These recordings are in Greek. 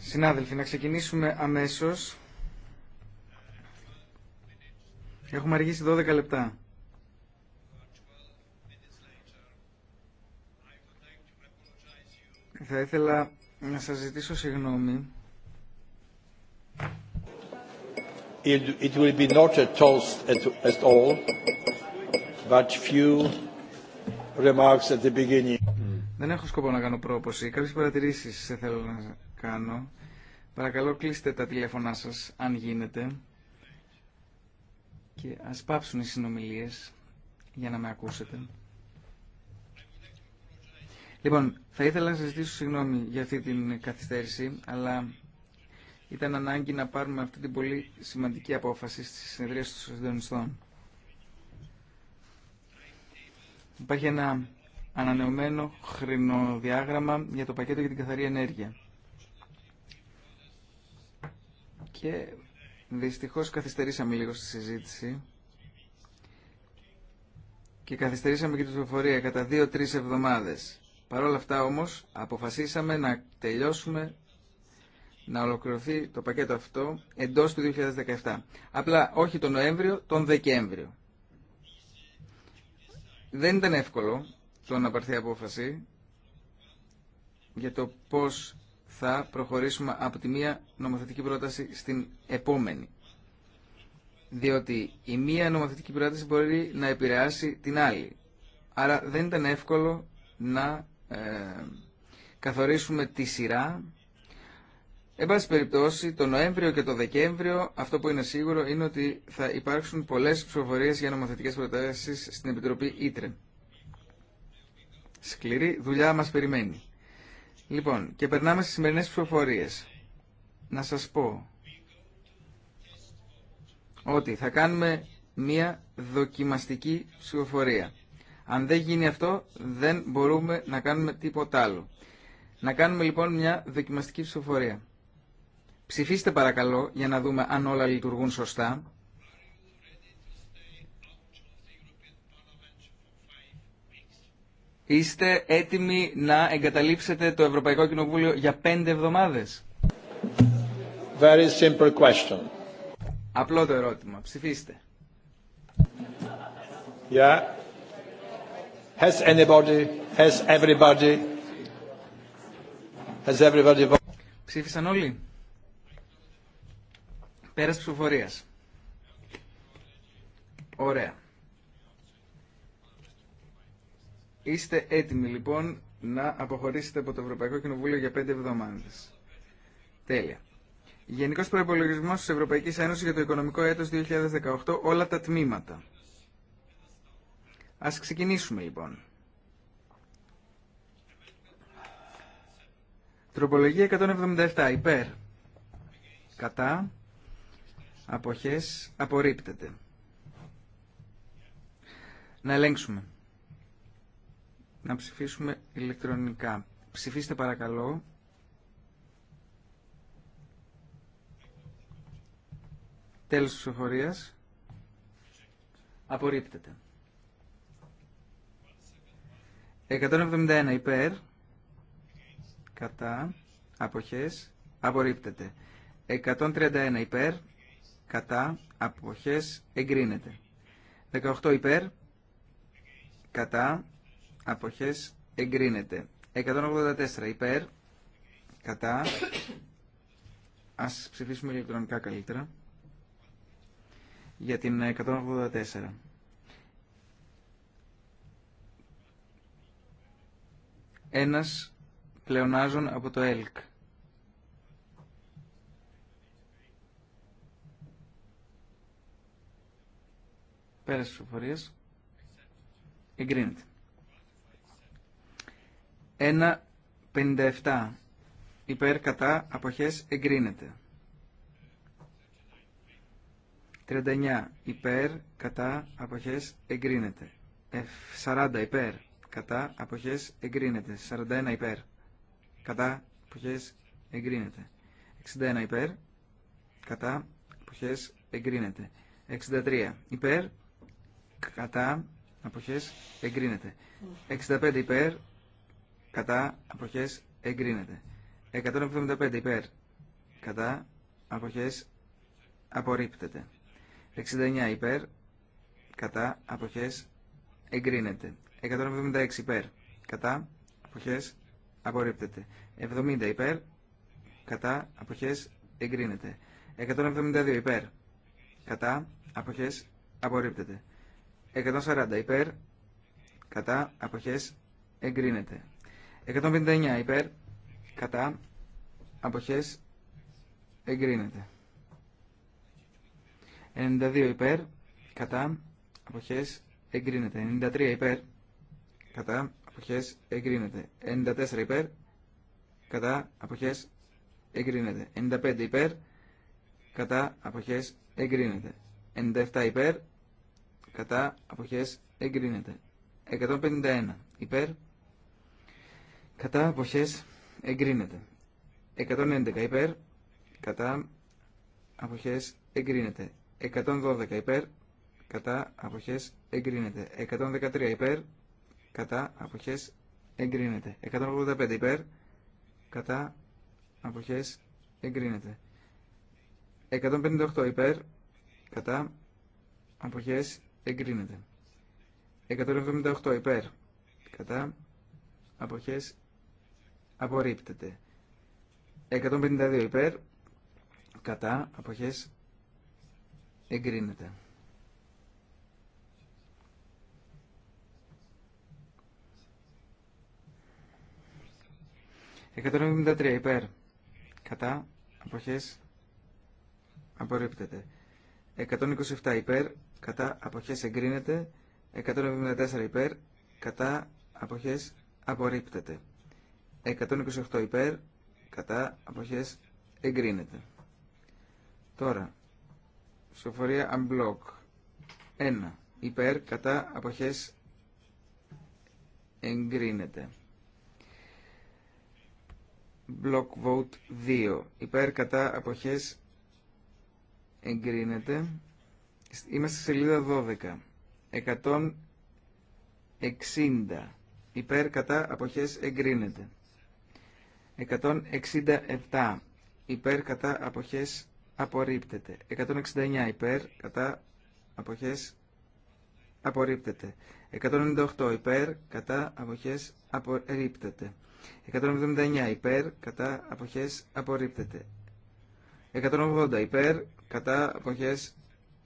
Συνάδελφοι, να ξεκινήσουμε αμέσως. Έχουμε αργήσει 12 λεπτά. Θα ήθελα να σας ζητήσω συγγνώμη It be toast all, but few remarks at the beginning. Mm. Δεν έχω σκοπό να κάνω πρόποση. Κάποιες παρατηρήσεις θέλω να κάνω. Παρακαλώ κλείστε τα τηλέφωνά σας, αν γίνεται. Και ας πάψουν οι συνομιλίες για να με ακούσετε. Λοιπόν, θα ήθελα να σας ζητήσω συγγνώμη για αυτή την καθυστέρηση, αλλά ήταν ανάγκη να πάρουμε αυτή την πολύ σημαντική απόφαση στις συνεδρίες των συντονιστών. Υπάρχει ένα ανανεωμένο χρονοδιάγραμμα για το πακέτο για την καθαρή ενέργεια. Και δυστυχώς καθυστερήσαμε λίγο στη συζήτηση και καθυστερήσαμε και την ψηφοφορία κατά 2-3 εβδομάδες. Παρ' όλα αυτά όμως αποφασίσαμε να τελειώσουμε να ολοκληρωθεί το πακέτο αυτό εντός του 2017. Απλά όχι τον Νοέμβριο, τον Δεκέμβριο. Δεν ήταν εύκολο το να πάρθει απόφαση για το πώς θα προχωρήσουμε από τη μία νομοθετική πρόταση στην επόμενη. Διότι η μία νομοθετική πρόταση μπορεί να επηρεάσει την άλλη. Άρα δεν ήταν εύκολο να ε, καθορίσουμε τη σειρά Εν πάση περιπτώσει, το Νοέμβριο και το Δεκέμβριο αυτό που είναι σίγουρο είναι ότι θα υπάρξουν πολλέ ψηφοφορίε για νομοθετικέ προτάσει στην Επιτροπή Ήτρε. Σκληρή δουλειά μα περιμένει. Λοιπόν, και περνάμε στι σημερινέ ψηφοφορίε. Να σα πω ότι θα κάνουμε μία δοκιμαστική ψηφοφορία. Αν δεν γίνει αυτό, δεν μπορούμε να κάνουμε τίποτα άλλο. Να κάνουμε λοιπόν μια δοκιμαστική ψηφοφορία. Ψηφίστε παρακαλώ για να δούμε αν όλα λειτουργούν σωστά. Είστε έτοιμοι να εγκαταλείψετε το Ευρωπαϊκό Κοινοβούλιο για πέντε εβδομάδες. Very simple question. Απλό το ερώτημα. Ψηφίστε. Yeah. Has anybody, has everybody, has everybody... Ψήφισαν όλοι. Πέρας ψηφοφορία. Ωραία. Είστε έτοιμοι λοιπόν να αποχωρήσετε από το Ευρωπαϊκό Κοινοβούλιο για πέντε εβδομάδε. Τέλεια. Γενικό προπολογισμό τη Ευρωπαϊκή Ένωση για το οικονομικό έτο 2018, όλα τα τμήματα. Ας ξεκινήσουμε λοιπόν. Τροπολογία 177. Υπέρ. Κατά. Αποχές απορρίπτεται. Να ελέγξουμε. Να ψηφίσουμε ηλεκτρονικά. Ψηφίστε παρακαλώ. Τέλος της ψηφοφορίας. Απορρίπτεται. 171 υπέρ. Κατά. Αποχές. Απορρίπτεται. 131 υπέρ κατά αποχές εγκρίνεται. 18 υπέρ κατά αποχές εγκρίνεται. 184 υπέρ κατά ας ψηφίσουμε ηλεκτρονικά καλύτερα για την 184. Ένας πλεονάζων από το ΕΛΚ. Πέρασε της Εγκρίνεται. 1.57 υπέρ κατά αποχές εγκρίνεται. 39 υπέρ κατά αποχές εγκρίνεται. 40 ε, υπέρ κατά αποχές εγκρίνεται. 41 υπέρ κατά αποχές εγκρίνεται. 61 υπέρ κατά αποχές εγκρίνεται. 63 υπέρ κατά αποχές εγκρίνεται. 65 υπέρ κατά αποχές εγκρίνεται. 175 υπέρ κατά αποχές απορρίπτεται. 69 υπέρ κατά αποχές εγκρίνεται. 176 υπέρ κατά αποχές απορρίπτεται. 70 υπέρ κατά αποχές εγκρίνεται. 172 υπέρ κατά αποχές απορρίπτεται. 140 υπέρ, κατά, αποχές, εγκρίνεται. 159 υπέρ, κατά, αποχές, εγκρίνεται. 92 υπέρ, κατά, αποχές, εγκρίνεται. 93 υπέρ, κατά, αποχές, εγκρίνεται. 94 υπέρ, κατά, αποχές, εγκρίνεται. 95 υπέρ, κατά, αποχές, εγκρίνεται. 97 υπέρ, κατά αποχές εγκρίνεται. 151 υπέρ κατά αποχές εγκρίνεται. 111 υπέρ κατά αποχές εγκρίνεται. 112 υπέρ κατά αποχές εγκρίνεται. 113 υπέρ κατά αποχές εγκρίνεται. 185 υπέρ κατά αποχές εγκρίνεται. 158 υπέρ κατά αποχές εγκρίνεται. 178 υπέρ κατά αποχές απορρίπτεται. 152 υπέρ κατά αποχές εγκρίνεται. ...173 υπέρ... ...κατά... ...αποχές... ...απορρίπτεται... ...127 υπέρ κατά αποχές εγκρίνεται, 174 υπέρ, κατά αποχές απορρίπτεται, 128 υπέρ, κατά αποχές εγκρίνεται. Τώρα, ψηφοφορία unblock, 1 υπέρ, κατά αποχές εγκρίνεται. Block vote 2. Υπέρ κατά αποχές εγκρίνεται. Είμαστε στη σελίδα 12. 160. Υπέρ κατά αποχές εγκρίνεται. 167. Υπέρ κατά αποχές απορρίπτεται. 169. Υπέρ κατά αποχές απορρίπτεται. 198. Υπέρ κατά αποχές απορρίπτεται. 179. Υπέρ κατά αποχές απορρίπτεται. 180. Υπέρ κατά αποχές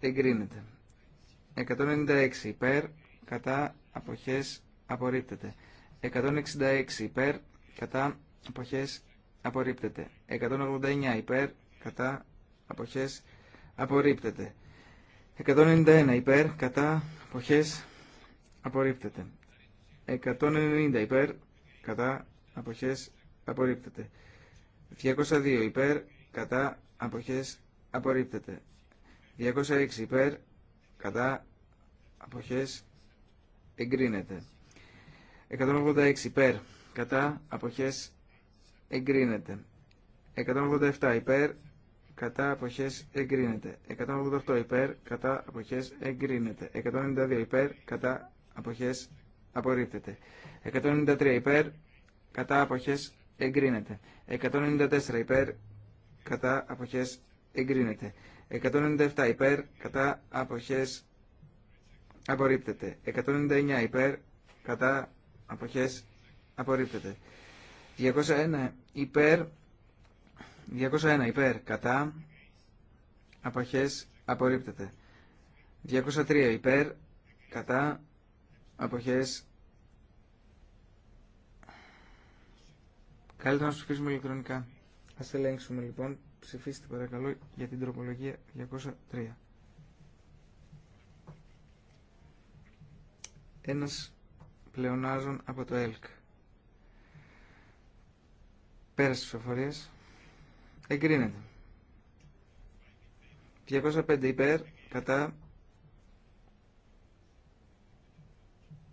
εγκρίνεται. 196 υπέρ, κατά αποχές απορρίπτεται. 166 υπέρ, κατά αποχές απορρίπτεται. 189 υπέρ, κατά αποχές απορρίπτεται. 191 υπέρ, κατά αποχές απορρίπτεται. 190 υπέρ, κατά αποχές απορρίπτεται. 202 υπέρ, κατά αποχές απορρίπτεται. 206 υπέρ κατά αποχές εγκρίνεται. 186 υπέρ κατά αποχές εγκρίνεται. 187 υπέρ κατά αποχές εγκρίνεται. 188 υπέρ κατά αποχές εγκρίνεται. 192 υπέρ κατά αποχές απορρίπτεται. 193 υπέρ κατά αποχές εγκρίνεται. 194 υπέρ κατά αποχές εγκρίνεται. 197 υπέρ κατά αποχές απορρίπτεται. 199 υπέρ κατά αποχές απορρίπτεται. 201 υπέρ 201 υπέρ κατά αποχές απορρίπτεται. 203 υπέρ κατά αποχές Καλύτερα να πείσουμε ηλεκτρονικά. Ας ελέγξουμε λοιπόν Ψηφίστε παρακαλώ για την τροπολογία 203. Ένας πλεονάζων από το ΕΛΚ. Πέρα στις ψηφοφορίες. Εγκρίνεται. 205 υπέρ, κατά.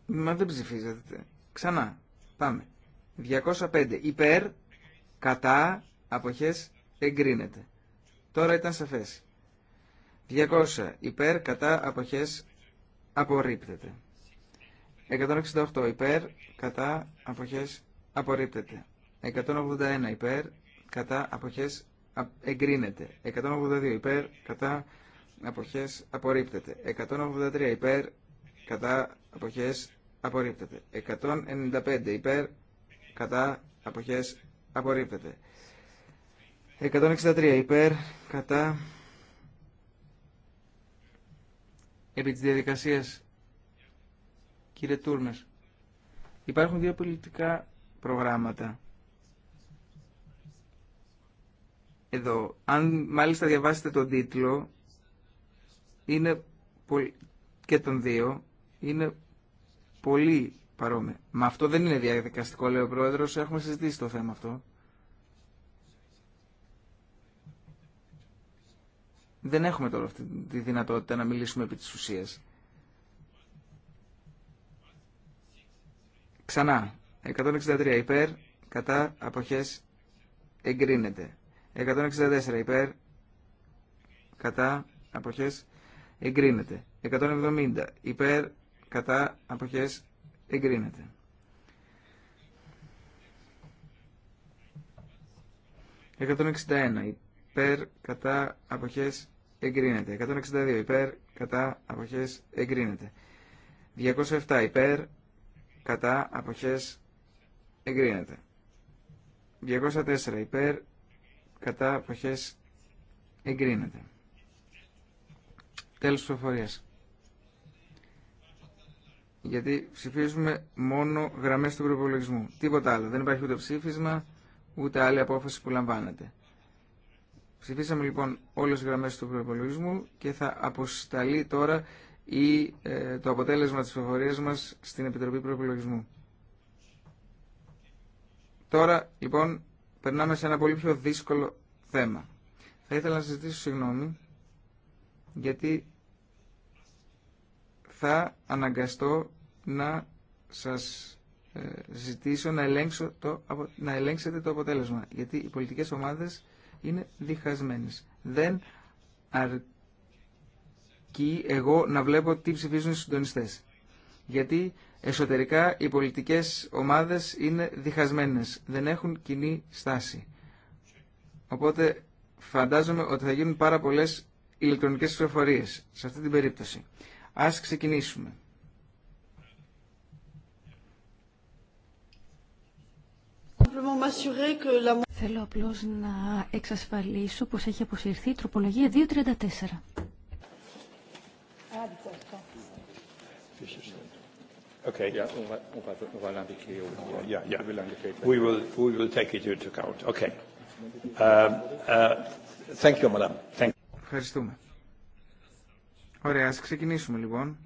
Μα δεν ψηφίζετε. Ξανά. Πάμε. 205 υπέρ, κατά, αποχές, εγκρίνεται. Τώρα ήταν σαφές. 200 υπέρ κατά αποχές απορρίπτεται. 168 υπέρ κατά αποχές απορρίπτεται. 181 υπέρ κατά αποχές εγκρίνεται. 182 υπέρ κατά αποχές απορρίπτεται. 183 υπέρ κατά αποχές απορρίπτεται. 195 υπέρ κατά αποχές απορρίπτεται. 163 υπέρ, κατά, επί της διαδικασίας, κύριε Τούρνες. υπάρχουν δύο πολιτικά προγράμματα. Εδώ, αν μάλιστα διαβάσετε τον τίτλο, είναι και τον δύο, είναι πολύ παρόμοια. Μα αυτό δεν είναι διαδικαστικό, λέει ο Πρόεδρος, έχουμε συζητήσει το θέμα αυτό. δεν έχουμε τώρα αυτή τη δυνατότητα να μιλήσουμε επί της ουσίας. Ξανά, 163 υπέρ, κατά αποχές εγκρίνεται. 164 υπέρ, κατά αποχές εγκρίνεται. 170 υπέρ, κατά αποχές εγκρίνεται. 161 υπέρ κατά αποχές εγκρίνεται. 162 υπέρ κατά αποχές εγκρίνεται. 207 υπέρ κατά αποχές εγκρίνεται. 204 υπέρ κατά αποχές εγκρίνεται. Τέλος εφορία. Γιατί ψηφίζουμε μόνο γραμμές του προπολογισμού. Τίποτα άλλο. Δεν υπάρχει ούτε ψήφισμα, ούτε άλλη απόφαση που λαμβάνεται. Ψηφίσαμε λοιπόν όλες τις γραμμές του προπολογισμού και θα αποσταλεί τώρα η, ε, το αποτέλεσμα της ψηφοφορίας μας στην Επιτροπή Προπολογισμού. Τώρα λοιπόν περνάμε σε ένα πολύ πιο δύσκολο θέμα. Θα ήθελα να ζητήσω συγγνώμη γιατί θα αναγκαστώ να σας ε, ζητήσω να, το, να ελέγξετε το αποτέλεσμα. Γιατί οι πολιτικές ομάδες είναι διχασμένες. Δεν αρκεί εγώ να βλέπω τι ψηφίζουν οι συντονιστές. Γιατί εσωτερικά οι πολιτικές ομάδες είναι διχασμένες, δεν έχουν κοινή στάση. Οπότε φαντάζομαι ότι θα γίνουν πάρα πολλές ηλεκτρονικές ψηφοφορίες σε αυτή την περίπτωση. Ας ξεκινήσουμε θέλω απλώς να εξασφαλίσω πως έχει αποσυρθεί η τροπολογία 234. Ευχαριστούμε. Ωραία, ας ξεκινήσουμε λοιπόν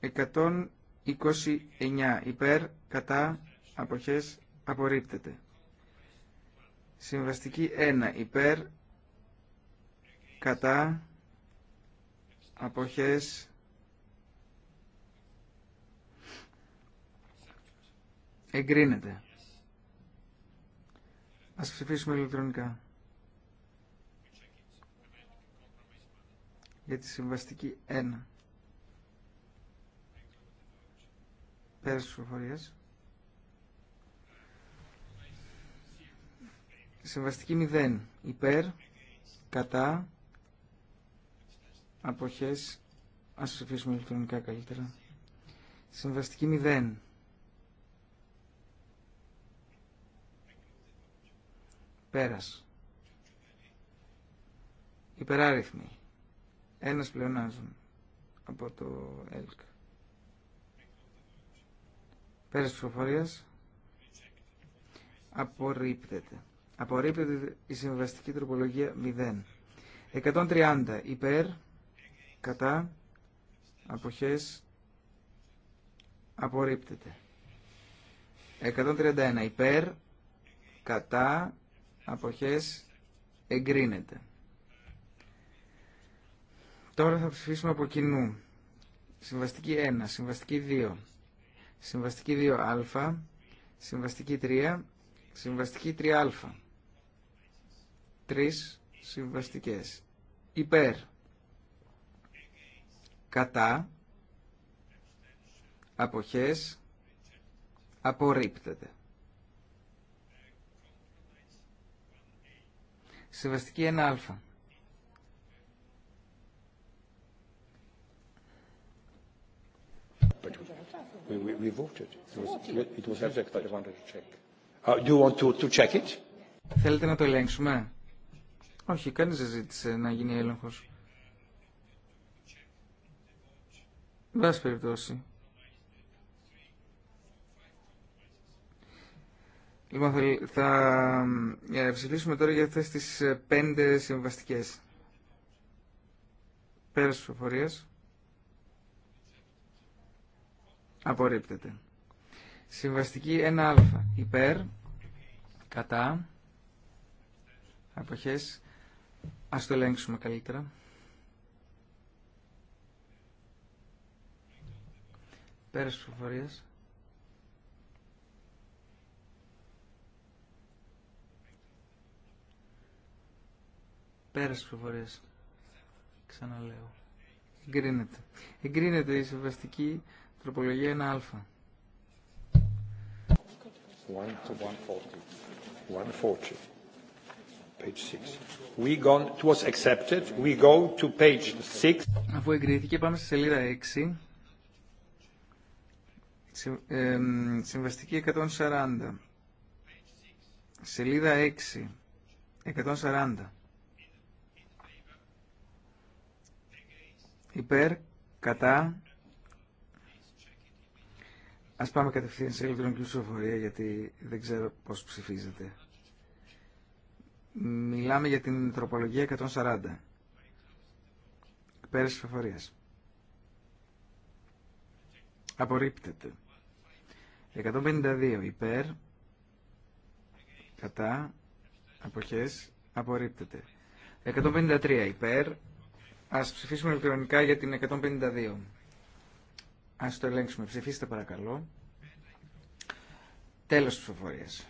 εκατόν 29 υπέρ, κατά, αποχές, απορρίπτεται. Συμβαστική 1 υπέρ, κατά, αποχές, εγκρίνεται. Ας ψηφίσουμε ηλεκτρονικά. Για τη συμβαστική 1. Συμβαστική 0. Υπέρ, κατά, αποχές, ας ψηφίσουμε ηλεκτρονικά καλύτερα. Συμβαστική 0. Πέρας. Υπεράριθμοι. Ένας πλεονάζουν από το ΕΛΚ. Πέρας ψηφοφορίας. Απορρίπτεται. Απορρίπτεται η συμβαστική τροπολογία 0. 130 υπέρ, κατά, αποχές, απορρίπτεται. 131 υπέρ, κατά, αποχές, εγκρίνεται. Τώρα θα ψηφίσουμε από κοινού. Συμβαστική 1, συμβαστική 2, συμβαστική 2α, συμβαστική 3, συμβαστική 3α. Τρεις συμβαστικές. Υπέρ. Κατά. Αποχές. Απορρίπτεται. Συμβαστική 1α. We, we, we voted. It was, it was rejected. I wanted to check. Uh, do you want to, to check it? Θέλετε να το ελέγξουμε. Όχι, κανείς δεν ζήτησε να γίνει έλεγχος. Βάση περιπτώσει. Λοιπόν, θα, θα ε, ψηφίσουμε τώρα για αυτές τις ε, πέντε συμβαστικές. Πέρας της προφορίας. απορρίπτεται. Συμβαστική 1α υπέρ, κατά, αποχές, ας το ελέγξουμε καλύτερα. Πέρας της Πέρας Ξαναλέω. Εγκρίνεται. Εγκρίνεται η συμβαστική Τροπολογία 1α. 1 to 140. 140. Page 6. We gone, it was accepted. We go to page 6. Αφού εγκρίθηκε πάμε στη σελίδα 6. Ε, συμβαστική 140. Σελίδα 6. 140. Υπέρ, κατά, Ας πάμε κατευθείαν σε ηλεκτρονική ψηφοφορία γιατί δεν ξέρω πώς ψηφίζετε. Μιλάμε για την τροπολογία 140. τη ψηφοφορίας. Απορρίπτεται. 152 υπέρ, κατά, αποχές, απορρίπτεται. 153 υπέρ, ας ψηφίσουμε ηλεκτρονικά για την 152. Ας το ελέγξουμε. Ψηφίστε παρακαλώ. Τέλος της ψηφοφορίας.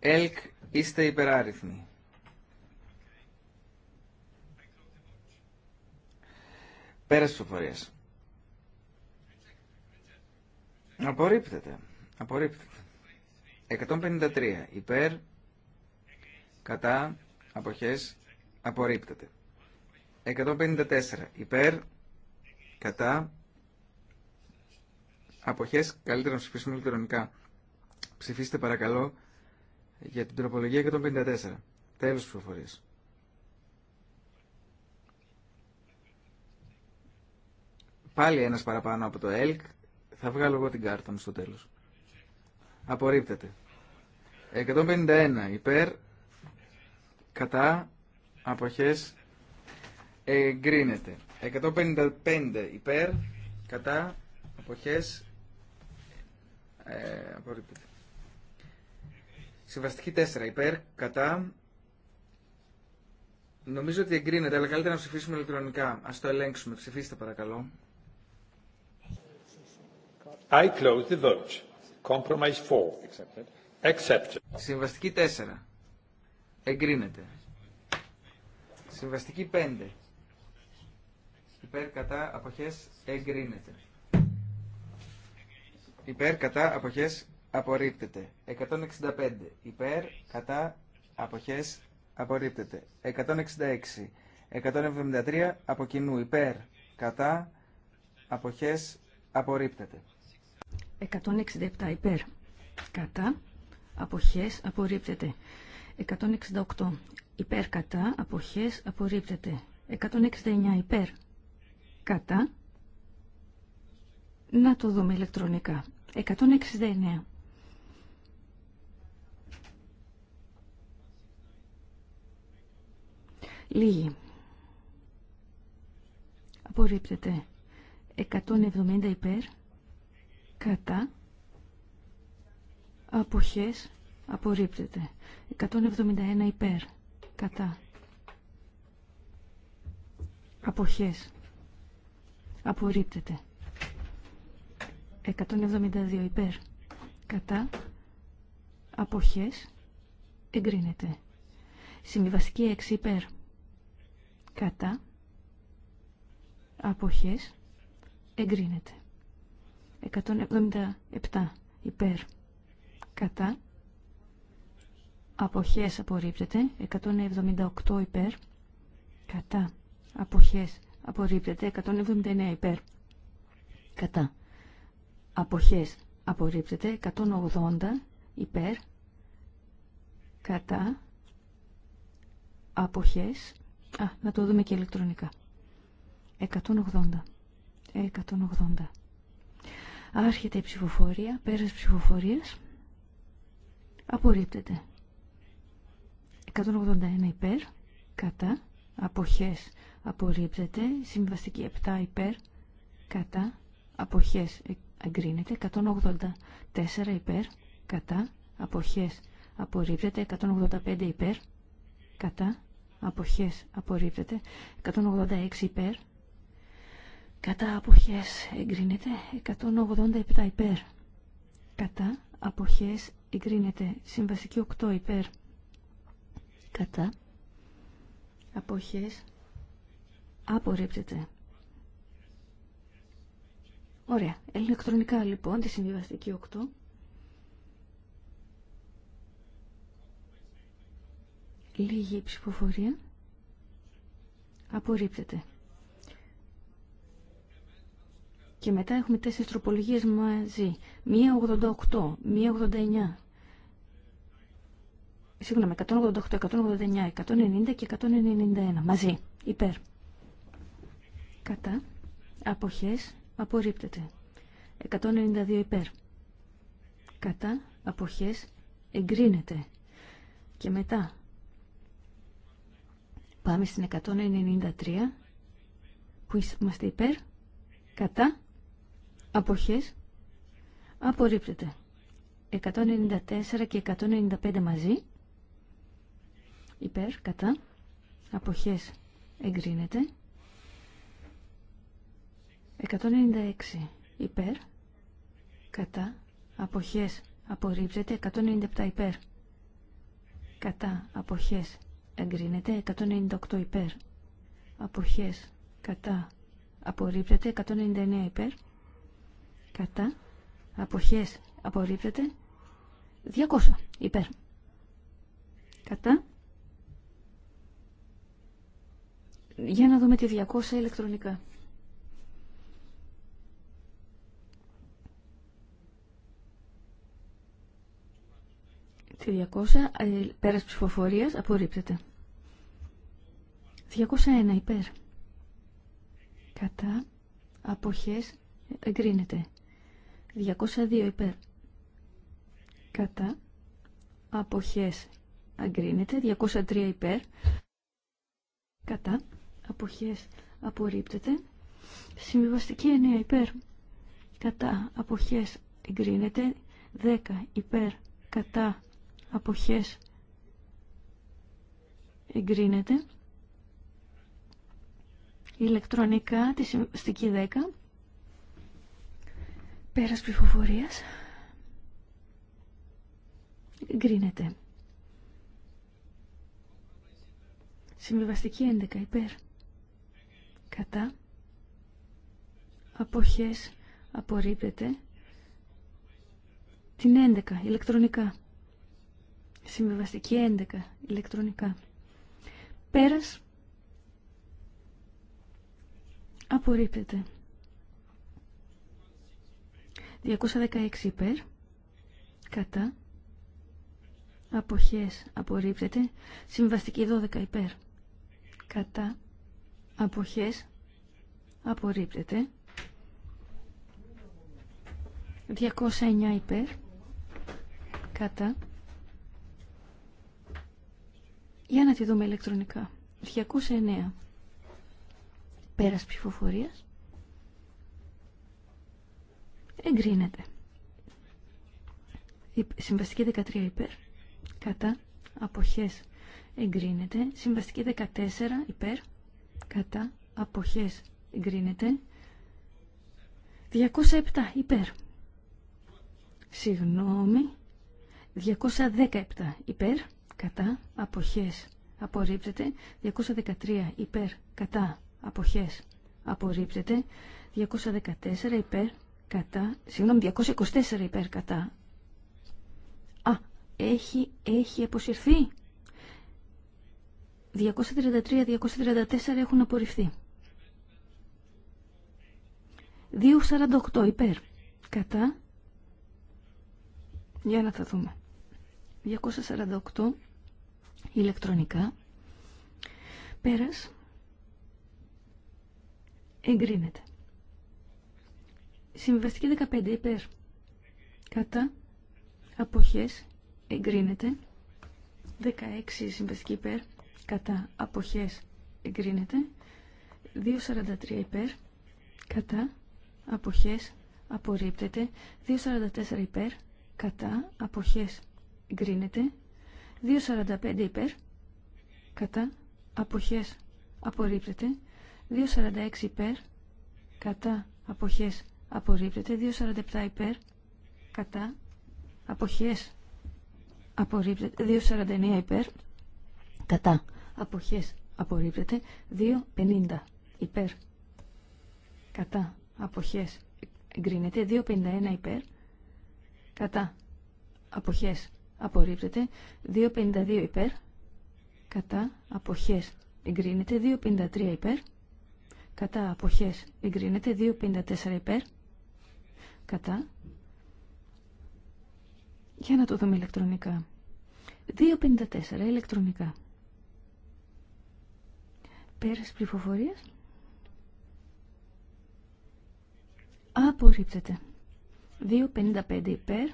ΕΛΚ είστε υπεράριθμοι. Πέρας ψηφοφορίας. Απορρίπτεται. Απορρίπτεται. 153. Υπέρ, κατά, αποχές, απορρίπτεται. 154 υπέρ, κατά, αποχές, καλύτερα να ψηφίσουμε ηλεκτρονικά. Ψηφίστε παρακαλώ για την τροπολογία 154. Τέλος της προφορίας. Πάλι ένας παραπάνω από το ΕΛΚ. Θα βγάλω εγώ την κάρτα μου στο τέλος. Απορρίπτεται. 151 υπέρ, κατά, αποχές, εγκρίνεται. 155 υπέρ, κατά, αποχές, ε, απορρίπτεται. Συμβαστική 4 υπέρ, κατά, νομίζω ότι εγκρίνεται, αλλά καλύτερα να ψηφίσουμε ηλεκτρονικά. Α το ελέγξουμε, ψηφίστε παρακαλώ. I close the vote. Compromise 4. Accepted. Συμβαστική 4. Εγκρίνεται. Συμβαστική 5. Υπέρ κατά αποχές εγκρίνεται. Υπέρ κατά αποχές απορρίπτεται. 165. Υπέρ κατά αποχές απορρίπτεται. 166. 173 από κοινού υπέρ κατά αποχές απορρίπτεται. 167 υπέρ κατά αποχές απορρίπτεται. 168 υπέρ κατά αποχές απορρίπτεται. 169 υπέρ κατά, να το δούμε ηλεκτρονικά. 169. Λίγοι. Απορρίπτεται. 170 υπέρ. Κατά. Αποχές. Απορρίπτεται. 171 υπέρ. Κατά. Αποχές απορρίπτεται. 172 υπέρ κατά αποχές εγκρίνεται. Συμβιβαστική 6 υπέρ κατά αποχές εγκρίνεται. 177 υπέρ κατά αποχές απορρίπτεται. 178 υπέρ κατά αποχές απορρίπτεται 179 υπέρ κατά αποχές απορρίπτεται 180 υπέρ κατά αποχές α, να το δούμε και ηλεκτρονικά 180 180 άρχεται η ψηφοφορία πέρας ψηφοφορίας απορρίπτεται 181 υπέρ κατά αποχές απορρίπτεται, συμβαστική 7 ε, υπέρ, κατά, αποχές εγκρίνεται, 184 υπέρ, κατά, αποχές απορρίπτεται, 185 υπέρ, κατά, αποχές απορρίπτεται, 186 υπέρ, κατά, αποχές εγκρίνεται, 187 υπέρ, κατά, αποχές εγκρίνεται, συμβαστική 8 υπέρ, κατά, αποχές Απορρίπτεται. Ωραία. Ελεκτρονικά, λοιπόν τη συμβιβαστική 8. Λίγη ψηφοφορία. Απορρίπτεται. Και μετά έχουμε τέσσερις τροπολογίες μαζί. Μία 88, μία 89. Συγγνώμη, 188, 189, 190 και 191. Μαζί. Υπέρ κατά, αποχές, απορρίπτεται. 192 υπέρ, κατά, αποχές, εγκρίνεται. Και μετά, πάμε στην 193, που είμαστε υπέρ, κατά, αποχές, απορρίπτεται. 194 και 195 μαζί, υπέρ, κατά, αποχές, εγκρίνεται. 196 υπέρ, κατά, αποχές, απορρίπτεται. 197 υπέρ, κατά, αποχές, εγκρίνεται. 198 υπέρ, αποχές, κατά, απορρίπτεται. 199 υπέρ, κατά, αποχές, απορρίπτεται. 200 υπέρ, κατά, για να δούμε τη 200 ηλεκτρονικά. 200, ε, πέρας ψηφοφορίας, απορρίπτεται. 201 υπέρ. Κατά. Αποχές εγκρίνεται. 202 υπέρ. Κατά. Αποχές εγκρίνεται. 203 υπέρ. Κατά. Αποχές απορρίπτεται. Συμβιβαστική 9 υπέρ. Κατά. Αποχές εγκρίνεται. 10 υπέρ. Κατά αποχές εγκρίνεται ηλεκτρονικά τη συμβαστική 10 πέρας πληροφορίας εγκρίνεται συμβιβαστική 11 υπέρ κατά αποχές απορρίπτεται την 11 ηλεκτρονικά Συμβιβαστική 11. Ηλεκτρονικά. Πέρας. Απορρίπτεται. 216 υπέρ. Κατά. Αποχές. Απορρίπτεται. Συμβαστική 12 υπέρ. Κατά. Αποχές. Απορρίπτεται. 209 υπέρ. Κατά για να τη δούμε ηλεκτρονικά. 209. Πέρας ψηφοφορίας. Εγκρίνεται. συμβαστική 13 υπέρ. Κατά. Αποχές. Εγκρίνεται. Συμβαστική 14 υπέρ. Κατά. Αποχές. Εγκρίνεται. 207 υπέρ. Συγγνώμη. 217 υπέρ κατά, αποχές, απορρίπτεται. 213 υπέρ, κατά, αποχές, απορρίπτεται. 214 υπέρ, κατά, συγγνώμη, 224 υπέρ, κατά. Α, έχει, έχει αποσυρθεί. 233-234 έχουν απορριφθεί. 2.48 υπέρ. Κατά. Για να θα δούμε. 248 ηλεκτρονικά. Πέρας. Εγκρίνεται. Συμβαστική 15 υπέρ. Κατά. Αποχές. Εγκρίνεται. 16 συμβαστική υπέρ. Κατά. Αποχές. Εγκρίνεται. 2.43 υπέρ. Κατά. Αποχές. Απορρίπτεται. 2.44 υπέρ. Κατά. Αποχές. Εγκρίνεται. 2.45 υπέρ, κατά, αποχές, απορρίπτεται. 2.46 υπέρ, κατά, αποχές, απορρίπτεται. 2.47 υπέρ, κατά, αποχές, απορρίπτεται. 2.49 υπέρ, κατά, αποχές, απορρίπτεται. 2.50 υπέρ, κατά, αποχές, εγκρίνεται. 2.51 υπέρ, κατά, αποχές, απορρίπτεται. 2.52 υπέρ, κατά αποχές εγκρίνεται. 2.53 υπέρ, κατά αποχές εγκρίνεται. 2.54 υπέρ, κατά. Για να το δούμε ηλεκτρονικά. 2.54 ηλεκτρονικά. Πέρας πληροφορίας. Απορρίπτεται. 2.55 υπέρ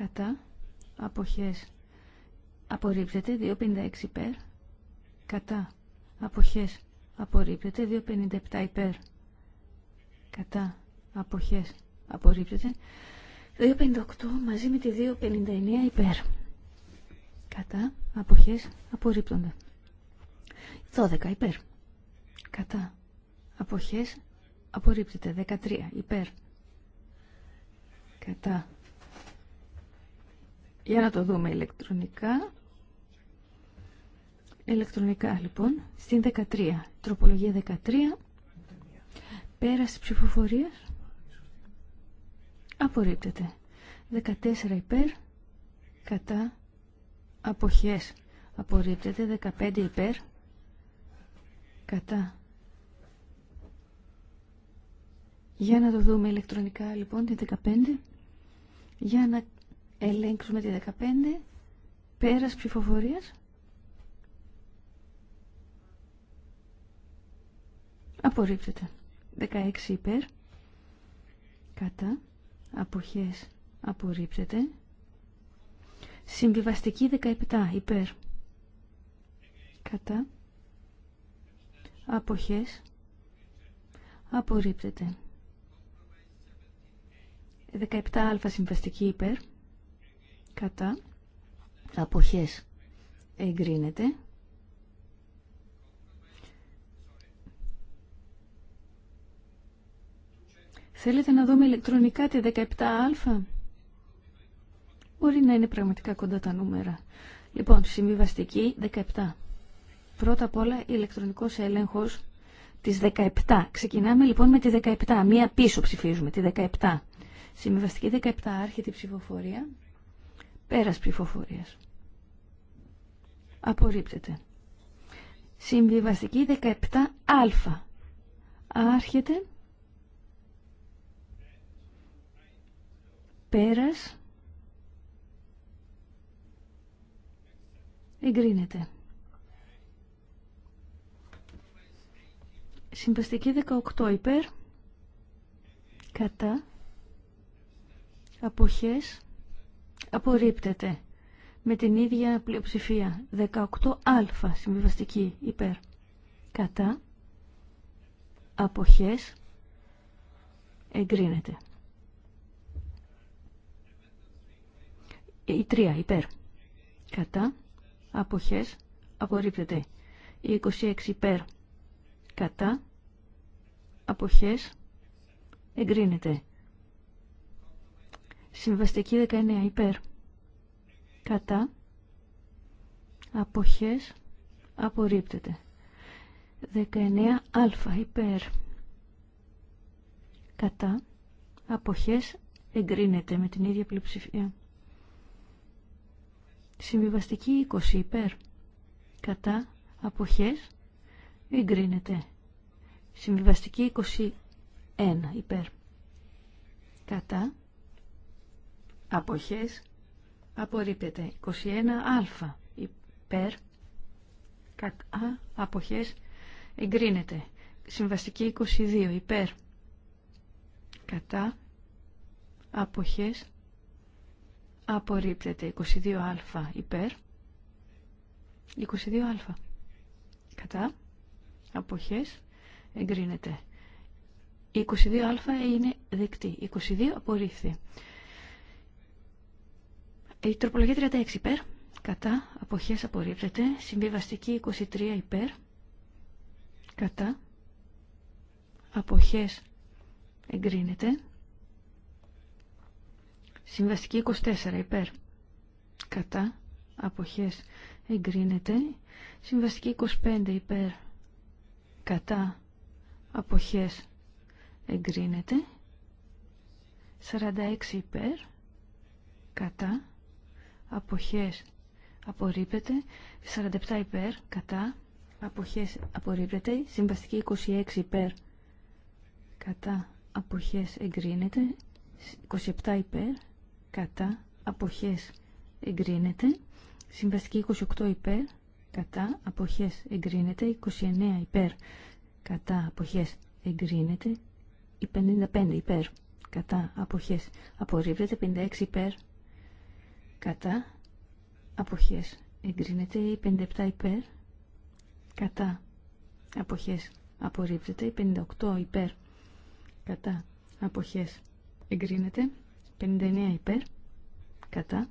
κατά αποχές απορρίπτεται 2.56 υπέρ κατά αποχές απορρίπτεται 2.57 υπέρ κατά αποχές απορρίπτεται 2.58 μαζί με τη 2.59 υπέρ κατά αποχές απορρίπτονται 12 υπέρ κατά αποχές απορρίπτεται 13 υπέρ κατά για να το δούμε ηλεκτρονικά. Ηλεκτρονικά λοιπόν, στην 13, τροπολογία 13, πέραση ψηφοφορίας, απορρίπτεται. 14 υπέρ, κατά, αποχές, απορρίπτεται. 15 υπέρ, κατά. Για να το δούμε ηλεκτρονικά λοιπόν, την 15, για να Ελέγξουμε τη 15. Πέρας ψηφοφορίας. Απορρίπτεται. 16 υπέρ. Κατά. Αποχές. Απορρίπτεται. Συμβιβαστική 17 υπέρ. Κατά. Αποχές. Απορρίπτεται. 17α συμβαστική υπέρ κατά αποχές εγκρίνεται Θέλετε να δούμε ηλεκτρονικά τη 17α. Μπορεί να είναι πραγματικά κοντά τα νούμερα. Λοιπόν, συμβιβαστική 17. Πρώτα απ' όλα ηλεκτρονικός έλεγχος της 17. Ξεκινάμε λοιπόν με τη 17. Μία πίσω ψηφίζουμε, τη 17. Συμβιβαστική 17 άρχεται η ψηφοφορία. Πέρας ψηφοφορίας. Απορρίπτεται. Συμβιβαστική 17α. Άρχεται. Πέρας. Εγκρίνεται. Συμβαστική 18 υπέρ. Κατά. Αποχές απορρίπτεται με την ίδια πλειοψηφία. 18α συμβιβαστική υπέρ. Κατά αποχές εγκρίνεται. Ε, η 3 υπέρ. Κατά αποχές απορρίπτεται. Η 26 υπέρ. Κατά αποχές εγκρίνεται. Συμβαστική 19 υπέρ. Κατά. Αποχές. Απορρίπτεται. 19α υπέρ. Κατά. Αποχές. Εγκρίνεται με την ίδια πλειοψηφία. Συμβιβαστική 20 υπέρ. Κατά. Αποχές. Εγκρίνεται. Συμβιβαστική 21 υπέρ. Κατά αποχές απορρίπτεται. 21α υπέρ κατά αποχές εγκρίνεται. Συμβαστική 22 υπέρ κατά αποχές απορρίπτεται. 22α υπέρ 22α κατά αποχές εγκρίνεται. 22α είναι δεκτή. 22 απορρίφθη. Η τροπολογία 36 υπέρ. Κατά. Αποχές απορρίπτεται. Συμβιβαστική 23 υπέρ. Κατά. Αποχές εγκρίνεται. Συμβαστική 24 υπέρ. Κατά. Αποχές εγκρίνεται. Συμβαστική 25 υπέρ. Κατά. Αποχές εγκρίνεται. 46 υπέρ. Κατά αποχές απορρίπεται. 47 υπέρ, κατά, αποχές απορρίπτε. συμβαστική 26 υπέρ, κατά, αποχές εγκρίνεται, 27 υπέρ, κατά, αποχές εγκρίνεται, συμβαστική 28 υπέρ, κατά, αποχές εγκρίνεται, 29 υπέρ, κατά, αποχές εγκρίνεται, 55 υπέρ, κατά, αποχές απορρίπτε. 56 υπέρ, κατά αποχές εγκρίνεται η 57 υπέρ κατά αποχές απορρίπτεται η 58 υπέρ κατά αποχές εγκρίνεται 59 υπέρ κατά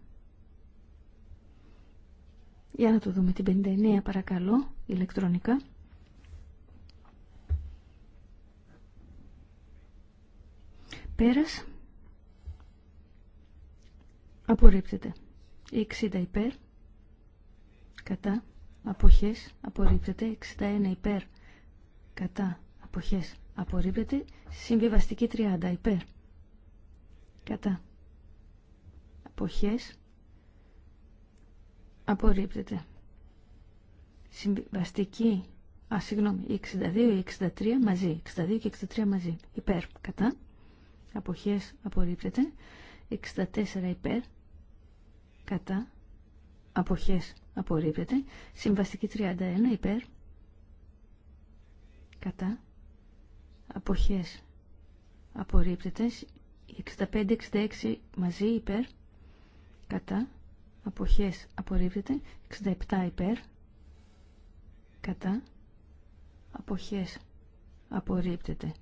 για να το δούμε την 59 παρακαλώ ηλεκτρονικά πέρας Απορρίπτεται. 60 υπέρ. Κατά. Αποχές. Απορρίπτεται. 61 υπέρ. Κατά. Αποχές. Απορρίπτεται. Συμβιβαστική 30 υπέρ. Κατά. Αποχές. Απορρίπτεται. Συμβιβαστική. Α, συγγνώμη. 62 63 μαζί. 62 και 63 μαζί. Υπέρ. Κατά. Αποχές. Απορρίπτεται. 64 υπέρ κατά αποχές απορρίπτεται. Συμβαστική 31 υπέρ κατά αποχές απορρίπτεται. 65-66 μαζί υπέρ κατά αποχές απορρίπτεται. 67 υπέρ κατά αποχές απορρίπτεται.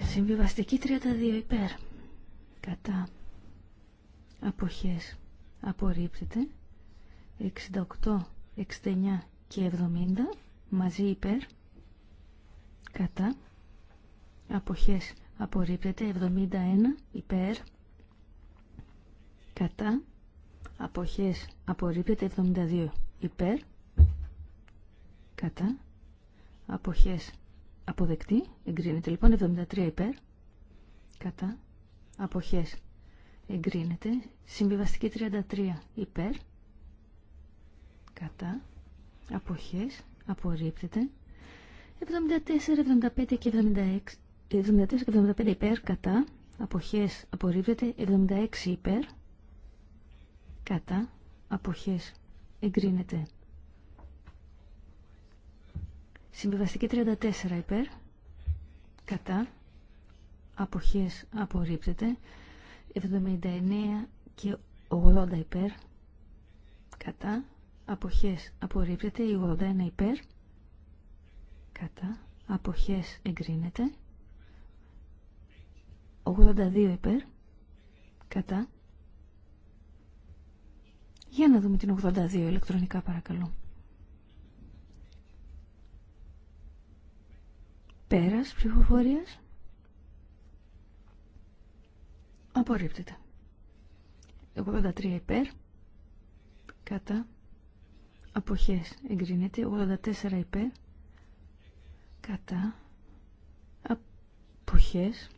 Συμβιβαστική 32 υπέρ κατά αποχές απορρίπτεται 68, 69 και 70 μαζί υπέρ κατά αποχές απορρίπτεται 71 υπέρ κατά αποχές απορρίπτεται 72 υπέρ κατά αποχές αποδεκτή εγκρίνεται λοιπόν 73 υπέρ κατά αποχές εγκρίνεται. Συμβιβαστική 33 υπέρ, κατά, αποχές, απορρίπτεται. 74, 75 και 76, 74 και 75 υπέρ, κατά, αποχές, απορρίπτεται. 76 υπέρ, κατά, αποχές, εγκρίνεται. Συμβιβαστική 34 υπέρ, κατά, αποχές, απορρίπτεται. 79 και 80 υπέρ κατά αποχές απορρίπτεται 81 υπέρ κατά αποχές εγκρίνεται 82 υπέρ κατά για να δούμε την 82 ηλεκτρονικά παρακαλώ πέρας ψηφοφορίας Απορρίπτεται. 83 υπέρ. Κατά. Αποχές εγκρίνεται. 84 υπέρ. Κατά. Αποχές.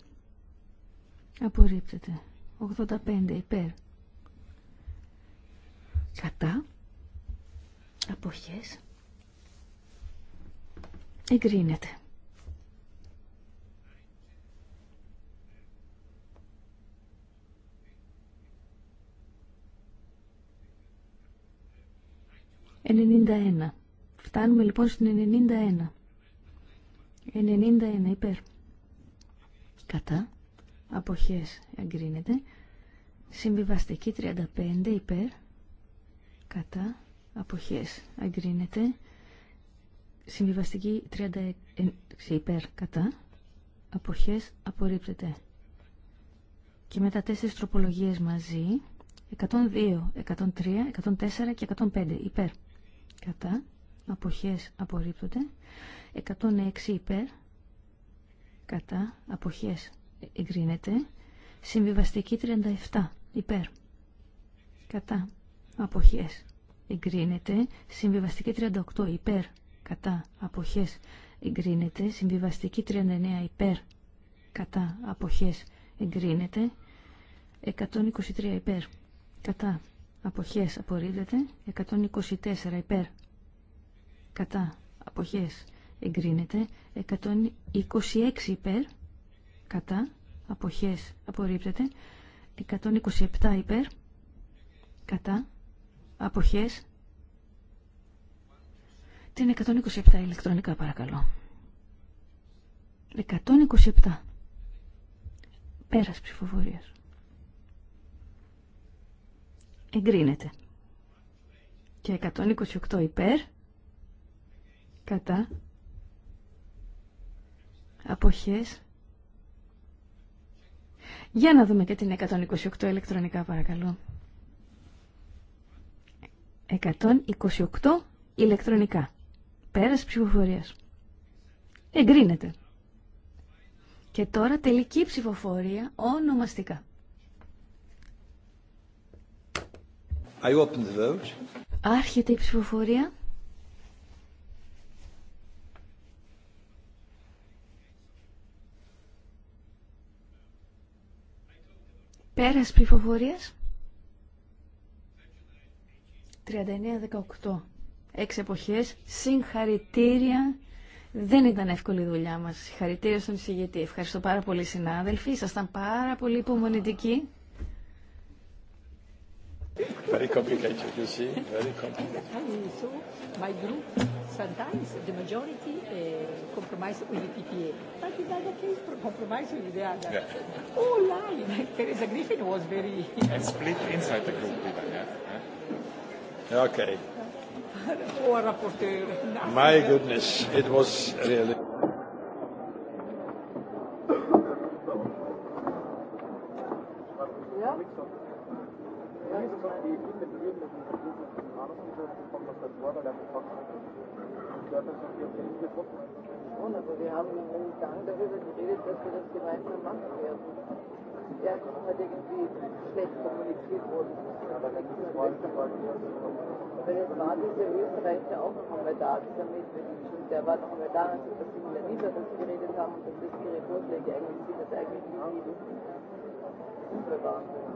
Απορρίπτεται. 85 υπέρ. Κατά. Αποχές. Εγκρίνεται. 91. Φτάνουμε λοιπόν στην 91. 91 υπέρ. Κατά. Αποχές εγκρίνεται. Συμβιβαστική 35 υπέρ. Κατά. Αποχές εγκρίνεται. Συμβιβαστική 36 ε, υπέρ. Κατά. Αποχές απορρίπτεται. Και μετά τέσσερις τροπολογίες μαζί. 102, 103, 104 και 105 υπέρ κατά αποχές απορρίπτονται 106 υπέρ κατά αποχές εγκρίνεται συμβιβαστική 37 υπέρ κατά αποχές εγκρίνεται συμβιβαστική 38 υπέρ κατά αποχές εγκρίνεται συμβιβαστική 39 υπέρ κατά αποχές εγκρίνεται 123 υπέρ κατά αποχές απορρίπτεται 124 υπέρ κατά αποχές εγκρίνεται 126 υπέρ κατά αποχές απορρίπτεται 127 υπέρ κατά αποχές την 127 ηλεκτρονικά παρακαλώ 127 πέρας ψηφοφορίας εγκρίνεται. Και 128 υπέρ, κατά, αποχές. Για να δούμε και την 128 ηλεκτρονικά παρακαλώ. 128 ηλεκτρονικά. Πέρας ψηφοφορίας. Εγκρίνεται. Και τώρα τελική ψηφοφορία ονομαστικά. I open the vote. Άρχεται η ψηφοφορία. Πέρας ψηφοφορίας. 39-18. Έξι εποχές. Συγχαρητήρια. Δεν ήταν εύκολη η δουλειά μας. Συγχαρητήρια στον εισηγητή. Ευχαριστώ πάρα πολύ συνάδελφοι. Ήσασταν πάρα πολύ υπομονητικοί. Very complicated, you see. Very complicated. so my group, sometimes the majority uh, compromise with the PPA, but in other case compromise with the other. Yeah. Oh, lie! Teresa Griffin was very... and split inside the group, even, yeah. yeah. Okay. Poor rapporteur. My goodness, it was really... Yeah. Schon, aber wir haben im Gang darüber geredet, dass wir das gemeinsam machen werden. Ja, es ist irgendwie schlecht kommuniziert worden. Aber da gibt es Weil war dieser Österreicher auch noch einmal da, dieser Medvedev, und der war noch einmal da, also dass sie mit der Niederlande geredet haben und dass das ihre Vorschläge eigentlich sind, dass eigentlich die Niederlande waren.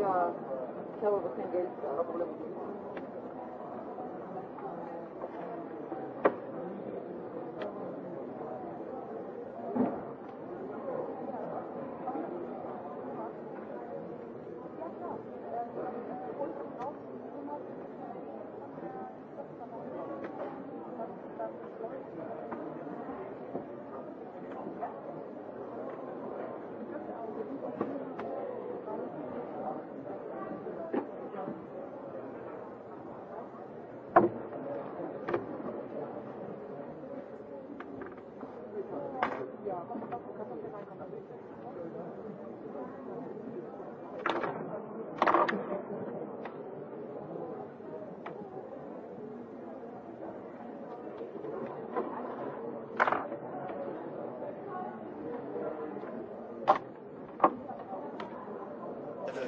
για τον ወγγέλη το πρόβλημα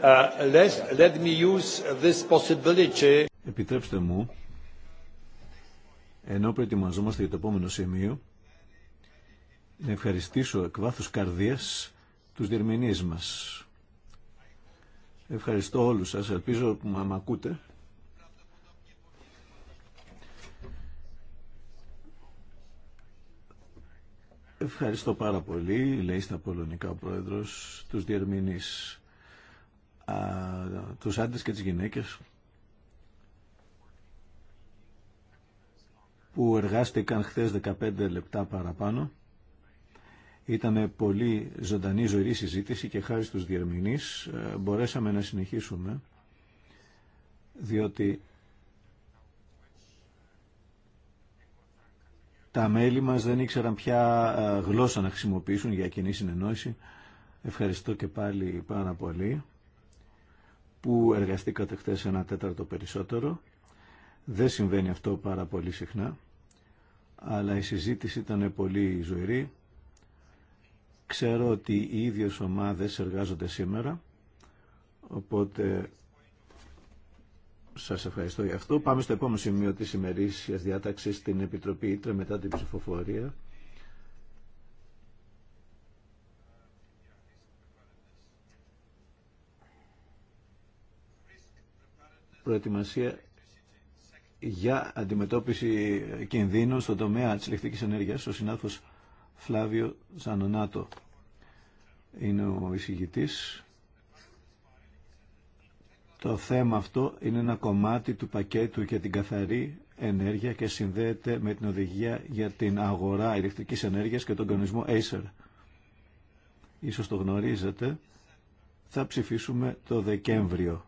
Uh, Επιτρέψτε μου, ενώ προετοιμαζόμαστε για το επόμενο σημείο, να ευχαριστήσω εκ βάθους καρδίας τους διερμηνείς μας. Ευχαριστώ όλους σας, ελπίζω που με ακούτε. Ευχαριστώ πάρα πολύ, λέει στα πολωνικά ο Πρόεδρος, τους διερμηνείς τους άντρες και τις γυναίκες που εργάστηκαν χθες 15 λεπτά παραπάνω. Ήταν πολύ ζωντανή ζωή συζήτηση και χάρη στους διερμηνείς ε, μπορέσαμε να συνεχίσουμε διότι τα μέλη μας δεν ήξεραν ποια ε, γλώσσα να χρησιμοποιήσουν για κοινή συνεννόηση. Ευχαριστώ και πάλι πάρα πολύ που εργαστήκατε χθε ένα τέταρτο περισσότερο. Δεν συμβαίνει αυτό πάρα πολύ συχνά, αλλά η συζήτηση ήταν πολύ ζωηρή. Ξέρω ότι οι ίδιες ομάδες εργάζονται σήμερα, οπότε σας ευχαριστώ για αυτό. Πάμε στο επόμενο σημείο της ημερήσιας διάταξης στην Επιτροπή Ήτρε μετά την ψηφοφορία προετοιμασία για αντιμετώπιση κινδύνων στον τομέα της ηλεκτρικής ενέργειας, ο συνάδελφος Φλάβιο Ζανονάτο είναι ο εισηγητής. Το θέμα αυτό είναι ένα κομμάτι του πακέτου για την καθαρή ενέργεια και συνδέεται με την οδηγία για την αγορά ηλεκτρικής ενέργειας και τον κανονισμό Acer. Ίσως το γνωρίζετε, θα ψηφίσουμε το Δεκέμβριο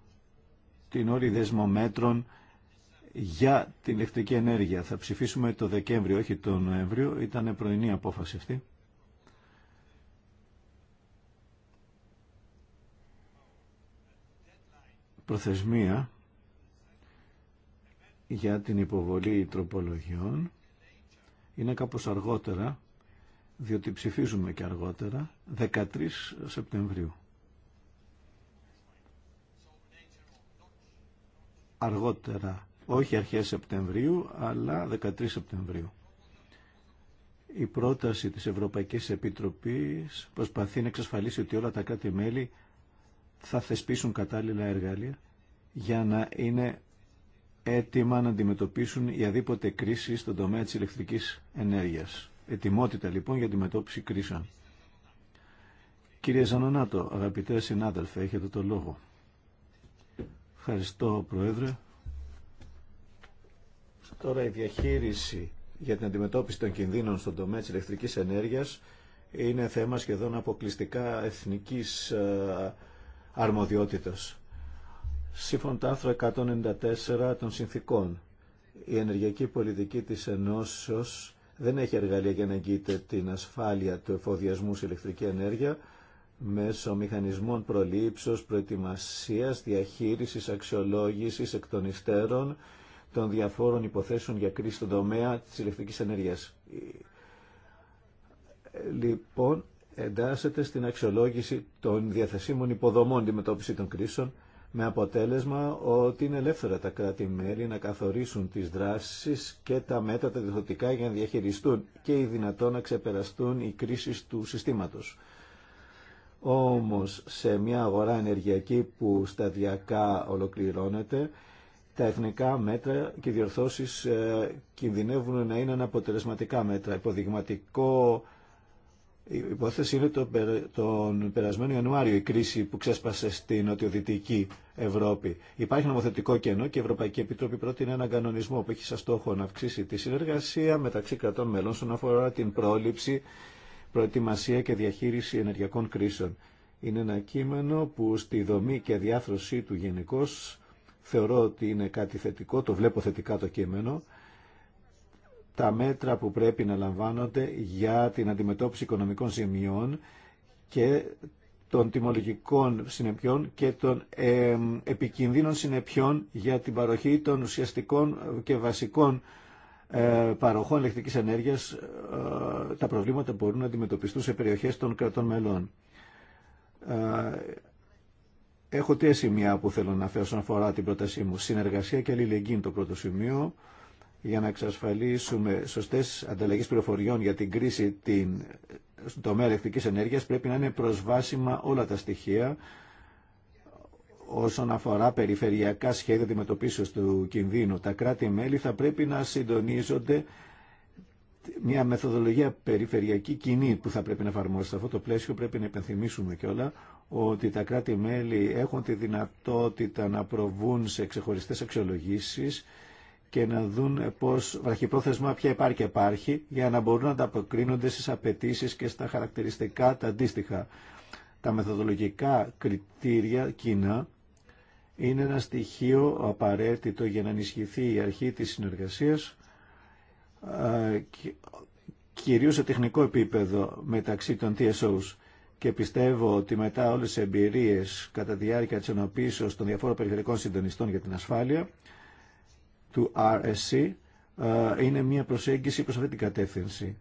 την όλη δεσμομέτρων για την ηλεκτρική ενέργεια. Θα ψηφίσουμε το Δεκέμβριο, όχι τον Νοέμβριο. Ήταν πρωινή απόφαση αυτή. Προθεσμία για την υποβολή τροπολογιών είναι κάπως αργότερα, διότι ψηφίζουμε και αργότερα, 13 Σεπτεμβρίου. αργότερα, όχι αρχές Σεπτεμβρίου, αλλά 13 Σεπτεμβρίου. Η πρόταση της Ευρωπαϊκής Επιτροπής προσπαθεί να εξασφαλίσει ότι όλα τα κράτη-μέλη θα θεσπίσουν κατάλληλα εργαλεία για να είναι έτοιμα να αντιμετωπίσουν η αδίποτε κρίση στον τομέα της ηλεκτρικής ενέργειας. Ετοιμότητα λοιπόν για αντιμετώπιση κρίσεων. Κύριε Ζανονάτο, αγαπητέ συνάδελφε, έχετε το λόγο. Ευχαριστώ, Πρόεδρε. Τώρα η διαχείριση για την αντιμετώπιση των κινδύνων στον τομέα της ηλεκτρικής ενέργειας είναι θέμα σχεδόν αποκλειστικά εθνικής ε, αρμοδιότητας. Σύμφωνα το άρθρο 194 των συνθήκων, η ενεργειακή πολιτική της Ενώσεως δεν έχει εργαλεία για να εγγύεται την ασφάλεια του εφοδιασμού σε ηλεκτρική ενέργεια, μέσω μηχανισμών προλήψεως, προετοιμασίας, διαχείρισης, αξιολόγησης, εκ των υστέρων των διαφόρων υποθέσεων για κρίση στον τομέα της ηλεκτρικής ενέργειας. Λοιπόν, εντάσσεται στην αξιολόγηση των διαθεσίμων υποδομών αντιμετώπιση των κρίσεων με αποτέλεσμα ότι είναι ελεύθερα τα κράτη-μέλη να καθορίσουν τις δράσεις και τα μέτρα τα για να διαχειριστούν και οι δυνατόν να ξεπεραστούν οι κρίσεις του συστήματος. Όμως σε μια αγορά ενεργειακή που σταδιακά ολοκληρώνεται, τα εθνικά μέτρα και διορθώσεις ε, κινδυνεύουν να είναι αναποτελεσματικά μέτρα. Υποδειγματικό η υπόθεση είναι τον περασμένο Ιανουάριο η κρίση που ξέσπασε στην νοτιοδυτική Ευρώπη. Υπάρχει νομοθετικό κενό και η Ευρωπαϊκή Επιτροπή πρότεινε έναν κανονισμό που έχει σαν στόχο να αυξήσει τη συνεργασία μεταξύ κρατών μελών στον αφορά την πρόληψη προετοιμασία και διαχείριση ενεργειακών κρίσεων. Είναι ένα κείμενο που στη δομή και διάθρωσή του γενικώ θεωρώ ότι είναι κάτι θετικό, το βλέπω θετικά το κείμενο. Τα μέτρα που πρέπει να λαμβάνονται για την αντιμετώπιση οικονομικών ζημιών και των τιμολογικών συνεπιών και των ε, επικινδύνων συνεπιών για την παροχή των ουσιαστικών και βασικών ε, παροχών ηλεκτρικής ενέργειας ε, τα προβλήματα μπορούν να αντιμετωπιστούν σε περιοχές των κρατών μελών. Ε, έχω τρία σημεία που θέλω να φέρω όσον αφορά την πρότασή μου. Συνεργασία και αλληλεγγύη είναι το πρώτο σημείο για να εξασφαλίσουμε σωστές ανταλλαγές πληροφοριών για την κρίση την, στον τομέα ηλεκτρικής ενέργεια πρέπει να είναι προσβάσιμα όλα τα στοιχεία όσον αφορά περιφερειακά σχέδια αντιμετωπίσεως του κινδύνου. Τα κράτη-μέλη θα πρέπει να συντονίζονται μια μεθοδολογία περιφερειακή κοινή που θα πρέπει να εφαρμόσει. Σε αυτό το πλαίσιο πρέπει να υπενθυμίσουμε κιόλα ότι τα κράτη-μέλη έχουν τη δυνατότητα να προβούν σε ξεχωριστές αξιολογήσεις και να δουν πώς βραχυπρόθεσμα ποια υπάρχει και υπάρχει για να μπορούν να ανταποκρίνονται στις απαιτήσει και στα χαρακτηριστικά τα αντίστοιχα. Τα μεθοδολογικά κριτήρια κοινά είναι ένα στοιχείο απαραίτητο για να ενισχυθεί η αρχή της συνεργασίας κυρίως σε τεχνικό επίπεδο μεταξύ των TSOs και πιστεύω ότι μετά όλες τις εμπειρίες κατά τη διάρκεια της ενοποίησης των διαφόρων περιφερειακών συντονιστών για την ασφάλεια του RSC είναι μια προσέγγιση προς αυτή την κατεύθυνση.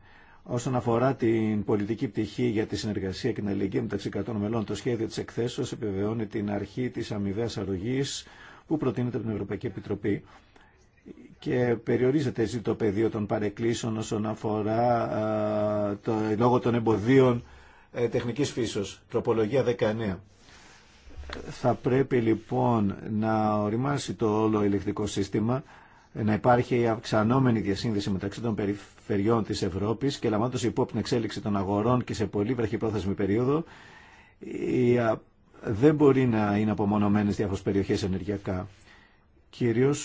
Όσον αφορά την πολιτική πτυχή για τη συνεργασία και την αλληλεγγύη μεταξύ 100 μελών, το σχέδιο τη εκθέσεω επιβεβαιώνει την αρχή τη αμοιβαία αρρωγή που προτείνεται από την Ευρωπαϊκή Επιτροπή και περιορίζεται έτσι το πεδίο των παρεκκλήσεων όσον αφορά το, λόγω των εμποδίων ε, τεχνικής φύσεως. Τροπολογία 19. Θα πρέπει λοιπόν να οριμάσει το όλο ηλεκτρικό σύστημα, να υπάρχει η αυξανόμενη διασύνδεση μεταξύ των περιφερειών περιφερειών τη Ευρώπη και λαμβάνοντας υπόψη την εξέλιξη των αγορών και σε πολύ βραχυπρόθεσμη περίοδο, δεν μπορεί να είναι απομονωμένε διάφορες περιοχές ενεργειακά. Κυρίω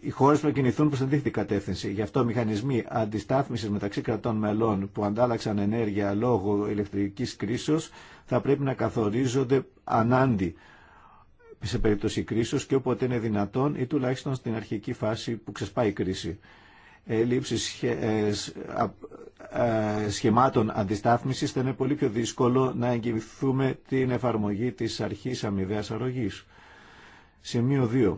οι χώρε που κινηθούν προς αντίθετη κατεύθυνση. Γι' αυτό μηχανισμοί αντισταθμιση μεταξύ κρατών μελών που αντάλλαξαν ενέργεια λόγω ηλεκτρική κρίσεως θα πρέπει να καθορίζονται ανάντι σε περίπτωση κρίσεως και όποτε είναι δυνατόν ή τουλάχιστον στην αρχική φάση που ξεσπάει η κρίση λήψη σχημάτων ε, ε, αντιστάθμισης θα είναι πολύ πιο δύσκολο να εγγυηθούμε την εφαρμογή της αρχής αμοιβαίας αρρωγής. Σημείο 2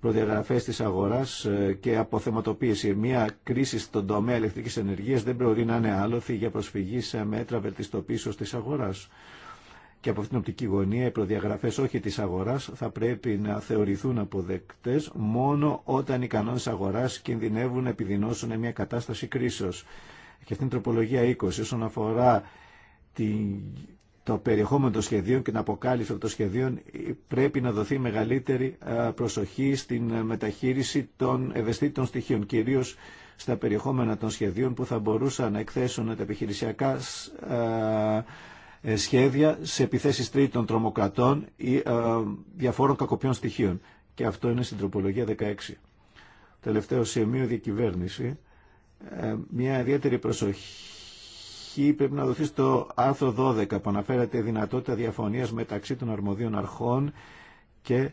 προδιαγραφές της αγοράς ε, και αποθεματοποίηση. Μια κρίση στον τομέα ηλεκτρικής ενεργείας δεν μπορεί να είναι άλοθη για προσφυγή σε μέτρα βελτιστοποίησης της αγοράς. Και από αυτήν την οπτική γωνία οι προδιαγραφές όχι της αγοράς θα πρέπει να θεωρηθούν αποδεκτές μόνο όταν οι κανόνες αγοράς κινδυνεύουν να επιδεινώσουν μια κατάσταση κρίσεως. Και αυτήν την τροπολογία 20 όσον αφορά την το περιεχόμενο των σχεδίων και την αποκάλυψη των σχεδίων πρέπει να δοθεί μεγαλύτερη προσοχή στην ε, μεταχείριση των ευαισθητών στοιχείων, κυρίως στα περιεχόμενα των σχεδίων που θα μπορούσαν να εκθέσουν τα επιχειρησιακά ε, σχέδια σε επιθέσεις τρίτων τρομοκρατών ή ε, διαφόρων κακοποιών στοιχείων. Και αυτό είναι στην τροπολογία 16. Τελευταίο σημείο διακυβέρνηση. Ε, μια ιδιαίτερη προσοχή πρέπει να δοθεί στο άρθρο 12 που αναφέρεται δυνατότητα διαφωνίας μεταξύ των αρμοδίων αρχών και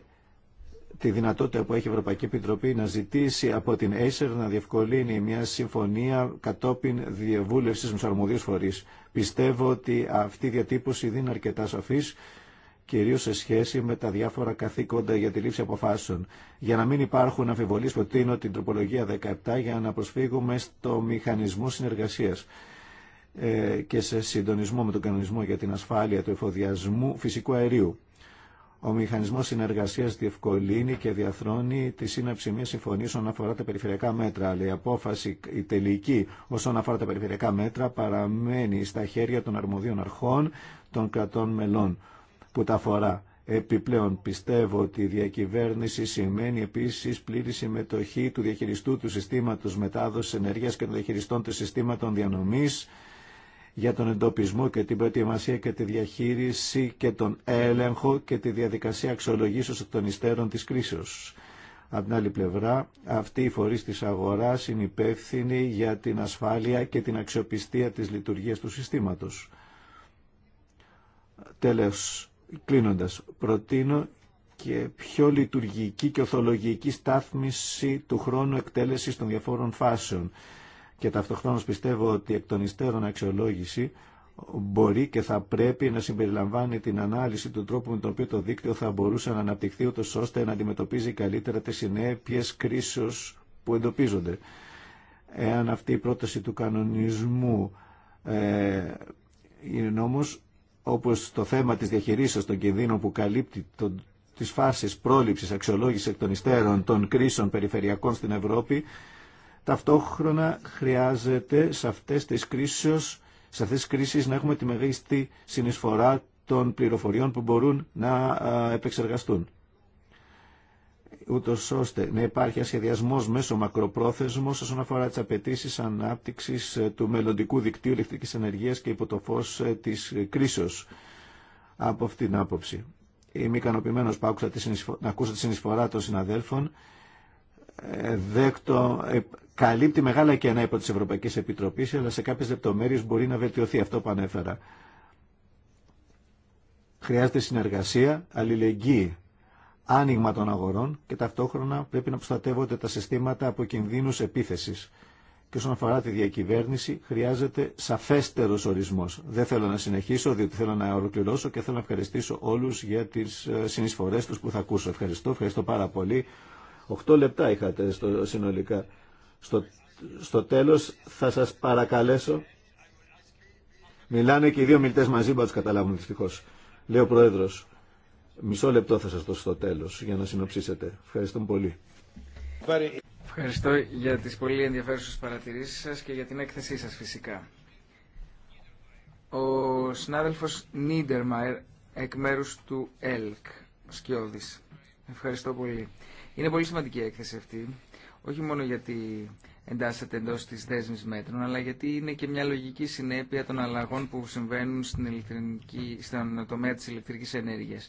τη δυνατότητα που έχει η Ευρωπαϊκή Επιτροπή να ζητήσει από την Acer να διευκολύνει μια συμφωνία κατόπιν διαβούλευση με του αρμοδίου φορεί. Πιστεύω ότι αυτή η διατύπωση δεν είναι αρκετά σαφή, κυρίω σε σχέση με τα διάφορα καθήκοντα για τη λήψη αποφάσεων. Για να μην υπάρχουν αμφιβολίε, προτείνω την τροπολογία 17 για να προσφύγουμε στο μηχανισμό συνεργασία ε, και σε συντονισμό με τον κανονισμό για την ασφάλεια του εφοδιασμού φυσικού αερίου ο μηχανισμό συνεργασία διευκολύνει και διαθρώνει τη σύναψη μια συμφωνία όσον αφορά τα περιφερειακά μέτρα. Αλλά η απόφαση η τελική όσον αφορά τα περιφερειακά μέτρα παραμένει στα χέρια των αρμοδίων αρχών των κρατών μελών που τα αφορά. Επιπλέον πιστεύω ότι η διακυβέρνηση σημαίνει επίσης πλήρη συμμετοχή του διαχειριστού του συστήματο μετάδοση ενέργεια και των διαχειριστών του συστήματων διανομή για τον εντοπισμό και την προετοιμασία και τη διαχείριση και τον έλεγχο και τη διαδικασία αξιολογήσεως των υστέρων της κρίσεως. Από την άλλη πλευρά, αυτοί οι φορείς της αγοράς είναι υπεύθυνοι για την ασφάλεια και την αξιοπιστία της λειτουργίας του συστήματος. Τέλος, κλείνοντας, προτείνω και πιο λειτουργική και οθολογική στάθμιση του χρόνου εκτέλεσης των διαφόρων φάσεων και ταυτοχρόνως πιστεύω ότι εκ των υστέρων αξιολόγηση μπορεί και θα πρέπει να συμπεριλαμβάνει την ανάλυση του τρόπου με τον οποίο το δίκτυο θα μπορούσε να αναπτυχθεί ούτως ώστε να αντιμετωπίζει καλύτερα τις συνέπειες κρίσεως που εντοπίζονται. Εάν αυτή η πρόταση του κανονισμού ε, είναι νόμος, όπως το θέμα της διαχειρίσεως των κινδύνων που καλύπτει το, τις φάσεις πρόληψης αξιολόγησης εκ των υστέρων των κρίσεων περιφερειακών στην Ευρώπη Ταυτόχρονα χρειάζεται σε αυτές τις κρίσεις, σε αυτές τις κρίσεις να έχουμε τη μεγίστη συνεισφορά των πληροφοριών που μπορούν να επεξεργαστούν. Ούτω ώστε να υπάρχει ασχεδιασμό μέσω μακροπρόθεσμο όσον αφορά τι απαιτήσει ανάπτυξη ε, του μελλοντικού δικτύου ηλεκτρική ενεργεία και υπό το φω ε, τη κρίσεω. Από αυτήν την άποψη. Είμαι ικανοποιημένο που άκουσα να ακούσω τη συνεισφορά των συναδέλφων δέκτο ε, καλύπτει μεγάλα κενά υπό της Ευρωπαϊκής Επιτροπής, αλλά σε κάποιες λεπτομέρειες μπορεί να βελτιωθεί αυτό που ανέφερα. Χρειάζεται συνεργασία, αλληλεγγύη, άνοιγμα των αγορών και ταυτόχρονα πρέπει να προστατεύονται τα συστήματα από κινδύνους επίθεσης. Και όσον αφορά τη διακυβέρνηση, χρειάζεται σαφέστερο ορισμό. Δεν θέλω να συνεχίσω, διότι θέλω να ολοκληρώσω και θέλω να ευχαριστήσω όλου για τι ε, συνεισφορέ του που θα ακούσω. Ευχαριστώ, ευχαριστώ πάρα πολύ 8 λεπτά είχατε στο, συνολικά. Στο, στο τέλος θα σας παρακαλέσω. Μιλάνε και οι δύο μιλτές μαζί, μπα τους καταλάβουν δυστυχώς. Λέω, ο Πρόεδρος. Μισό λεπτό θα σας δώσω στο τέλος για να συνοψίσετε. Ευχαριστώ πολύ. Ευχαριστώ για τις πολύ ενδιαφέρουσες παρατηρήσεις σας και για την έκθεσή σας φυσικά. Ο συνάδελφος Νίντερμαερ εκ μέρους του ΕΛΚ, Σκιώδης. Ευχαριστώ πολύ. Είναι πολύ σημαντική η έκθεση αυτή, όχι μόνο γιατί εντάσσεται εντό τη δέσμη μέτρων, αλλά γιατί είναι και μια λογική συνέπεια των αλλαγών που συμβαίνουν στην ηλεκτρική, στον τομέα τη ηλεκτρική ενέργεια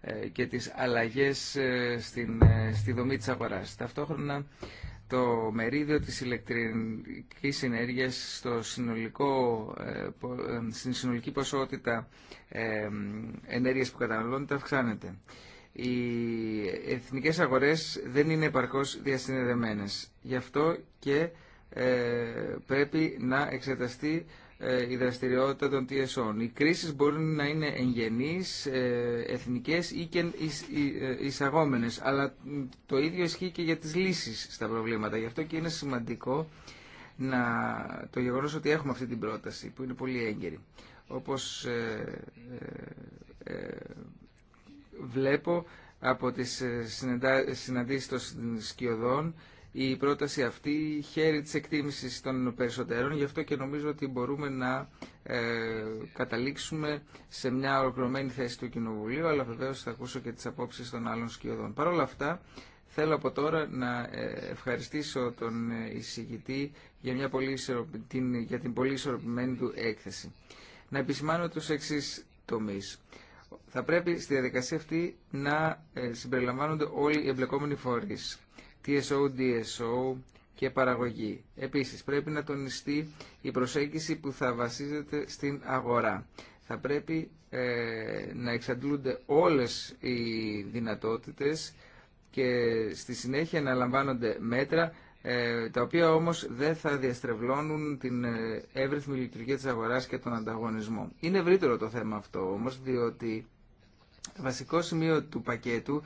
ε, και τις αλλαγές ε, στην, ε, στη δομή της αγοράς. Ταυτόχρονα το μερίδιο της ηλεκτρικής ενέργειας στην συνολική ποσότητα ενέργειας που καταναλώνεται αυξάνεται οι εθνικές αγορές δεν είναι επαρκώς διασυνδεδεμένες. Γι' αυτό και ε, πρέπει να εξεταστεί ε, η δραστηριότητα των TSO. Οι κρίσεις μπορούν να είναι εγγενείς, ε, εθνικές ή και ε, εισαγόμενες, αλλά το ίδιο ισχύει και για τις λύσεις στα προβλήματα. Γι' αυτό και είναι σημαντικό να, το γεγονός ότι έχουμε αυτή την πρόταση, που είναι πολύ έγκαιρη. Όπως βλέπω από τις ε, συναντήσεις των σκιωδών η πρόταση αυτή χαίρει της εκτίμησης των περισσότερων, γι' αυτό και νομίζω ότι μπορούμε να ε, καταλήξουμε σε μια ολοκληρωμένη θέση του Κοινοβουλίου, αλλά βεβαίως θα ακούσω και τις απόψεις των άλλων σκιωδών. Παρ' όλα αυτά, θέλω από τώρα να ε, ευχαριστήσω τον εισηγητή για, μια πολύ την, για την πολύ ισορροπημένη του έκθεση. Να επισημάνω τους εξής τομείς θα πρέπει στη διαδικασία αυτή να ε, συμπεριλαμβάνονται όλοι οι εμπλεκόμενοι φορείς. TSO, DSO και παραγωγή. Επίσης, πρέπει να τονιστεί η προσέγγιση που θα βασίζεται στην αγορά. Θα πρέπει ε, να εξαντλούνται όλες οι δυνατότητες και στη συνέχεια να λαμβάνονται μέτρα ε, τα οποία όμως δεν θα διαστρεβλώνουν την ε, εύρυθμη λειτουργία της αγοράς και τον ανταγωνισμό. Είναι ευρύτερο το θέμα αυτό όμως, διότι το βασικό σημείο του πακέτου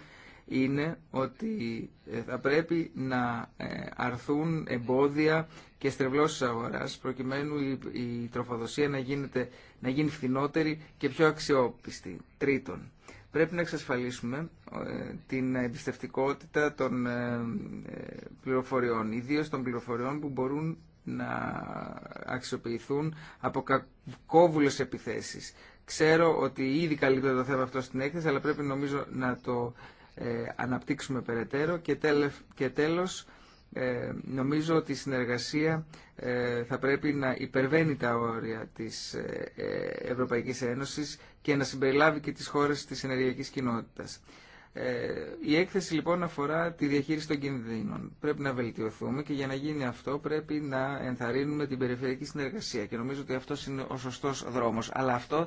είναι ότι ε, θα πρέπει να αρθούν εμπόδια και στρεβλώσεις αγοράς προκειμένου η τροφοδοσία να, γίνεται, να γίνει φθηνότερη και πιο αξιόπιστη. Τρίτον, Πρέπει να εξασφαλίσουμε ε, την εμπιστευτικότητα των ε, ε, πληροφοριών, ιδίως των πληροφοριών που μπορούν να αξιοποιηθούν από κακόβουλες επιθέσεις. Ξέρω ότι ήδη καλύπτεται το θέμα αυτό στην έκθεση, αλλά πρέπει νομίζω να το αναπτύξουμε περαιτέρω. Και τέλος, ε, νομίζω ότι η συνεργασία ε, θα πρέπει να υπερβαίνει τα όρια της ε, ε, Ευρωπαϊκής Ένωσης και να συμπεριλάβει και τις χώρες της ενεργειακής κοινότητας. Ε, η έκθεση λοιπόν αφορά τη διαχείριση των κινδύνων. Πρέπει να βελτιωθούμε και για να γίνει αυτό πρέπει να ενθαρρύνουμε την περιφερειακή συνεργασία και νομίζω ότι αυτό είναι ο σωστός δρόμος. Αλλά αυτό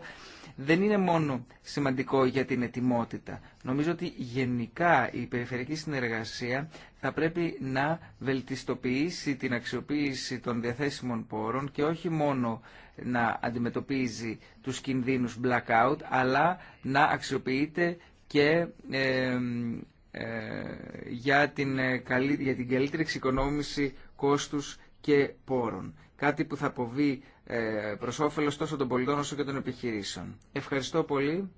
δεν είναι μόνο σημαντικό για την ετοιμότητα. Νομίζω ότι γενικά η περιφερειακή συνεργασία θα πρέπει να βελτιστοποιήσει την αξιοποίηση των διαθέσιμων πόρων και όχι μόνο να αντιμετωπίζει τους κινδύνους blackout, αλλά να αξιοποιείται και ε, ε, για την, καλύτερη εξοικονόμηση κόστους και πόρων. Κάτι που θα αποβεί ε, προς όφελος τόσο των πολιτών όσο και των επιχειρήσεων. Ευχαριστώ πολύ.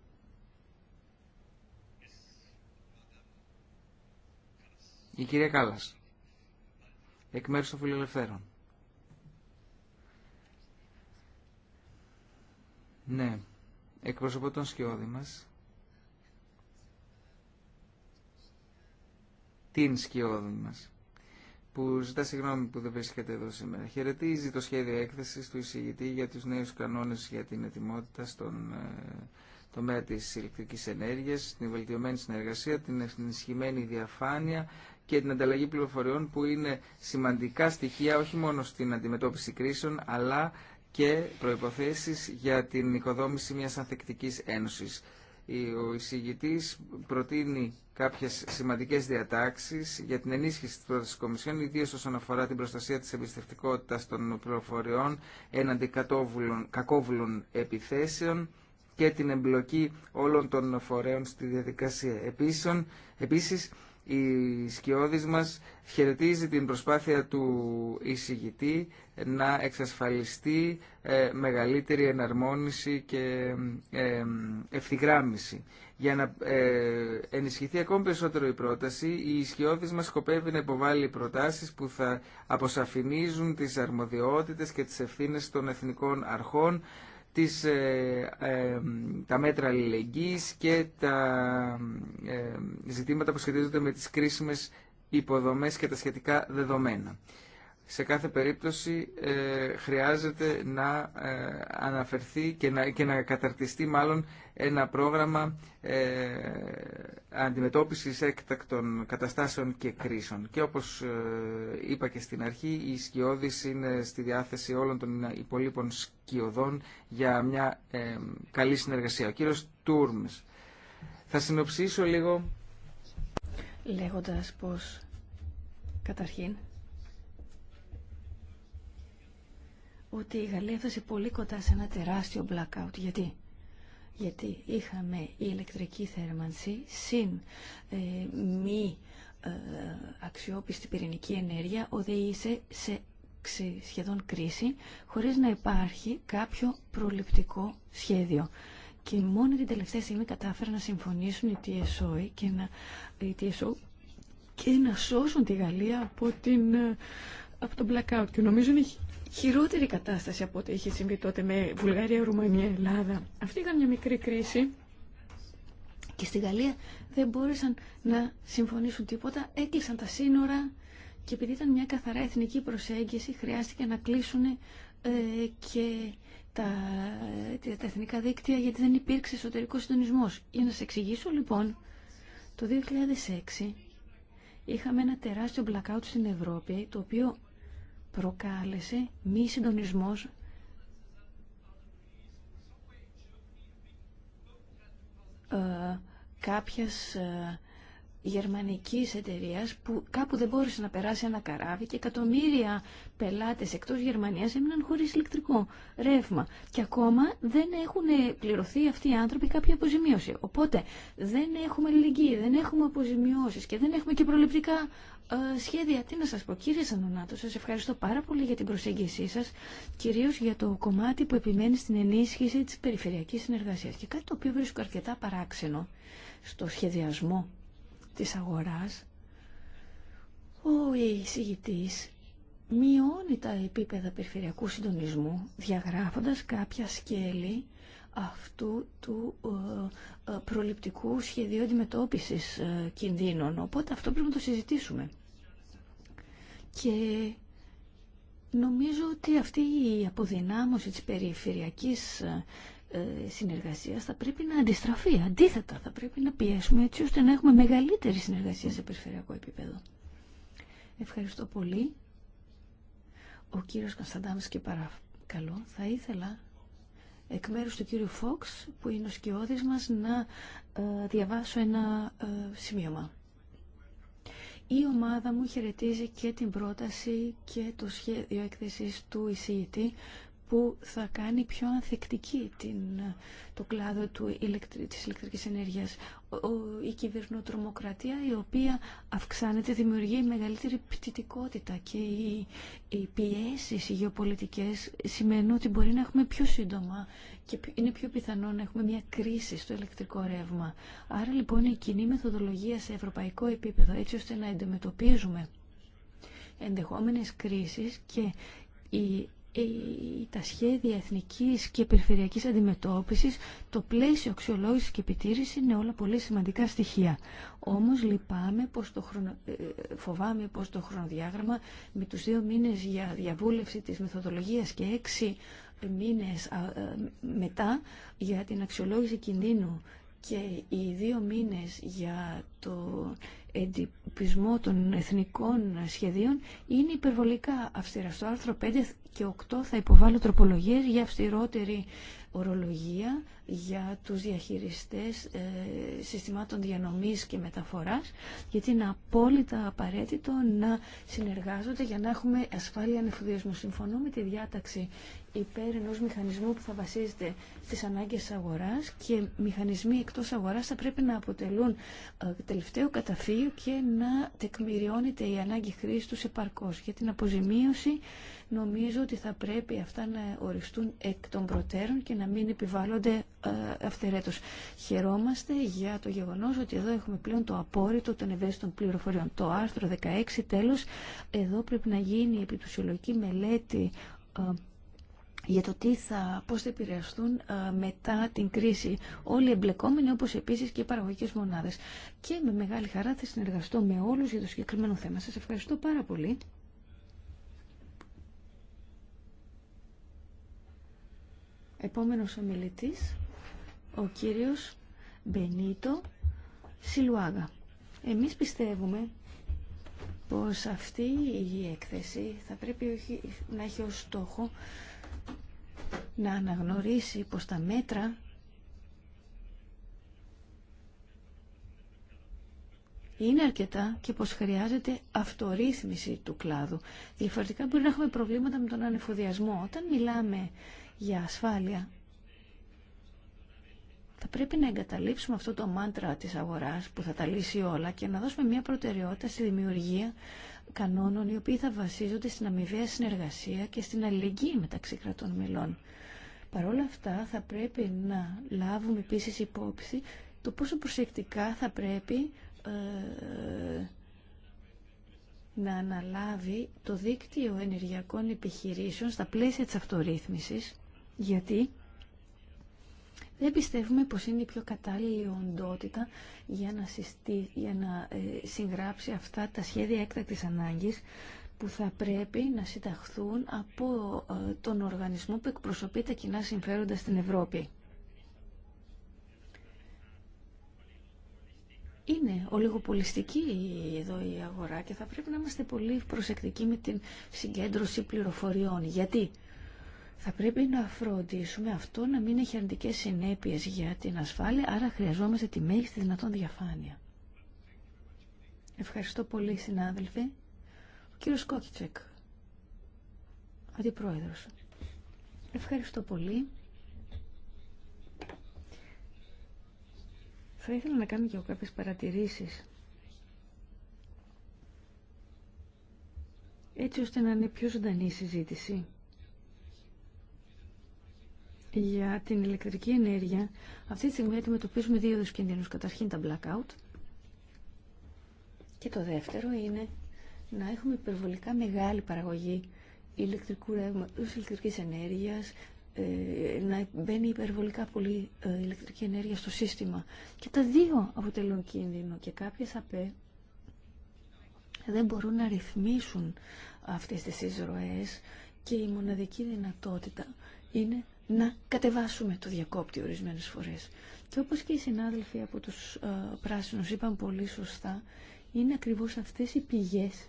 Η κυρία Κάλλας, εκ μέρους των Φιλελευθέρων. Ναι, εκπροσωπώ τον σκιώδη μας. την σκιώδη μα, που ζητά συγγνώμη που δεν βρίσκεται εδώ σήμερα. Χαιρετίζει το σχέδιο έκθεση του εισηγητή για τους νέους κανόνες για την ετοιμότητα στον ε, τομέα της ηλεκτρικής ενέργειας, την βελτιωμένη συνεργασία, την ενισχυμένη διαφάνεια και την ανταλλαγή πληροφοριών που είναι σημαντικά στοιχεία όχι μόνο στην αντιμετώπιση κρίσεων αλλά και προϋποθέσεις για την οικοδόμηση μιας ανθεκτικής ένωσης ο εισηγητής προτείνει κάποιες σημαντικές διατάξεις για την ενίσχυση της πρότασης της Κομισιόν, ιδίως όσον αφορά την προστασία της εμπιστευτικότητας των πληροφοριών έναντι κακόβουλων επιθέσεων και την εμπλοκή όλων των φορέων στη διαδικασία. Επίσης, η σκιώδης μας χαιρετίζει την προσπάθεια του εισηγητή να εξασφαλιστεί ε, μεγαλύτερη εναρμόνιση και ε, ευθυγράμμιση. Για να ε, ενισχυθεί ακόμη περισσότερο η πρόταση, η ισχυώδης μας σκοπεύει να υποβάλει προτάσεις που θα αποσαφηνίζουν τις αρμοδιότητες και τις ευθύνες των εθνικών αρχών τις, ε, ε, τα μέτρα αλληλεγγύης και τα ε, ζητήματα που σχετίζονται με τις κρίσιμες υποδομές και τα σχετικά δεδομένα. Σε κάθε περίπτωση χρειάζεται να αναφερθεί και να, και να καταρτιστεί μάλλον ένα πρόγραμμα ε, αντιμετώπισης έκτακτων καταστάσεων και κρίσεων. Και όπως ε, είπα και στην αρχή, η σκιώδης είναι στη διάθεση όλων των υπολείπων σκιωδών για μια ε, καλή συνεργασία. Ο κύριος Τούρμς. Θα συνοψίσω λίγο λέγοντας πως καταρχήν ότι η Γαλλία έφτασε πολύ κοντά σε ένα τεράστιο blackout. Γιατί? γιατί είχαμε η ηλεκτρική θέρμανση συν ε, μη ε, αξιόπιστη πυρηνική ενέργεια οδήγησε σε σχεδόν κρίση χωρίς να υπάρχει κάποιο προληπτικό σχέδιο. Και μόνο την τελευταία στιγμή κατάφεραν να συμφωνήσουν οι TSO και να, οι και να σώσουν τη Γαλλία από, την, ε, τον blackout. Και νομίζω είναι χειρότερη κατάσταση από ό,τι είχε συμβεί τότε με Βουλγαρία, Ρουμανία, Ελλάδα. Αυτή ήταν μια μικρή κρίση και στη Γαλλία δεν μπόρεσαν να συμφωνήσουν τίποτα, έκλεισαν τα σύνορα και επειδή ήταν μια καθαρά εθνική προσέγγιση χρειάστηκε να κλείσουν ε, και τα, ε, τα εθνικά δίκτυα γιατί δεν υπήρξε εσωτερικός συντονισμός. Για να εξηγήσω λοιπόν, το 2006 είχαμε ένα τεράστιο blackout στην Ευρώπη το οποίο προκάλεσε μη συντονισμός ε, ε γερμανικής εταιρείας που κάπου δεν μπόρεσε να περάσει ένα καράβι και εκατομμύρια πελάτες εκτός Γερμανίας έμειναν χωρίς ηλεκτρικό ρεύμα και ακόμα δεν έχουν πληρωθεί αυτοί οι άνθρωποι κάποια αποζημίωση. Οπότε δεν έχουμε λυγή, δεν έχουμε αποζημιώσεις και δεν έχουμε και προληπτικά ε, σχέδια. Τι να σας πω κύριε Σανωνάτο, σας ευχαριστώ πάρα πολύ για την προσέγγισή σας, κυρίως για το κομμάτι που επιμένει στην ενίσχυση της περιφερειακής συνεργασίας και κάτι το οποίο βρίσκω αρκετά παράξενο στο σχεδιασμό της αγοράς, ο εισηγητής μειώνει τα επίπεδα περιφερειακού συντονισμού διαγράφοντας κάποια σκέλη αυτού του ε, ε, προληπτικού σχεδίου αντιμετώπισης ε, κινδύνων. Οπότε αυτό πρέπει να το συζητήσουμε. Και νομίζω ότι αυτή η αποδυνάμωση της περιφερειακής ε, συνεργασίας θα πρέπει να αντιστραφεί. Αντίθετα, θα πρέπει να πιέσουμε έτσι ώστε να έχουμε μεγαλύτερη συνεργασία σε περιφερειακό επίπεδο. Ευχαριστώ πολύ. Ο κύριος Κωνσταντάμς και παρακαλώ, θα ήθελα εκ μέρους του κύριου Φόξ, που είναι ο σκιώδης μας, να ε, διαβάσω ένα ε, σημείωμα. Η ομάδα μου χαιρετίζει και την πρόταση και το σχέδιο έκθεσης του εισηγητή που θα κάνει πιο ανθεκτική την, το κλάδο του της ηλεκτρικής ενέργειας. η κυβερνοτρομοκρατία η οποία αυξάνεται δημιουργεί μεγαλύτερη πτυτικότητα και οι, οι πιέσει οι γεωπολιτικές σημαίνουν ότι μπορεί να έχουμε πιο σύντομα και είναι πιο πιθανό να έχουμε μια κρίση στο ηλεκτρικό ρεύμα. Άρα λοιπόν η κοινή μεθοδολογία σε ευρωπαϊκό επίπεδο έτσι ώστε να αντιμετωπίζουμε ενδεχόμενες κρίσεις και η ε, τα σχέδια εθνικής και περιφερειακής αντιμετώπισης, το πλαίσιο αξιολόγησης και επιτήρηση είναι όλα πολύ σημαντικά στοιχεία. Όμως λυπάμαι πως το χρονο... Ε, φοβάμαι πως το χρονοδιάγραμμα με τους δύο μήνες για διαβούλευση της μεθοδολογίας και έξι ε, μήνες μετά για την αξιολόγηση κινδύνου και οι δύο μήνες για το εντυπισμό των εθνικών σχεδίων είναι υπερβολικά αυστηρά. Στο άρθρο 5 και 8 θα υποβάλω τροπολογίες για αυστηρότερη ορολογία για τους διαχειριστές ε, συστημάτων διανομής και μεταφοράς, γιατί είναι απόλυτα απαραίτητο να συνεργάζονται για να έχουμε ασφάλεια ανεφοδιασμού. Συμφωνώ με τη διάταξη υπέρ ενό μηχανισμού που θα βασίζεται στις ανάγκες αγοράς και μηχανισμοί εκτός αγοράς θα πρέπει να αποτελούν ε, τελευταίο καταφύγιο και να τεκμηριώνεται η ανάγκη χρήση τους επαρκώς για την αποζημίωση νομίζω ότι θα πρέπει αυτά να οριστούν εκ των προτέρων και να μην επιβάλλονται ε, αυθαιρέτως. Χαιρόμαστε για το γεγονός ότι εδώ έχουμε πλέον το απόρριτο των ευαίσθητων πληροφοριών. Το άρθρο 16 τέλος, εδώ πρέπει να γίνει η επιτουσιολογική μελέτη ε, για το τι θα, πώς θα επηρεαστούν ε, μετά την κρίση όλοι οι εμπλεκόμενοι όπως επίσης και οι παραγωγικές μονάδες. Και με μεγάλη χαρά θα συνεργαστώ με όλους για το συγκεκριμένο θέμα. Σας ευχαριστώ πάρα πολύ. Επόμενος ομιλητής, ο κύριος Μπενίτο Σιλουάγα. Εμείς πιστεύουμε πως αυτή η έκθεση θα πρέπει να έχει ως στόχο να αναγνωρίσει πως τα μέτρα είναι αρκετά και πως χρειάζεται αυτορύθμιση του κλάδου. Διαφορετικά μπορεί να έχουμε προβλήματα με τον ανεφοδιασμό. Όταν μιλάμε για ασφάλεια. Θα πρέπει να εγκαταλείψουμε αυτό το μάντρα της αγοράς που θα τα λύσει όλα και να δώσουμε μια προτεραιότητα στη δημιουργία κανόνων οι οποίοι θα βασίζονται στην αμοιβαία συνεργασία και στην αλληλεγγύη μεταξύ κρατών μελών. Παρ' όλα αυτά θα πρέπει να λάβουμε επίσης υπόψη το πόσο προσεκτικά θα πρέπει ε, να αναλάβει το δίκτυο ενεργειακών επιχειρήσεων στα πλαίσια της αυτορύθμισης γιατί δεν πιστεύουμε πως είναι η πιο κατάλληλη οντότητα για να, συστή, για να ε, συγγράψει αυτά τα σχέδια έκτακτης ανάγκης που θα πρέπει να συνταχθούν από ε, τον οργανισμό που εκπροσωπεί τα κοινά συμφέροντα στην Ευρώπη. Είναι ολιγοπολιστική εδώ η αγορά και θα πρέπει να είμαστε πολύ προσεκτικοί με την συγκέντρωση πληροφοριών. Γιατί θα πρέπει να φροντίσουμε αυτό να μην έχει αρνητικέ συνέπειες για την ασφάλεια, άρα χρειαζόμαστε τη μέγιστη δυνατόν διαφάνεια. Ευχαριστώ πολύ συνάδελφοι. Ο κύριος Κόκιτσεκ, αντιπρόεδρος. Ευχαριστώ πολύ. Θα ήθελα να κάνω και εγώ κάποιες παρατηρήσεις. Έτσι ώστε να είναι πιο ζωντανή η συζήτηση για την ηλεκτρική ενέργεια, αυτή τη στιγμή αντιμετωπίζουμε δύο είδου κινδύνους. Καταρχήν τα blackout και το δεύτερο είναι να έχουμε υπερβολικά μεγάλη παραγωγή ηλεκτρικού ρεύματος, ηλεκτρικής ενέργειας, ε, να μπαίνει υπερβολικά πολύ ε, ηλεκτρική ενέργεια στο σύστημα. Και τα δύο αποτελούν κίνδυνο και κάποιες ΑΠΕ δεν μπορούν να ρυθμίσουν αυτές τις εισρωές και η μοναδική δυνατότητα είναι να κατεβάσουμε το διακόπτη ορισμένες φορές. Και όπως και οι συνάδελφοι από τους πράσινου, ε, πράσινους είπαν πολύ σωστά, είναι ακριβώς αυτές οι πηγές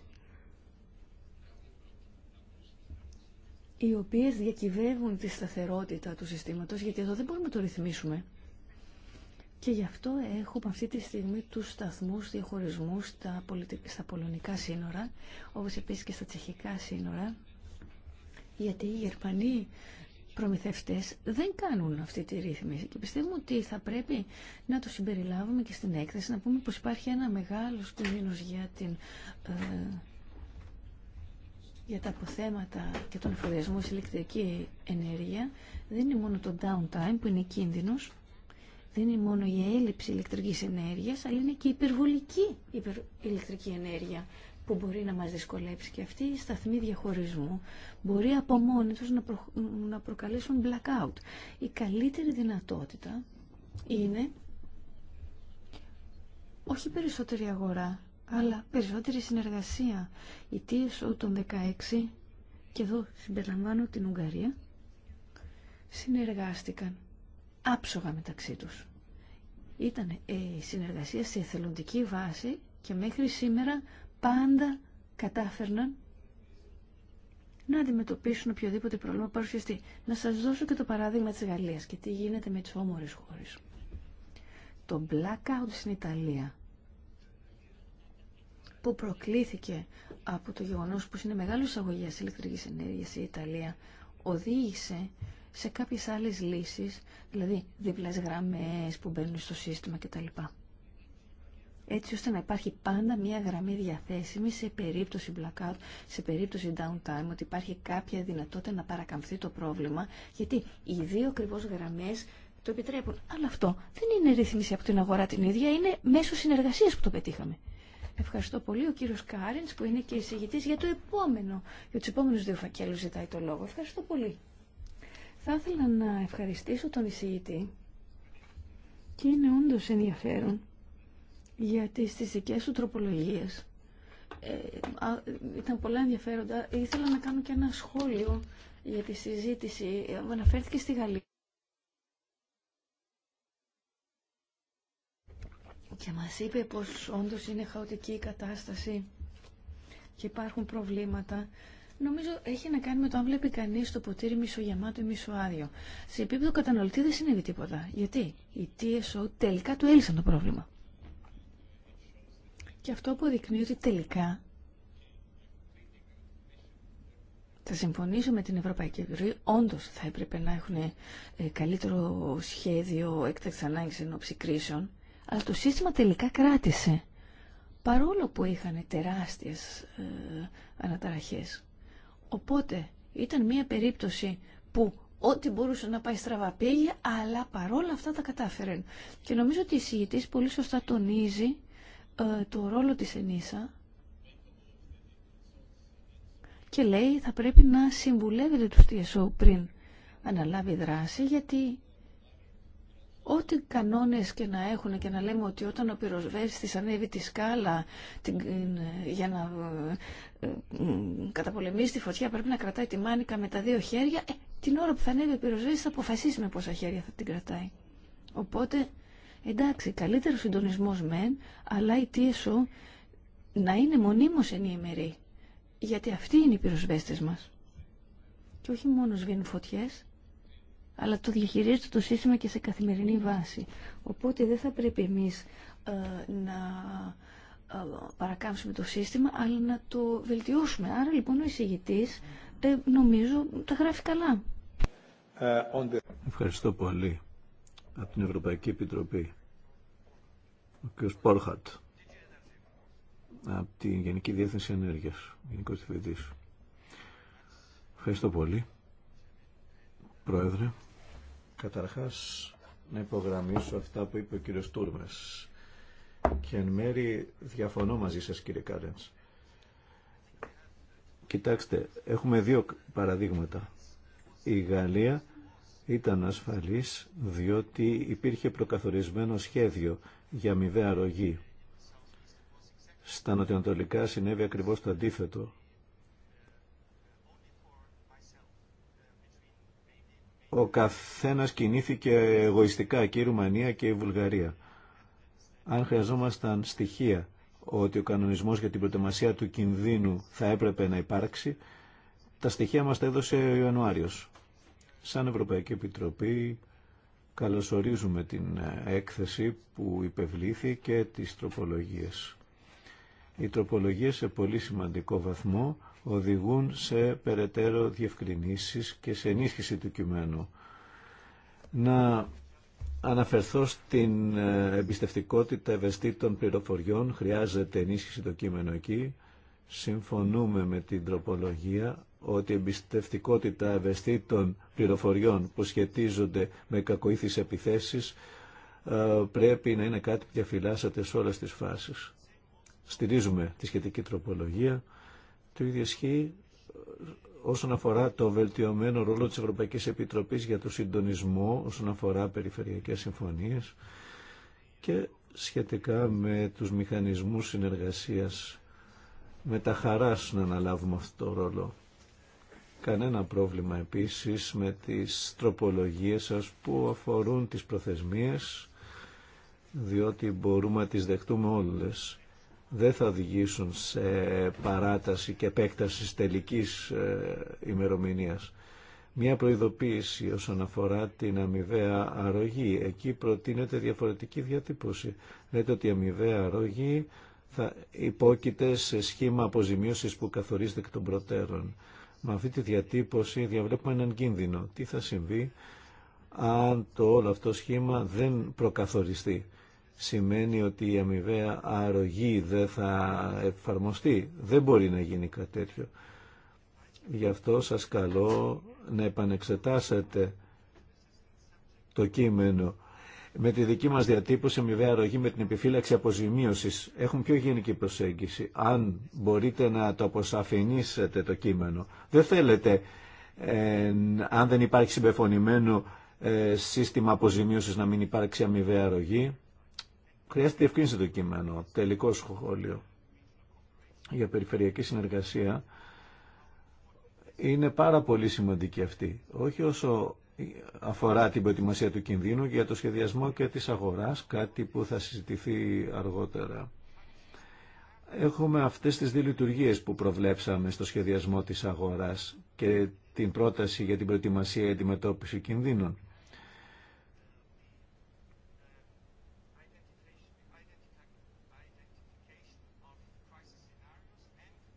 οι οποίες διακυβεύουν τη σταθερότητα του συστήματος, γιατί εδώ δεν μπορούμε να το ρυθμίσουμε. Και γι' αυτό έχουμε αυτή τη στιγμή τους σταθμούς διαχωρισμού στα, στα πολωνικά σύνορα, όπως επίσης και στα τσεχικά σύνορα, γιατί οι Γερμανοί προμηθευτές δεν κάνουν αυτή τη ρύθμιση και πιστεύουμε ότι θα πρέπει να το συμπεριλάβουμε και στην έκθεση να πούμε πως υπάρχει ένα μεγάλος κίνδυνος για, την, ε, για τα αποθέματα και τον εφοδιασμό σε ηλεκτρική ενέργεια δεν είναι μόνο το downtime που είναι κίνδυνος δεν είναι μόνο η έλλειψη ηλεκτρικής ενέργειας αλλά είναι και η υπερβολική ηλεκτρική ενέργεια που μπορεί να μας δυσκολέψει και αυτή η σταθμή διαχωρισμού μπορεί από μόνοι τους να, να προκαλέσουν blackout. Η καλύτερη δυνατότητα είναι όχι περισσότερη αγορά, αλλά περισσότερη συνεργασία. Η TSO των 16, και εδώ συμπεριλαμβάνω την Ουγγαρία, συνεργάστηκαν άψογα μεταξύ τους. Ήταν ε, η συνεργασία σε εθελοντική βάση και μέχρι σήμερα πάντα κατάφερναν να αντιμετωπίσουν οποιοδήποτε πρόβλημα παρουσιαστεί. Να σας δώσω και το παράδειγμα της Γαλλίας και τι γίνεται με τις όμορες χώρες. Το blackout στην Ιταλία που προκλήθηκε από το γεγονός που είναι μεγάλο εισαγωγέα ηλεκτρικής ενέργειας η Ιταλία οδήγησε σε κάποιες άλλες λύσεις, δηλαδή διπλές γραμμές που μπαίνουν στο σύστημα κτλ έτσι ώστε να υπάρχει πάντα μια γραμμή διαθέσιμη σε περίπτωση blackout, σε περίπτωση downtime, ότι υπάρχει κάποια δυνατότητα να παρακαμφθεί το πρόβλημα, γιατί οι δύο ακριβώ γραμμέ το επιτρέπουν. Αλλά αυτό δεν είναι ρύθμιση από την αγορά την ίδια, είναι μέσω συνεργασία που το πετύχαμε. Ευχαριστώ πολύ. Ο κύριος Κάρινς που είναι και εισηγητής για το επόμενο, για τους επόμενους δύο φακέλους ζητάει το λόγο. Ευχαριστώ πολύ. Θα ήθελα να ευχαριστήσω τον εισηγητή και είναι όντω ενδιαφέρον γιατί στι δικέ σου τροπολογίε ε, ήταν πολλά ενδιαφέροντα. Ήθελα να κάνω και ένα σχόλιο για τη συζήτηση. Ε, αναφέρθηκε στη Γαλλία. Και μας είπε πως όντως είναι χαοτική η κατάσταση και υπάρχουν προβλήματα. Νομίζω έχει να κάνει με το αν βλέπει κανεί το ποτήρι μισογεμάτο ή μισοάδιο. Σε επίπεδο καταναλωτή δεν συνέβη τίποτα. Γιατί οι TSO τελικά του έλυσαν το πρόβλημα. Και αυτό αποδεικνύει ότι τελικά Θα συμφωνήσω με την Ευρωπαϊκή Επιτροπή. Όντω θα έπρεπε να έχουν ε, καλύτερο σχέδιο έκτακτη ανάγκη εν κρίσεων. Αλλά το σύστημα τελικά κράτησε. Παρόλο που είχαν τεράστιε ε, αναταραχέ. Οπότε ήταν μια περίπτωση που ό,τι μπορούσε να πάει στραβά πήγε, αλλά παρόλα αυτά τα κατάφερε. Και νομίζω ότι η συγητή πολύ σωστά τονίζει ε, το ρόλο της ΕΝΙΣΑ και λέει θα πρέπει να συμβουλεύεται τους TSO πριν αναλάβει δράση γιατί ό,τι κανόνες και να έχουν και να λέμε ότι όταν ο πυροσβέστης ανέβει τη σκάλα την, για να ε, καταπολεμήσει τη φωτιά πρέπει να κρατάει τη μάνικα με τα δύο χέρια ε, την ώρα που θα ανέβει ο πυροσβέστης θα αποφασίσει με πόσα χέρια θα την κρατάει οπότε Εντάξει, καλύτερο συντονισμό μεν, αλλά η TSO να είναι μονίμως ενήμερη. Γιατί αυτοί είναι οι πυροσβέστε μας. Και όχι μόνο σβήνουν φωτιέ, αλλά το διαχειρίζεται το σύστημα και σε καθημερινή βάση. Οπότε δεν θα πρέπει εμεί ε, να ε, παρακάμψουμε το σύστημα, αλλά να το βελτιώσουμε. Άρα λοιπόν ο εισηγητή ε, νομίζω τα γράφει καλά. Ε, Ευχαριστώ πολύ από την Ευρωπαϊκή Επιτροπή. Ο κ. Πόρχατ από την Γενική Διεύθυνση Ενέργειας, Γενικό Διευθυντής. Ευχαριστώ πολύ. Πρόεδρε, καταρχάς να υπογραμμίσω αυτά που είπε ο κ. Τούρμες και εν μέρη διαφωνώ μαζί σα, κύριε Κάρενς. Κοιτάξτε, έχουμε δύο παραδείγματα. Η Γαλλία ήταν ασφαλής διότι υπήρχε προκαθορισμένο σχέδιο για αμοιβαία αρρωγή. Στα νοτιοανατολικά συνέβη ακριβώς το αντίθετο. Ο καθένας κινήθηκε εγωιστικά και η Ρουμανία και η Βουλγαρία. Αν χρειαζόμασταν στοιχεία ότι ο κανονισμός για την προτεμασία του κινδύνου θα έπρεπε να υπάρξει, τα στοιχεία μας τα έδωσε ο Ιανουάριος. Σαν Ευρωπαϊκή Επιτροπή καλωσορίζουμε την ε, έκθεση που υπευλήθη και τις τροπολογίες. Οι τροπολογίες σε πολύ σημαντικό βαθμό οδηγούν σε περαιτέρω διευκρινήσεις και σε ενίσχυση του κειμένου. Να αναφερθώ στην ε, εμπιστευτικότητα ευαισθήτων πληροφοριών. Χρειάζεται ενίσχυση το κείμενο εκεί. Συμφωνούμε με την τροπολογία ότι η εμπιστευτικότητα ευαισθητών πληροφοριών που σχετίζονται με κακοήθεις επιθέσεις ε, πρέπει να είναι κάτι που διαφυλάσσεται σε όλες τις φάσεις. Στηρίζουμε τη σχετική τροπολογία. Το ίδιο ισχύει ε, όσον αφορά το βελτιωμένο ρόλο της Ευρωπαϊκής Επιτροπής για το συντονισμό όσον αφορά περιφερειακές συμφωνίες και σχετικά με τους μηχανισμούς συνεργασίας με τα χαράς να αναλάβουμε αυτό το ρόλο κανένα πρόβλημα επίσης με τις τροπολογίες σας που αφορούν τις προθεσμίες διότι μπορούμε να τις δεχτούμε όλες. Δεν θα οδηγήσουν σε παράταση και επέκταση τελικής ε, ημερομηνίας. Μια προειδοποίηση όσον αφορά την αμοιβαία αρρωγή. Εκεί προτείνεται διαφορετική διατύπωση. Λέτε ότι η αμοιβαία αρρωγή θα υπόκειται σε σχήμα αποζημίωσης που καθορίζεται εκ των προτέρων. Με αυτή τη διατύπωση διαβλέπουμε έναν κίνδυνο. Τι θα συμβεί αν το όλο αυτό σχήμα δεν προκαθοριστεί. Σημαίνει ότι η αμοιβαία αρρωγή δεν θα εφαρμοστεί. Δεν μπορεί να γίνει κάτι τέτοιο. Γι' αυτό σας καλώ να επανεξετάσετε το κείμενο με τη δική μας διατύπωση αμοιβαία αρρωγή με την επιφύλαξη αποζημίωσης. έχουν πιο γενική προσέγγιση. Αν μπορείτε να το αποσαφηνίσετε το κείμενο. Δεν θέλετε, ε, αν δεν υπάρχει συμπεφωνημένο ε, σύστημα αποζημίωσης, να μην υπάρξει αμοιβαία αρρωγή. Χρειάζεται ευκίνηση το κείμενο. Τελικό σχόλιο για περιφερειακή συνεργασία. Είναι πάρα πολύ σημαντική αυτή. Όχι όσο αφορά την προετοιμασία του κινδύνου για το σχεδιασμό και της αγοράς, κάτι που θα συζητηθεί αργότερα. Έχουμε αυτές τις δύο λειτουργίες που προβλέψαμε στο σχεδιασμό της αγοράς και την πρόταση για την προετοιμασία και αντιμετώπιση κινδύνων.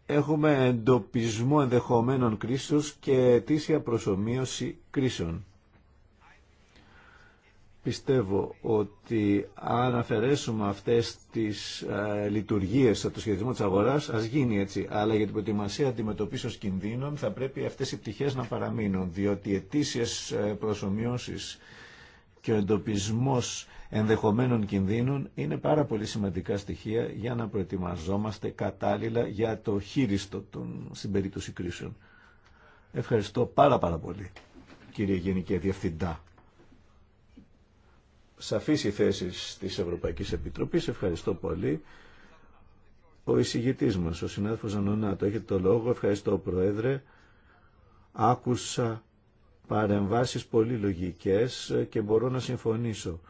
Έχουμε εντοπισμό ενδεχομένων κρίσεως και αιτήσια προσωμείωση κρίσεων. Πιστεύω ότι αν αφαιρέσουμε αυτές τις ε, λειτουργίες από το σχεδιασμό της αγοράς, ας γίνει έτσι. Αλλά για την προετοιμασία αντιμετωπίσεως κινδύνων θα πρέπει αυτές οι πτυχές να παραμείνουν, διότι οι αιτήσιες ε, προσωμιώσεις και ο εντοπισμός ενδεχομένων κινδύνων είναι πάρα πολύ σημαντικά στοιχεία για να προετοιμαζόμαστε κατάλληλα για το χείριστο των, στην κρίσεων. Ευχαριστώ πάρα πάρα πολύ κύριε Γενική Διευθυντά σαφής οι θέση της Ευρωπαϊκής Επιτροπής. Ευχαριστώ πολύ. Ο εισηγητής μας, ο συνάδελφος Ανωνάτο, έχετε το λόγο. Ευχαριστώ, Πρόεδρε. Άκουσα παρεμβάσεις πολύ λογικές και μπορώ να συμφωνήσω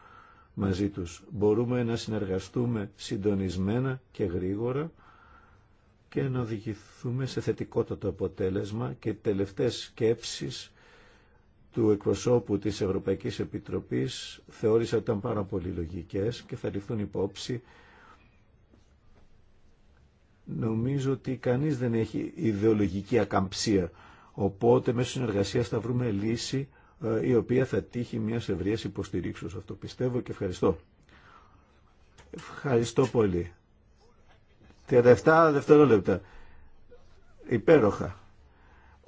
μαζί τους. Μπορούμε να συνεργαστούμε συντονισμένα και γρήγορα και να οδηγηθούμε σε θετικότατο αποτέλεσμα και τελευταίες σκέψεις του εκπροσώπου της Ευρωπαϊκής Επιτροπής θεώρησα ότι ήταν πάρα πολύ λογικές και θα ληφθούν υπόψη. Νομίζω ότι κανείς δεν έχει ιδεολογική ακαμψία, οπότε μέσω συνεργασίας θα βρούμε λύση ε, η οποία θα τύχει μια ευρεία υποστηρίξεως. Αυτό πιστεύω και ευχαριστώ. Ευχαριστώ πολύ. 37 δευτερόλεπτα. Υπέροχα.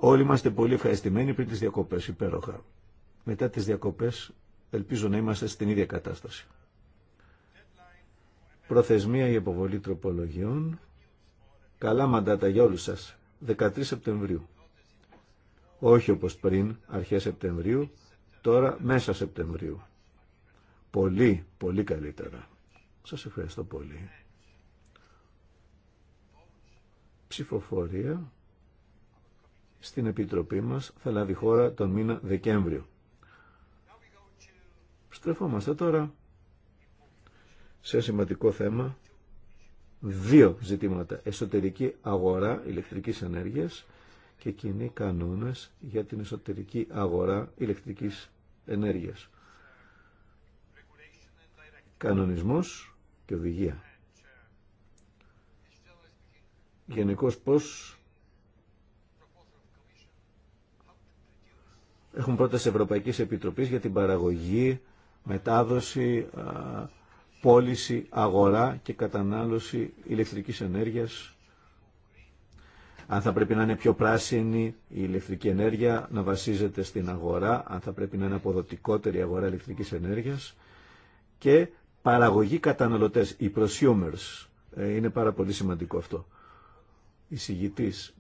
Όλοι είμαστε πολύ ευχαριστημένοι πριν τις διακοπές, υπέροχα. Μετά τις διακοπές ελπίζω να είμαστε στην ίδια κατάσταση. Προθεσμία η αποβολή τροπολογιών. Καλά μαντάτα για όλους σας. 13 Σεπτεμβρίου. Όχι όπως πριν, αρχές Σεπτεμβρίου, τώρα μέσα Σεπτεμβρίου. Πολύ, πολύ καλύτερα. Σας ευχαριστώ πολύ. Ψηφοφορία στην Επιτροπή μας θα λάβει χώρα τον μήνα Δεκέμβριο. Στρεφόμαστε τώρα σε σημαντικό θέμα δύο ζητήματα. Εσωτερική αγορά ηλεκτρικής ενέργειας και κοινή κανόνες για την εσωτερική αγορά ηλεκτρικής ενέργειας. Κανονισμός και οδηγία. Γενικώ πώς Έχουν πρόταση Ευρωπαϊκής Επιτροπής για την παραγωγή, μετάδοση, πώληση, αγορά και κατανάλωση ηλεκτρικής ενέργειας. Αν θα πρέπει να είναι πιο πράσινη η ηλεκτρική ενέργεια, να βασίζεται στην αγορά, αν θα πρέπει να είναι αποδοτικότερη η αγορά ηλεκτρικής ενέργειας και παραγωγή καταναλωτές, οι prosumers. Ε, είναι πάρα πολύ σημαντικό αυτό. Η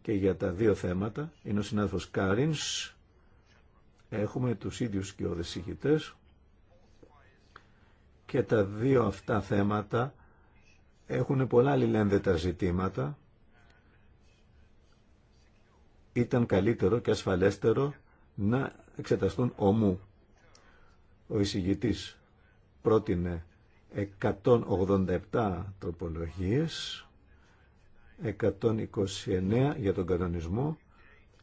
και για τα δύο θέματα είναι ο συνάδελφος Κάρινς Έχουμε τους ίδιους σκιώδες συγκητές και τα δύο αυτά θέματα έχουν πολλά αλληλένδετα ζητήματα. Ήταν καλύτερο και ασφαλέστερο να εξεταστούν ομού. Ο εισηγητής πρότεινε 187 τροπολογίες, 129 για τον κανονισμό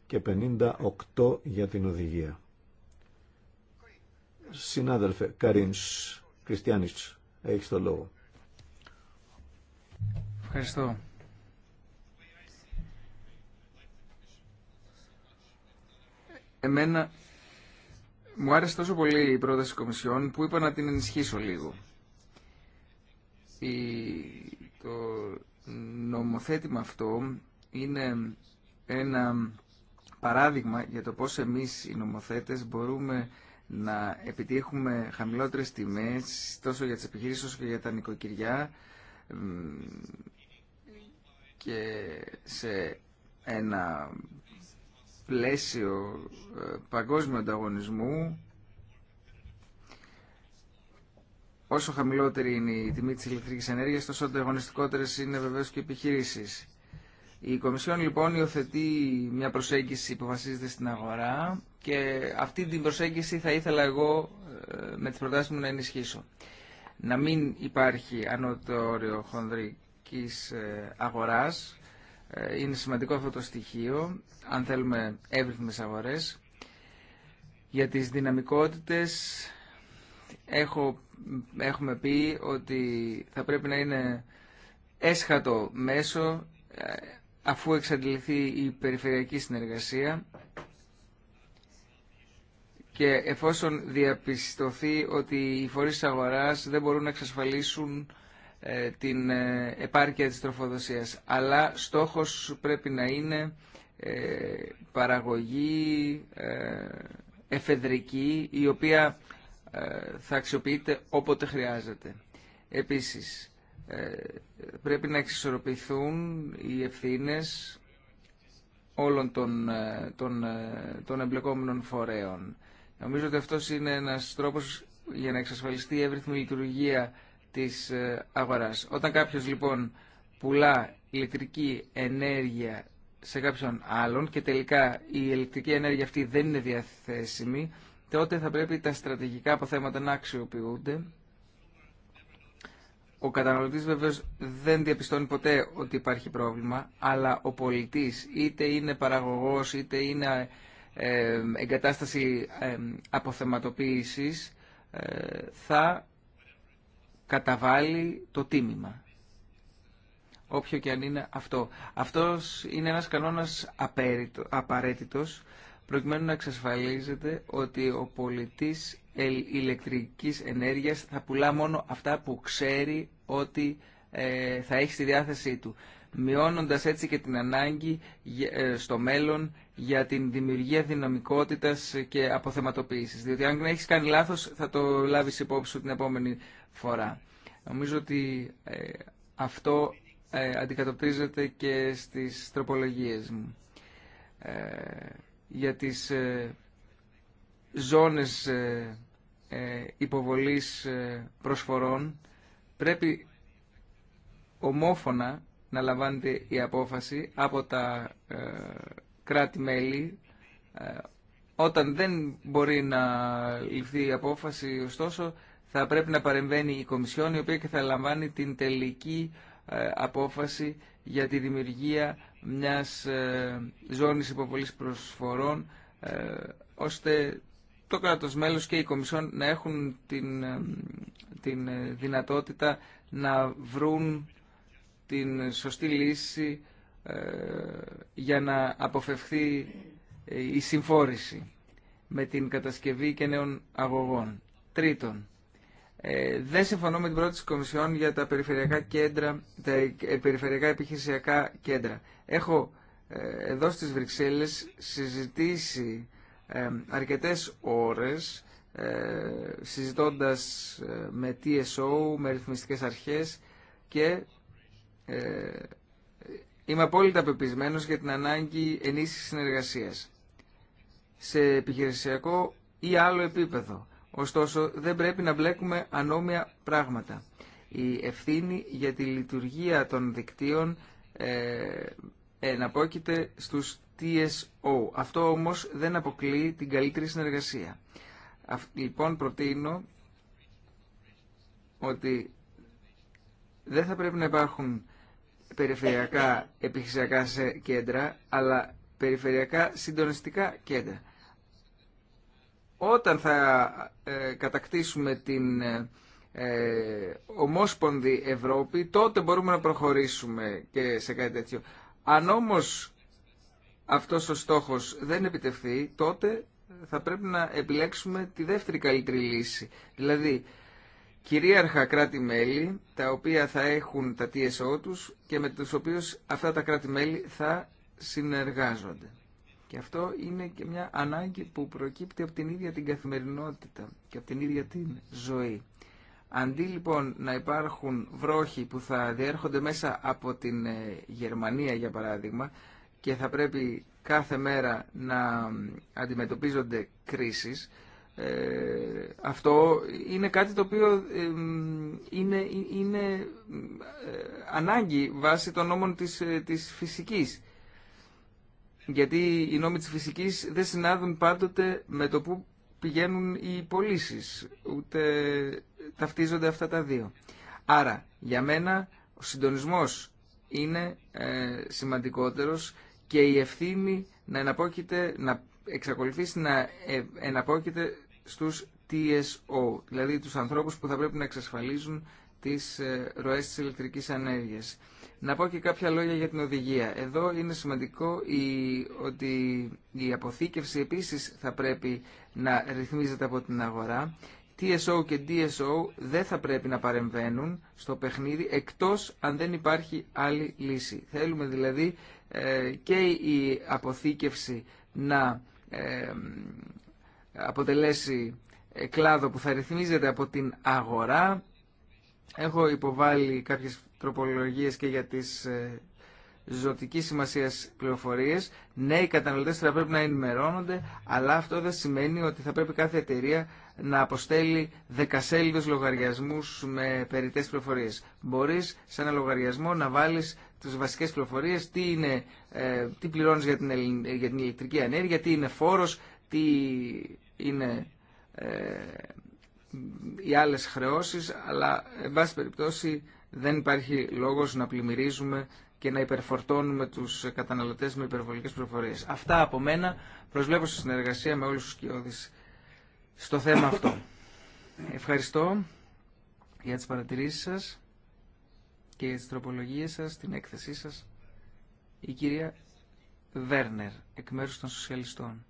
και 58 για την οδηγία. Συνάδελφε, Καρίνς, Κριστιανής, έχεις το λόγο. Ευχαριστώ. Εμένα μου άρεσε τόσο πολύ η πρόταση Κομισιόν που είπα να την ενισχύσω λίγο. Η... Το νομοθέτημα αυτό είναι ένα παράδειγμα για το πώς εμείς οι νομοθέτες μπορούμε να επιτύχουμε χαμηλότερες τιμές τόσο για τις επιχειρήσεις όσο και για τα νοικοκυριά και σε ένα πλαίσιο ε, παγκόσμιου ανταγωνισμού όσο χαμηλότερη είναι η τιμή της ηλεκτρικής ενέργειας τόσο ανταγωνιστικότερες είναι βεβαίως και οι επιχειρήσεις. Η Κομισιόν λοιπόν υιοθετεί μια προσέγγιση που βασίζεται στην αγορά και αυτή την προσέγγιση θα ήθελα εγώ ε, με τις προτάσεις μου να ενισχύσω. Να μην υπάρχει όριο χονδρικής ε, αγοράς. Ε, είναι σημαντικό αυτό το στοιχείο, αν θέλουμε εύρυθμες αγορές. Για τις δυναμικότητες έχω, έχουμε πει ότι θα πρέπει να είναι έσχατο μέσο αφού εξαντληθεί η περιφερειακή συνεργασία και εφόσον διαπιστωθεί ότι οι φορείς της αγοράς δεν μπορούν να εξασφαλίσουν ε, την ε, επάρκεια της τροφοδοσίας. Αλλά στόχος πρέπει να είναι ε, παραγωγή εφεδρική η οποία θα αξιοποιείται όποτε χρειάζεται. Επίσης, πρέπει να εξισορροπηθούν οι ευθύνες όλων των, των εμπλεκόμενων φορέων. Νομίζω ότι αυτό είναι ένας τρόπος για να εξασφαλιστεί η εύρυθμη λειτουργία της ε, αγοράς. Όταν κάποιος λοιπόν πουλά ηλεκτρική ενέργεια σε κάποιον άλλον και τελικά η ηλεκτρική ενέργεια αυτή δεν είναι διαθέσιμη, τότε θα πρέπει τα στρατηγικά αποθέματα να αξιοποιούνται. Ο καταναλωτής βεβαίως δεν διαπιστώνει ποτέ ότι υπάρχει πρόβλημα, αλλά ο πολιτής είτε είναι παραγωγός, είτε είναι εγκατάσταση αποθεματοποίησης ε, θα καταβάλει το τίμημα. Όποιο και αν είναι αυτό. Αυτός είναι ένας κανόνας απαραίτητος προκειμένου να εξασφαλίζεται ότι ο πολιτής ηλεκτρικής ενέργειας θα πουλά μόνο αυτά που ξέρει ότι ε, θα έχει στη διάθεσή του μειώνοντας έτσι και την ανάγκη ε, στο μέλλον για την δημιουργία δυναμικότητας και αποθεματοποίησης. Διότι αν έχεις κάνει λάθος θα το λάβεις υπόψη σου την επόμενη φορά. Νομίζω ότι ε, αυτό ε, αντικατοπτρίζεται και στις τροπολογίες μου. Για τις ζώνες υποβολής προσφορών πρέπει ομόφωνα να λαμβάνεται η απόφαση από τα ε, κράτη-μέλη ε, όταν δεν μπορεί να ληφθεί η απόφαση, ωστόσο, θα πρέπει να παρεμβαίνει η Κομισιόν, η οποία και θα λαμβάνει την τελική ε, απόφαση για τη δημιουργία μιας ε, ζώνης υποβολής προσφορών, ώστε το κράτος μέλος και η Κομισιόν να έχουν την, την δυνατότητα να βρουν την σωστή λύση ε, για να αποφευχθεί ε, η συμφόρηση με την κατασκευή και νέων αγωγών. Τρίτον, ε, δεν συμφωνώ με την πρώτη της Κομισιόν για τα περιφερειακά, κέντρα, τα περιφερειακά επιχειρησιακά κέντρα. Έχω εδώ στις Βρυξέλλες συζητήσει αρκετές ώρες συζητώντας με TSO, με ρυθμιστικές αρχές και ε, είμαι απόλυτα πεπισμένος για την ανάγκη ενίσχυσης συνεργασία σε επιχειρησιακό ή άλλο επίπεδο. Ωστόσο, δεν πρέπει να μπλέκουμε ανώμια πράγματα. Η ευθύνη για τη λειτουργία των δικτύων ε, εναπόκειται στους TSO. Αυτό όμως δεν αποκλείει την καλύτερη συνεργασία. Λοιπόν, προτείνω ότι δεν θα πρέπει να υπάρχουν περιφερειακά επιχειρησιακά κέντρα, αλλά περιφερειακά συντονιστικά κέντρα. Όταν θα ε, κατακτήσουμε την ε, ομόσπονδη Ευρώπη, τότε μπορούμε να προχωρήσουμε και σε κάτι τέτοιο. Αν όμως αυτός ο στόχος δεν επιτευχθεί, τότε θα πρέπει να επιλέξουμε τη δεύτερη καλύτερη λύση. Δηλαδή, κυρίαρχα κράτη-μέλη τα οποία θα έχουν τα TSO τους και με τους οποίους αυτά τα κράτη-μέλη θα συνεργάζονται. Και αυτό είναι και μια ανάγκη που προκύπτει από την ίδια την καθημερινότητα και από την ίδια την ζωή. Αντί λοιπόν να υπάρχουν βρόχοι που θα διέρχονται μέσα από την ε, Γερμανία για παράδειγμα και θα πρέπει κάθε μέρα να αντιμετωπίζονται κρίσεις, ε, αυτό είναι κάτι το οποίο είναι, είναι ε, ανάγκη βάσει των νόμων της, ε, της φυσικής. Γιατί οι νόμοι της φυσικής δεν συνάδουν πάντοτε με το που πηγαίνουν οι πωλήσει, ούτε ταυτίζονται αυτά τα δύο. Άρα, για μένα, ο συντονισμός είναι ε, σημαντικότερος και η ευθύνη να, εναπόκειται, να εξακολουθήσει να εναπόκειται στους TSO, δηλαδή τους ανθρώπους που θα πρέπει να εξασφαλίζουν τις ε, ροές της ηλεκτρικής ανέργειας. Να πω και κάποια λόγια για την οδηγία. Εδώ είναι σημαντικό η, ότι η αποθήκευση επίσης θα πρέπει να ρυθμίζεται από την αγορά. TSO και DSO δεν θα πρέπει να παρεμβαίνουν στο παιχνίδι εκτός αν δεν υπάρχει άλλη λύση. Θέλουμε δηλαδή ε, και η αποθήκευση να ε, αποτελέσει ε, κλάδο που θα ρυθμίζεται από την αγορά. Έχω υποβάλει κάποιες τροπολογίες και για τις ε, ζωτική σημασία πληροφορίε. Ναι, οι καταναλωτέ θα πρέπει να ενημερώνονται, αλλά αυτό δεν σημαίνει ότι θα πρέπει κάθε εταιρεία να αποστέλει δεκασέλιδου λογαριασμού με περίτες πληροφορίε. Μπορεί σε ένα λογαριασμό να βάλει τι βασικέ πληροφορίε, τι, είναι, ε, τι πληρώνει για, την, για την ηλεκτρική ενέργεια, τι είναι φόρο, τι είναι ε, οι άλλες χρεώσεις, αλλά εν πάση περιπτώσει δεν υπάρχει λόγος να πλημμυρίζουμε και να υπερφορτώνουμε τους καταναλωτές με υπερβολικές προφορίες. Αυτά από μένα προσβλέπω στη συνεργασία με όλους τους κοιόδης στο θέμα αυτό. Ευχαριστώ για τις παρατηρήσεις σας και για τις τροπολογίες σας, την έκθεσή σας. Η κυρία Βέρνερ, εκ μέρους των Σοσιαλιστών.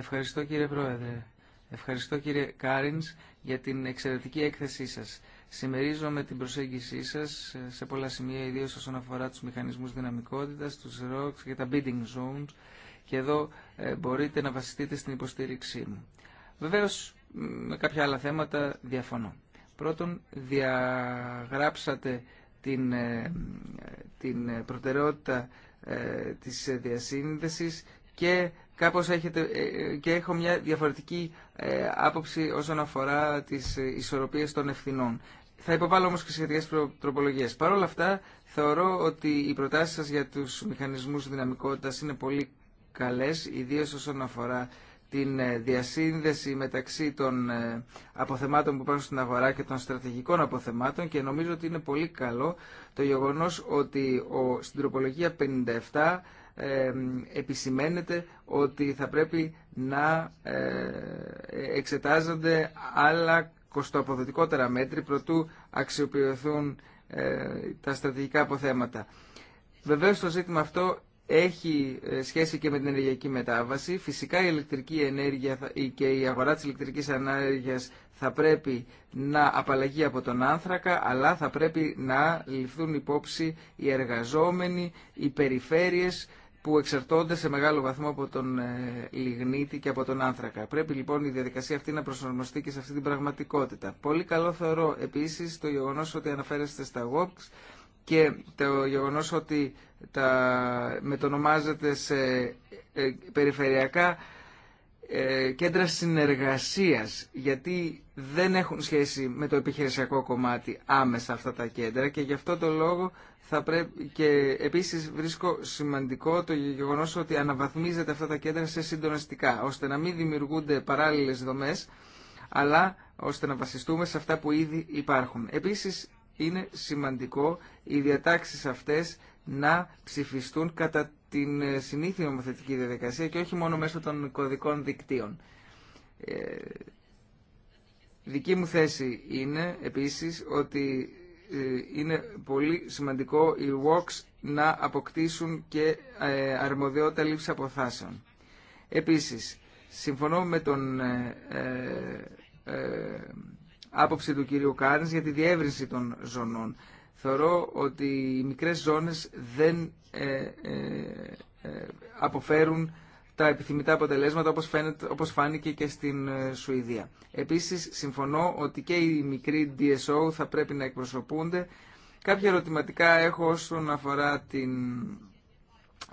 Ευχαριστώ κύριε Πρόεδρε. Ευχαριστώ κύριε Κάρινς για την εξαιρετική έκθεσή σας. Συμμερίζομαι την προσέγγισή σας σε πολλά σημεία, ιδίως όσον αφορά τους μηχανισμούς δυναμικότητας, τους ROCs και τα bidding zones και εδώ ε, μπορείτε να βασιστείτε στην υποστήριξή μου. Βεβαίως με κάποια άλλα θέματα διαφωνώ. Πρώτον, διαγράψατε την, ε, την προτεραιότητα ε, της διασύνδεσης και κάπως έχετε ε, και έχω μια διαφορετική ε, άποψη όσον αφορά τις ισορροπίες των ευθυνών. Θα υποβάλω όμως και σχετικές τροπολογίες. Παρ' όλα αυτά θεωρώ ότι οι προτάσεις σας για τους μηχανισμούς δυναμικότητας είναι πολύ καλές, ιδίως όσον αφορά την ε, διασύνδεση μεταξύ των αποθεμάτων που πάνε στην αγορά και των στρατηγικών αποθεμάτων και νομίζω ότι είναι πολύ καλό το γεγονός ότι ο, στην τροπολογία 57 επισημαίνεται ότι θα πρέπει να ε, εξετάζονται άλλα κοστοποδοτικότερα μέτρη προτού αξιοποιηθούν ε, τα στρατηγικά αποθέματα. Βεβαίως το ζήτημα αυτό έχει ε, σχέση και με την ενεργειακή μετάβαση. Φυσικά η ηλεκτρική ενέργεια και η αγορά της ηλεκτρικής ενέργειας θα πρέπει να απαλλαγεί από τον άνθρακα, αλλά θα πρέπει να ληφθούν υπόψη οι εργαζόμενοι, οι περιφέρειες, που εξαρτώνται σε μεγάλο βαθμό από τον ε, λιγνίτη και από τον άνθρακα. Πρέπει λοιπόν η διαδικασία αυτή να προσαρμοστεί και σε αυτή την πραγματικότητα. Πολύ καλό θεωρώ επίσης το γεγονός ότι αναφέρεστε στα WOPs και το γεγονός ότι τα μετονομάζεται σε ε, περιφερειακά ε, κέντρα συνεργασίας γιατί δεν έχουν σχέση με το επιχειρησιακό κομμάτι άμεσα αυτά τα κέντρα και γι' αυτό το λόγο θα πρέπει και επίσης βρίσκω σημαντικό το γεγονός ότι αναβαθμίζεται αυτά τα κέντρα σε συντονιστικά ώστε να μην δημιουργούνται παράλληλες δομές αλλά ώστε να βασιστούμε σε αυτά που ήδη υπάρχουν. Επίσης είναι σημαντικό οι διατάξεις αυτές να ψηφιστούν κατά την ε, συνήθεια νομοθετική διαδικασία και όχι μόνο μέσω των κωδικών δικτύων. Ε, δική μου θέση είναι επίσης ότι ε, είναι πολύ σημαντικό οι WOCs να αποκτήσουν και αρμοδιότητα λήψη αποθάσεων. Επίσης, συμφωνώ με τον άποψη του κυρίου Κάρνς για τη διεύρυνση των ζωνών θεωρώ ότι οι μικρές ζώνες δεν ε, ε, ε, αποφέρουν τα επιθυμητά αποτελέσματα όπως, φαίνεται, φάνηκε και στην Σουηδία. Επίσης συμφωνώ ότι και οι μικροί DSO θα πρέπει να εκπροσωπούνται. Κάποια ερωτηματικά έχω όσον αφορά την,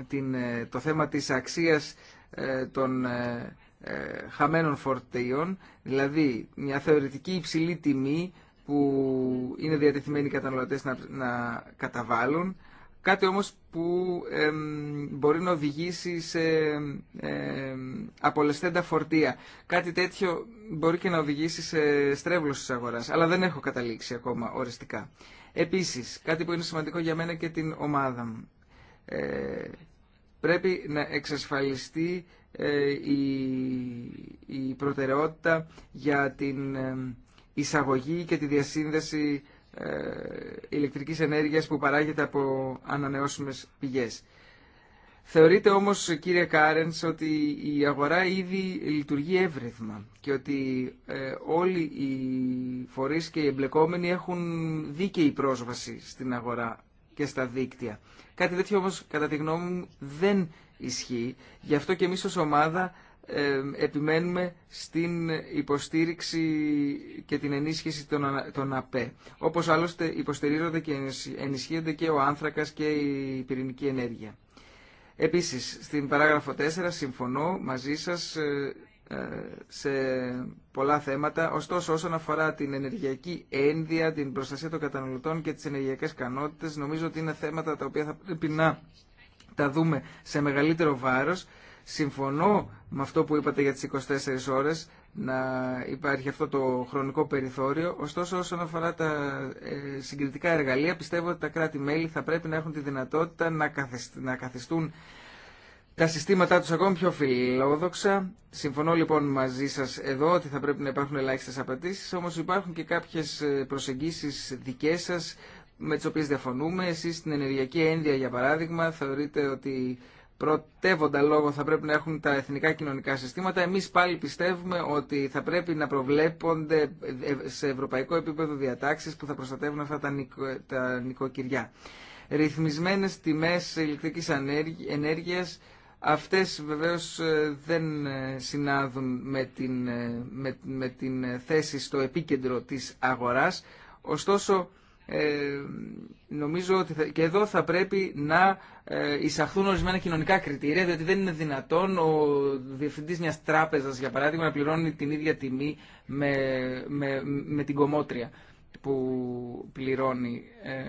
την, το θέμα της αξίας των χαμένων φορτίων, δηλαδή μια θεωρητική υψηλή τιμή που είναι διατεθειμένοι οι να, να καταβάλουν, κάτι όμως που μπορεί να οδηγήσει σε απολεσθέντα φορτία. Κάτι τέτοιο μπορεί και να οδηγήσει σε στρέβλωση της αγοράς, αλλά δεν έχω καταλήξει ακόμα οριστικά. Επίσης, κάτι που είναι σημαντικό για μένα και την ομάδα μου. Ε, πρέπει να εξασφαλιστεί ε, η, η προτεραιότητα για την εισαγωγή και τη διασύνδεση ε, ηλεκτρικής ενέργειας που παράγεται από ανανεώσιμες πηγές. Θεωρείτε όμως, κύριε Κάρενς, ότι η αγορά ήδη λειτουργεί εύρυθμα και ότι ε, όλοι οι φορείς και οι εμπλεκόμενοι έχουν δίκαιη πρόσβαση στην αγορά και στα δίκτυα. Κάτι τέτοιο όμως, κατά τη γνώμη μου, δεν ισχύει. Γι' αυτό και εμείς ως ομάδα επιμένουμε στην υποστήριξη και την ενίσχυση των ΑΠΕ. Όπως άλλωστε υποστηρίζονται και ενισχύονται και ο άνθρακας και η πυρηνική ενέργεια. Επίσης, στην παράγραφο 4 συμφωνώ μαζί σας ε, ε, σε πολλά θέματα. Ωστόσο, όσον αφορά την ενεργειακή ένδια, την προστασία των καταναλωτών και τις ενεργειακές κανότητες, νομίζω ότι είναι θέματα τα οποία θα πρέπει να τα δούμε σε μεγαλύτερο βάρος Συμφωνώ με αυτό που είπατε για τις 24 ώρες, να υπάρχει αυτό το χρονικό περιθώριο. Ωστόσο, όσον αφορά τα ε, συγκριτικά εργαλεία, πιστεύω ότι τα κράτη-μέλη θα πρέπει να έχουν τη δυνατότητα να καθιστούν τα συστήματά τους ακόμη πιο φιλόδοξα. Συμφωνώ λοιπόν μαζί σας εδώ ότι θα πρέπει να υπάρχουν ελάχιστες απαιτήσει, όμως υπάρχουν και κάποιες ε, προσεγγίσεις δικές σας με τις οποίες διαφωνούμε. Εσείς στην ενεργειακή ένδια, για παράδειγμα, θεωρείτε ότι πρωτεύοντα λόγο θα πρέπει να έχουν τα εθνικά κοινωνικά συστήματα. Εμείς πάλι πιστεύουμε ότι θα πρέπει να προβλέπονται σε ευρωπαϊκό επίπεδο διατάξεις που θα προστατεύουν αυτά τα, νοικο, νοικοκυριά. Ρυθμισμένες τιμές ηλεκτρικής ενέργειας, αυτές βεβαίως ε, δεν ε, συνάδουν με την, ε, με, με την θέση στο επίκεντρο της αγοράς. Ωστόσο, ε, νομίζω ότι και εδώ θα πρέπει να ε, εισαχθούν ορισμένα κοινωνικά κριτήρια, διότι δεν είναι δυνατόν ο διευθυντή μια τράπεζα, για παράδειγμα, να πληρώνει την ίδια τιμή με, με, με την κομμότρια που πληρώνει ε,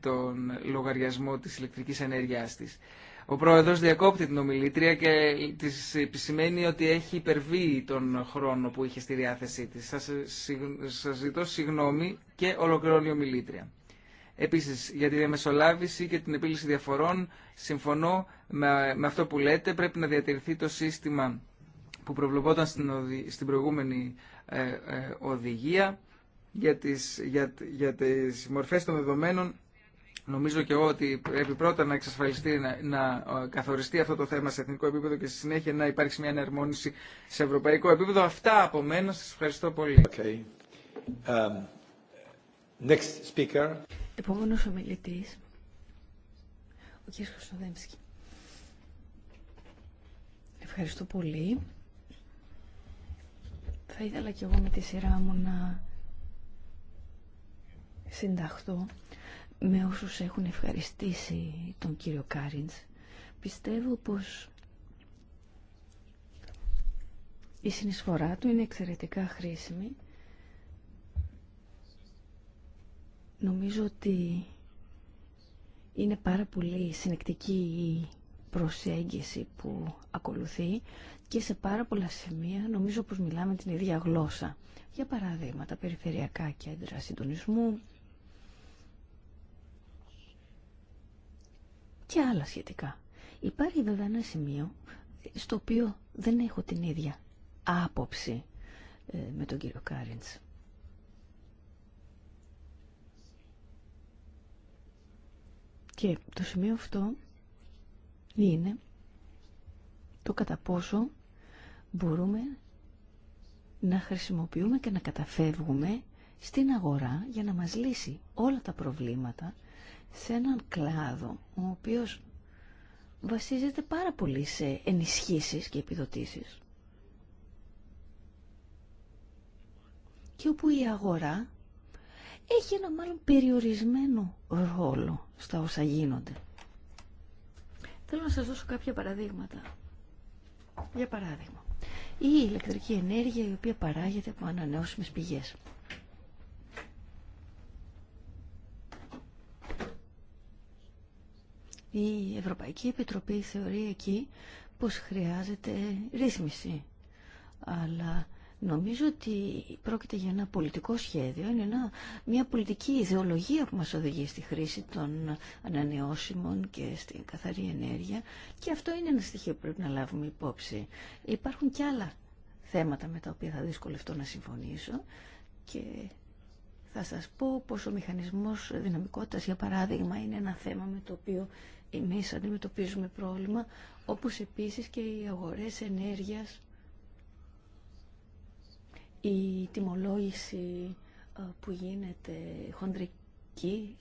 τον λογαριασμό της ηλεκτρικής ενέργειάς της. Ο πρόεδρο διακόπτει την ομιλήτρια και τη επισημαίνει ότι έχει υπερβεί τον χρόνο που είχε στη διάθεσή της. Σας, ζητώ συγγνώμη και ολοκληρώνει η ομιλήτρια. Επίσης, για τη διαμεσολάβηση και την επίλυση διαφορών, συμφωνώ με, αυτό που λέτε, πρέπει να διατηρηθεί το σύστημα που προβλεπόταν στην, στην προηγούμενη ε, ε, οδηγία για τις, για, για τις μορφές των δεδομένων Νομίζω και εγώ ότι πρέπει πρώτα να εξασφαλιστεί, να, ε, καθοριστεί αυτό το θέμα σε εθνικό επίπεδο και στη συνέχεια να υπάρξει μια εναρμόνιση σε ευρωπαϊκό επίπεδο. Αυτά από μένα. Σας ευχαριστώ πολύ. Okay. Um, next speaker. Επόμενος ομιλητής, ο κ. Χρυστοδέμσκη. Ευχαριστώ πολύ. Θα ήθελα κι εγώ με τη σειρά μου να συνταχθώ με όσους έχουν ευχαριστήσει τον κύριο Κάριντς. Πιστεύω πως η συνεισφορά του είναι εξαιρετικά χρήσιμη. Νομίζω ότι είναι πάρα πολύ συνεκτική η προσέγγιση που ακολουθεί και σε πάρα πολλά σημεία νομίζω πως μιλάμε την ίδια γλώσσα. Για παράδειγμα, τα περιφερειακά κέντρα συντονισμού, και άλλα σχετικά. Υπάρχει βέβαια ένα σημείο στο οποίο δεν έχω την ίδια άποψη ε, με τον κύριο Κάριντς. Και το σημείο αυτό είναι το κατά πόσο μπορούμε να χρησιμοποιούμε και να καταφεύγουμε στην αγορά για να μας λύσει όλα τα προβλήματα σε έναν κλάδο ο οποίος βασίζεται πάρα πολύ σε ενισχύσεις και επιδοτήσεις και όπου η αγορά έχει ένα μάλλον περιορισμένο ρόλο στα όσα γίνονται. Θέλω να σας δώσω κάποια παραδείγματα. Για παράδειγμα, η ηλεκτρική ενέργεια η οποία παράγεται από ανανεώσιμες πηγές. Η Ευρωπαϊκή Επιτροπή θεωρεί εκεί πως χρειάζεται ρύθμιση. Αλλά νομίζω ότι πρόκειται για ένα πολιτικό σχέδιο, είναι ένα, μια πολιτική ιδεολογία που μας οδηγεί στη χρήση των ανανεώσιμων και στην καθαρή ενέργεια και αυτό είναι ένα στοιχείο που πρέπει να λάβουμε υπόψη. Υπάρχουν και άλλα θέματα με τα οποία θα δυσκολευτώ να συμφωνήσω και θα σας πω πως ο μηχανισμός δυναμικότητας για παράδειγμα είναι ένα θέμα με το οποίο εμείς αντιμετωπίζουμε πρόβλημα, όπως επίσης και οι αγορές ενέργειας, η τιμολόγηση ε, που γίνεται χοντρική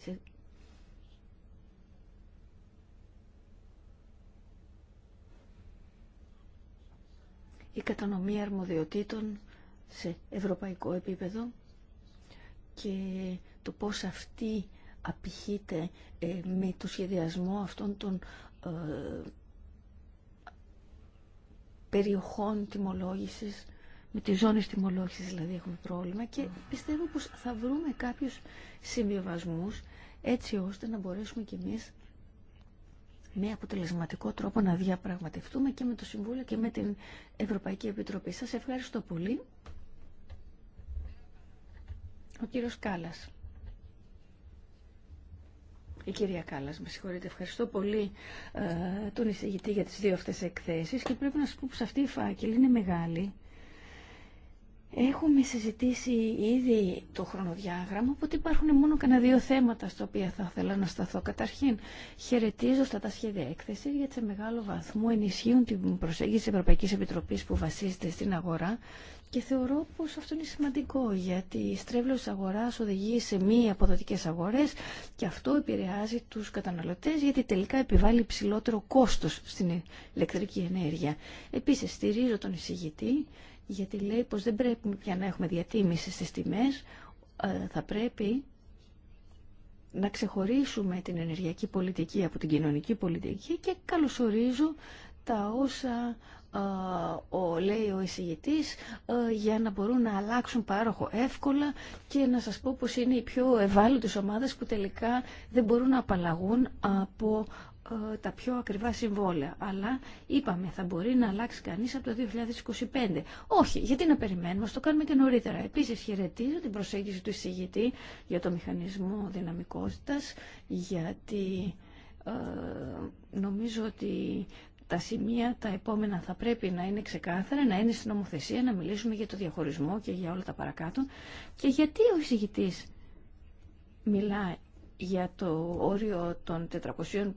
η κατανομή αρμοδιοτήτων σε ευρωπαϊκό επίπεδο και το πώς αυτή απηχείται ε, με το σχεδιασμό αυτών των ε, περιοχών τιμολόγησης, με τις ζώνες τιμολόγησης δηλαδή έχουμε πρόβλημα και πιστεύω πως θα βρούμε κάποιους συμβιβασμούς έτσι ώστε να μπορέσουμε κι εμείς με αποτελεσματικό τρόπο να διαπραγματευτούμε και με το Συμβούλιο και με την Ευρωπαϊκή Επιτροπή. Σας ευχαριστώ πολύ. Ο κύριος Κάλλας. Η κυρία Κάλλα, με συγχωρείτε, ευχαριστώ πολύ ε, τον εισηγητή για τι δύο αυτέ εκθέσει και πρέπει να σα πω πω αυτή η φάκελη είναι μεγάλη. Έχουμε συζητήσει ήδη το χρονοδιάγραμμα, οπότε υπάρχουν μόνο κανένα δύο θέματα στα οποία θα ήθελα να σταθώ. Καταρχήν, χαιρετίζω στα τα σχέδια έκθεση, γιατί σε μεγάλο βαθμό ενισχύουν την προσέγγιση τη Ευρωπαϊκή Επιτροπή που βασίζεται στην αγορά και θεωρώ πως αυτό είναι σημαντικό γιατί η στρέβλωση της αγοράς οδηγεί σε μη αποδοτικές αγορές και αυτό επηρεάζει τους καταναλωτές γιατί τελικά επιβάλλει ψηλότερο κόστος στην ηλεκτρική ενέργεια. Επίσης στηρίζω τον εισηγητή γιατί λέει πως δεν πρέπει πια να έχουμε διατίμηση στις τιμές, ε, θα πρέπει να ξεχωρίσουμε την ενεργειακή πολιτική από την κοινωνική πολιτική και καλωσορίζω τα όσα ο, λέει ο εισηγητής για να μπορούν να αλλάξουν πάροχο εύκολα και να σας πω πως είναι οι πιο ευάλωτες ομάδες που τελικά δεν μπορούν να απαλλαγούν από τα πιο ακριβά συμβόλαια. Αλλά είπαμε, θα μπορεί να αλλάξει κανείς από το 2025. Όχι, γιατί να περιμένουμε, ας το κάνουμε και νωρίτερα. Επίσης, χαιρετίζω την προσέγγιση του εισηγητή για το μηχανισμό δυναμικότητας, γιατί νομίζω ότι τα σημεία τα επόμενα θα πρέπει να είναι ξεκάθαρα, να είναι στην νομοθεσία, να μιλήσουμε για το διαχωρισμό και για όλα τα παρακάτω. Και γιατί ο εισηγητής μιλάει για το όριο των 450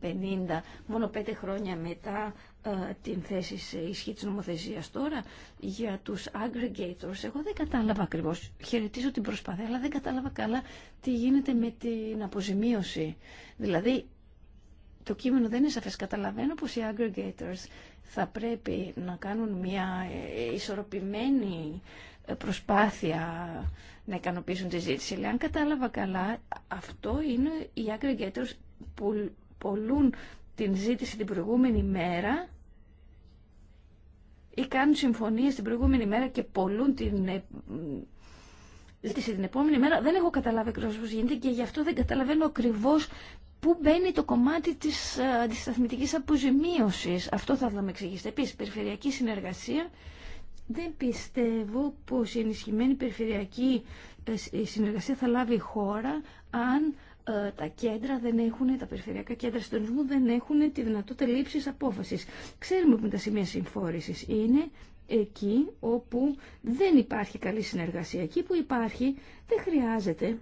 μόνο πέντε χρόνια μετά ε, την θέση σε ισχύ της νομοθεσίας τώρα για τους aggregators εγώ δεν κατάλαβα ακριβώς χαιρετίζω την προσπάθεια αλλά δεν κατάλαβα καλά τι γίνεται με την αποζημίωση δηλαδή το κείμενο δεν είναι σαφές. Καταλαβαίνω πως οι aggregators θα πρέπει να κάνουν μια ε, ισορροπημένη ε, προσπάθεια να ικανοποιήσουν τη ζήτηση. Αλλά αν κατάλαβα καλά, αυτό είναι οι aggregators που πολλούν την ζήτηση την προηγούμενη μέρα ή κάνουν συμφωνίες την προηγούμενη μέρα και πολλούν την ε, ζήτηση την επόμενη μέρα. Δεν έχω καταλάβει ακριβώ πώ γίνεται και γι' αυτό δεν καταλαβαίνω ακριβώ Πού μπαίνει το κομμάτι της αντισταθμητικής ε, αποζημίωσης. Αυτό θα δούμε να με εξηγήσετε. Επίσης, περιφερειακή συνεργασία. Δεν πιστεύω πως η ενισχυμένη περιφερειακή ε, συνεργασία θα λάβει η χώρα αν ε, τα κέντρα δεν έχουν, τα περιφερειακά κέντρα συντονισμού δεν έχουν τη δυνατότητα λήψης απόφασης. Ξέρουμε που είναι τα σημεία συμφόρησης. Είναι εκεί όπου δεν υπάρχει καλή συνεργασία. Εκεί που υπάρχει δεν χρειάζεται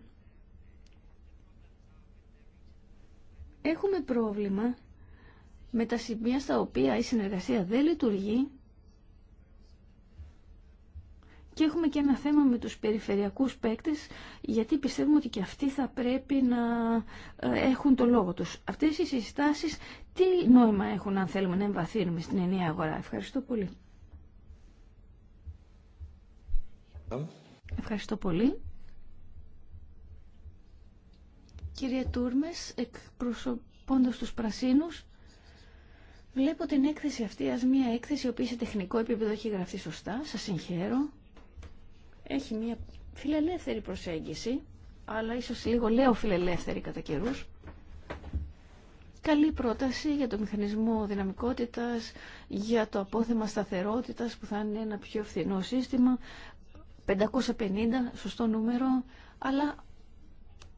έχουμε πρόβλημα με τα σημεία στα οποία η συνεργασία δεν λειτουργεί και έχουμε και ένα θέμα με τους περιφερειακούς παίκτες γιατί πιστεύουμε ότι και αυτοί θα πρέπει να ε, έχουν το λόγο τους. Αυτές οι συστάσεις τι νόημα έχουν αν θέλουμε να εμβαθύνουμε στην ενιαία αγορά. Ευχαριστώ πολύ. Ευχαριστώ πολύ. Κύριε Τούρμες, εκπροσωπώντας τους πρασίνους, βλέπω την έκθεση αυτή ας μια έκθεση η οποία σε τεχνικό επίπεδο έχει γραφτεί σωστά, σας συγχαίρω. Έχει μια φιλελεύθερη προσέγγιση, αλλά ίσως λίγο λέω φιλελεύθερη κατά καιρού. Καλή πρόταση για το μηχανισμό δυναμικότητας, για το απόθεμα σταθερότητας που θα είναι ένα πιο φθηνό σύστημα, 550, σωστό νούμερο, αλλά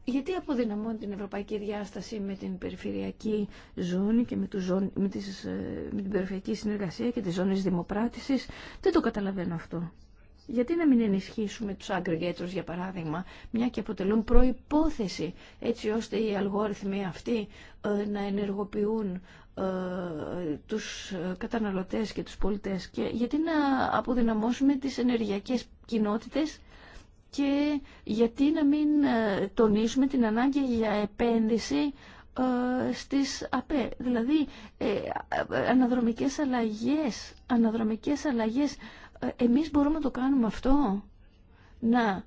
γιατί αποδυναμώνει την ευρωπαϊκή διάσταση με την περιφερειακή ζώνη και με, τους με, τις... Ε, με την περιφερειακή συνεργασία και τις ζώνες δημοπράτησης. Δεν το καταλαβαίνω αυτό. Γιατί να μην ενισχύσουμε τους aggregators, για παράδειγμα, μια και αποτελούν προϋπόθεση, έτσι ώστε οι αλγόριθμοι αυτοί ε, να ενεργοποιούν ε, τους καταναλωτές και τους πολιτές και γιατί να αποδυναμώσουμε τις ενεργειακές κοινότητες και γιατί να μην ε, τονίσουμε την ανάγκη για επένδυση ε, στις ΑΠΕ. Δηλαδή ε, αναδρομικές αλλαγές, αναδρομικές αλλαγές. Εμείς μπορούμε να το κάνουμε αυτό, να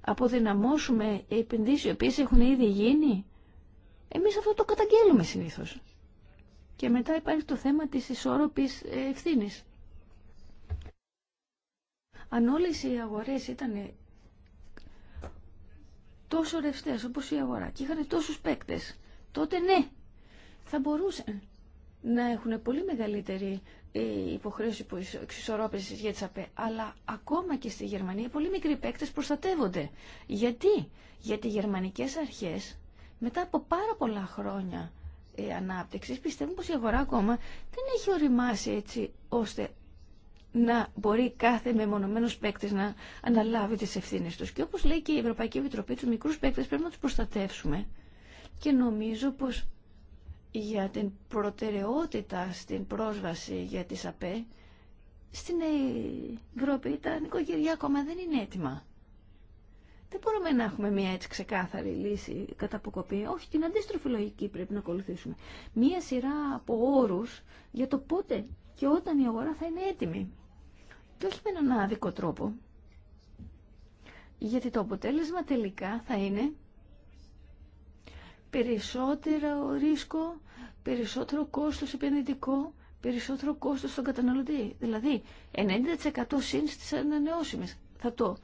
αποδυναμώσουμε επενδύσεις οι οποίες έχουν ήδη γίνει. Εμείς αυτό το καταγγέλουμε συνήθως. Και μετά υπάρχει το θέμα της ισόρροπης ευθύνης. Αν όλες οι αγορές ήταν τόσο ρευστέ, όπω η αγορά και είχαν τόσους παίκτε, τότε ναι, θα μπορούσαν να έχουν πολύ μεγαλύτερη ε, υποχρέωση που η για τι ΑΠΕ. Αλλά ακόμα και στη Γερμανία πολύ μικροί παίκτε προστατεύονται. Γιατί? Γιατί οι γερμανικές αρχές μετά από πάρα πολλά χρόνια ε, ανάπτυξης πιστεύουν πως η αγορά ακόμα δεν έχει οριμάσει έτσι ώστε να μπορεί κάθε μεμονωμένο παίκτη να αναλάβει τι ευθύνε του. Και όπω λέει και η Ευρωπαϊκή Επιτροπή, του μικρού παίκτε πρέπει να του προστατεύσουμε. Και νομίζω πω για την προτεραιότητα στην πρόσβαση για τις ΑΠΕ στην Ευρώπη τα νοικοκυριά ακόμα δεν είναι έτοιμα. Δεν μπορούμε να έχουμε μια έτσι ξεκάθαρη λύση κατά αποκοπή. Όχι, την αντίστροφη λογική πρέπει να ακολουθήσουμε. Μια σειρά από όρους για το πότε και όταν η αγορά θα είναι έτοιμη και όχι με έναν άδικο τρόπο. Γιατί το αποτέλεσμα τελικά θα είναι περισσότερο ρίσκο, περισσότερο κόστος επενδυτικό, περισσότερο κόστος στον καταναλωτή. Δηλαδή, 90% συν στις ανανεώσιμες. Θα το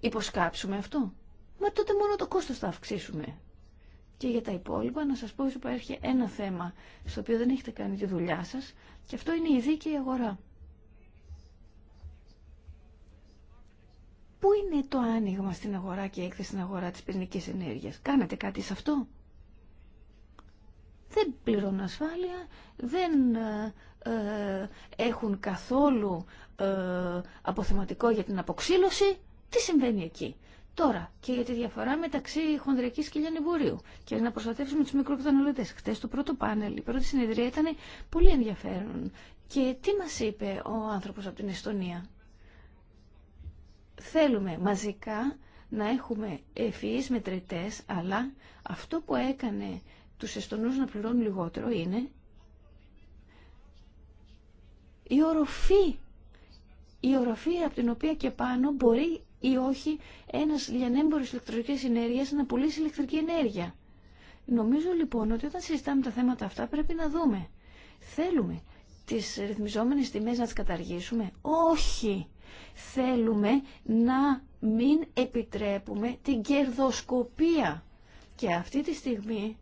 υποσκάψουμε αυτό. Μα τότε μόνο το κόστος θα αυξήσουμε. Και για τα υπόλοιπα να σας πω ότι υπάρχει ένα θέμα στο οποίο δεν έχετε κάνει τη δουλειά σας και αυτό είναι η δίκαιη αγορά. Πού είναι το άνοιγμα στην αγορά και η έκθεση στην αγορά της πυρηνικής ενέργειας. Κάνετε κάτι σε αυτό. Δεν πληρώνουν ασφάλεια, δεν ε, ε, έχουν καθόλου ε, αποθεματικό για την αποξύλωση. Τι συμβαίνει εκεί. Τώρα και για τη διαφορά μεταξύ χονδρική και λιανιβουρίου. και να προστατεύσουμε του μικροκτανολίτες. Χθε το πρώτο πάνελ, η πρώτη συνεδρία ήταν πολύ ενδιαφέρον. Και τι μα είπε ο άνθρωπο από την Εστονία. Θέλουμε μαζικά να έχουμε ευφυείς μετρητές, αλλά αυτό που έκανε τους εστονούς να πληρώνουν λιγότερο είναι η οροφή. Η οροφή από την οποία και πάνω μπορεί ή όχι ένας λιανέμπορος ηλεκτρικής ενέργειας να πουλήσει ηλεκτρική ενέργεια. Νομίζω λοιπόν ότι όταν συζητάμε τα θέματα αυτά πρέπει να δούμε. Θέλουμε τις ρυθμιζόμενες τιμές να τις καταργήσουμε. Όχι! Θέλουμε να μην επιτρέπουμε την κερδοσκοπία. Και αυτή τη στιγμή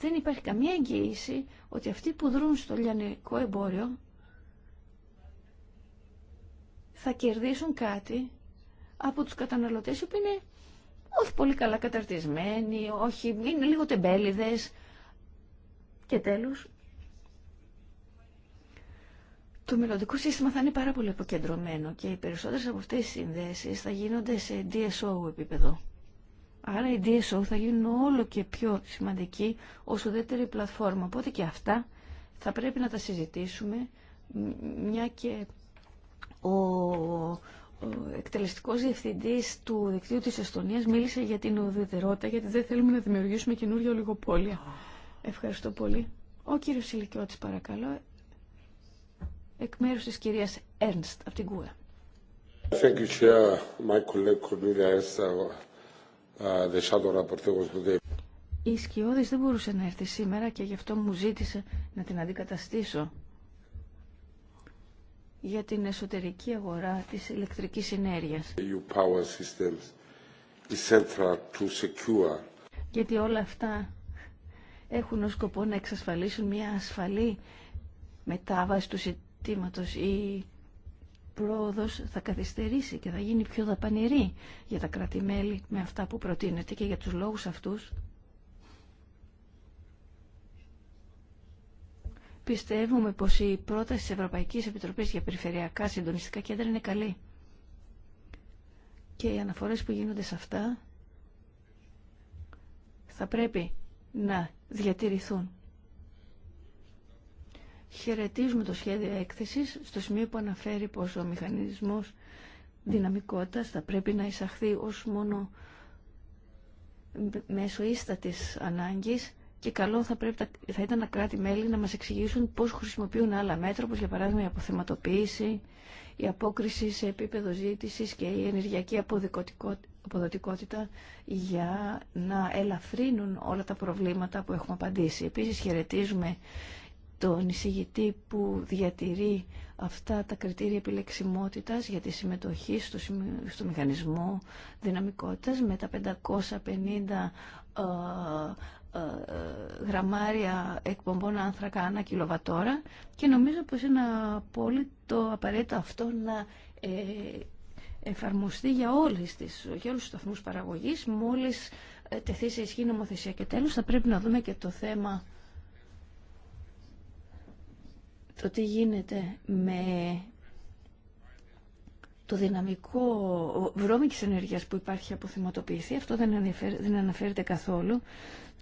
δεν υπάρχει καμία εγγύηση ότι αυτοί που δρούν στο λιανικό εμπόριο θα κερδίσουν κάτι από τους καταναλωτές που είναι όχι πολύ καλά καταρτισμένοι, όχι, είναι λίγο τεμπέληδες. Και τέλος, το μελλοντικό σύστημα θα είναι πάρα πολύ αποκεντρωμένο και οι περισσότερες από αυτές τις συνδέσεις θα γίνονται σε DSO επίπεδο. Άρα οι DSO θα γίνουν όλο και πιο σημαντικοί ως ουδέτερη πλατφόρμα. Οπότε και αυτά θα πρέπει να τα συζητήσουμε, μια και ο, ο εκτελεστικός διευθυντής του δικτύου της Εστονίας μίλησε για την ουδετερότητα, γιατί δεν θέλουμε να δημιουργήσουμε καινούργια ολιγοπόλια. Ευχαριστώ πολύ. Ο κύριος Ηλικιώτης παρακαλώ, εκ μέρου τη κυρία Έρνστ από την ΚΟΕ. Η Σκιώδη δεν μπορούσε να έρθει σήμερα και γι' αυτό μου ζήτησε να την αντικαταστήσω για την εσωτερική αγορά της ηλεκτρικής ενέργειας. Γιατί όλα αυτά έχουν ως σκοπό να εξασφαλίσουν μια ασφαλή μετάβαση του η πρόοδος θα καθυστερήσει και θα γίνει πιο δαπανηρή για τα κρατη με αυτά που προτείνεται και για τους λόγους αυτούς. Πιστεύουμε πως η πρόταση της Ευρωπαϊκής Επιτροπής για Περιφερειακά Συντονιστικά Κέντρα είναι καλή. Και οι αναφορές που γίνονται σε αυτά θα πρέπει να διατηρηθούν Χαιρετίζουμε το σχέδιο έκθεσης στο σημείο που αναφέρει πως ο μηχανισμός δυναμικότητας θα πρέπει να εισαχθεί ως μόνο μέσω ίστατης ανάγκης και καλό θα, πρέπει, θα ήταν να κράτη-μέλη να μας εξηγήσουν πώς χρησιμοποιούν άλλα μέτρα, όπως για παράδειγμα η αποθεματοποίηση, η απόκριση σε επίπεδο ζήτησης και η ενεργειακή αποδοτικότητα για να ελαφρύνουν όλα τα προβλήματα που έχουμε απαντήσει. Επίσης χαιρετίζουμε τον εισηγητή που διατηρεί αυτά τα κριτήρια επιλεξιμότητας για τη συμμετοχή στο, στο μηχανισμό δυναμικότητας με τα 550 ε, ε, γραμμάρια εκπομπών άνθρακα ανά κιλοβατόρα και νομίζω πως είναι απόλυτο απαραίτητο αυτό να ε, εφαρμοστεί για, όλες τις, για όλους τους σταθμούς παραγωγής μόλις τεθεί σε ισχύ νομοθεσία. Και τέλος θα πρέπει να δούμε και το θέμα το τι γίνεται με το δυναμικό βρώμικης ενέργειας που υπάρχει από θυματοποιηθεί. αυτό δεν, δεν αναφέρεται καθόλου.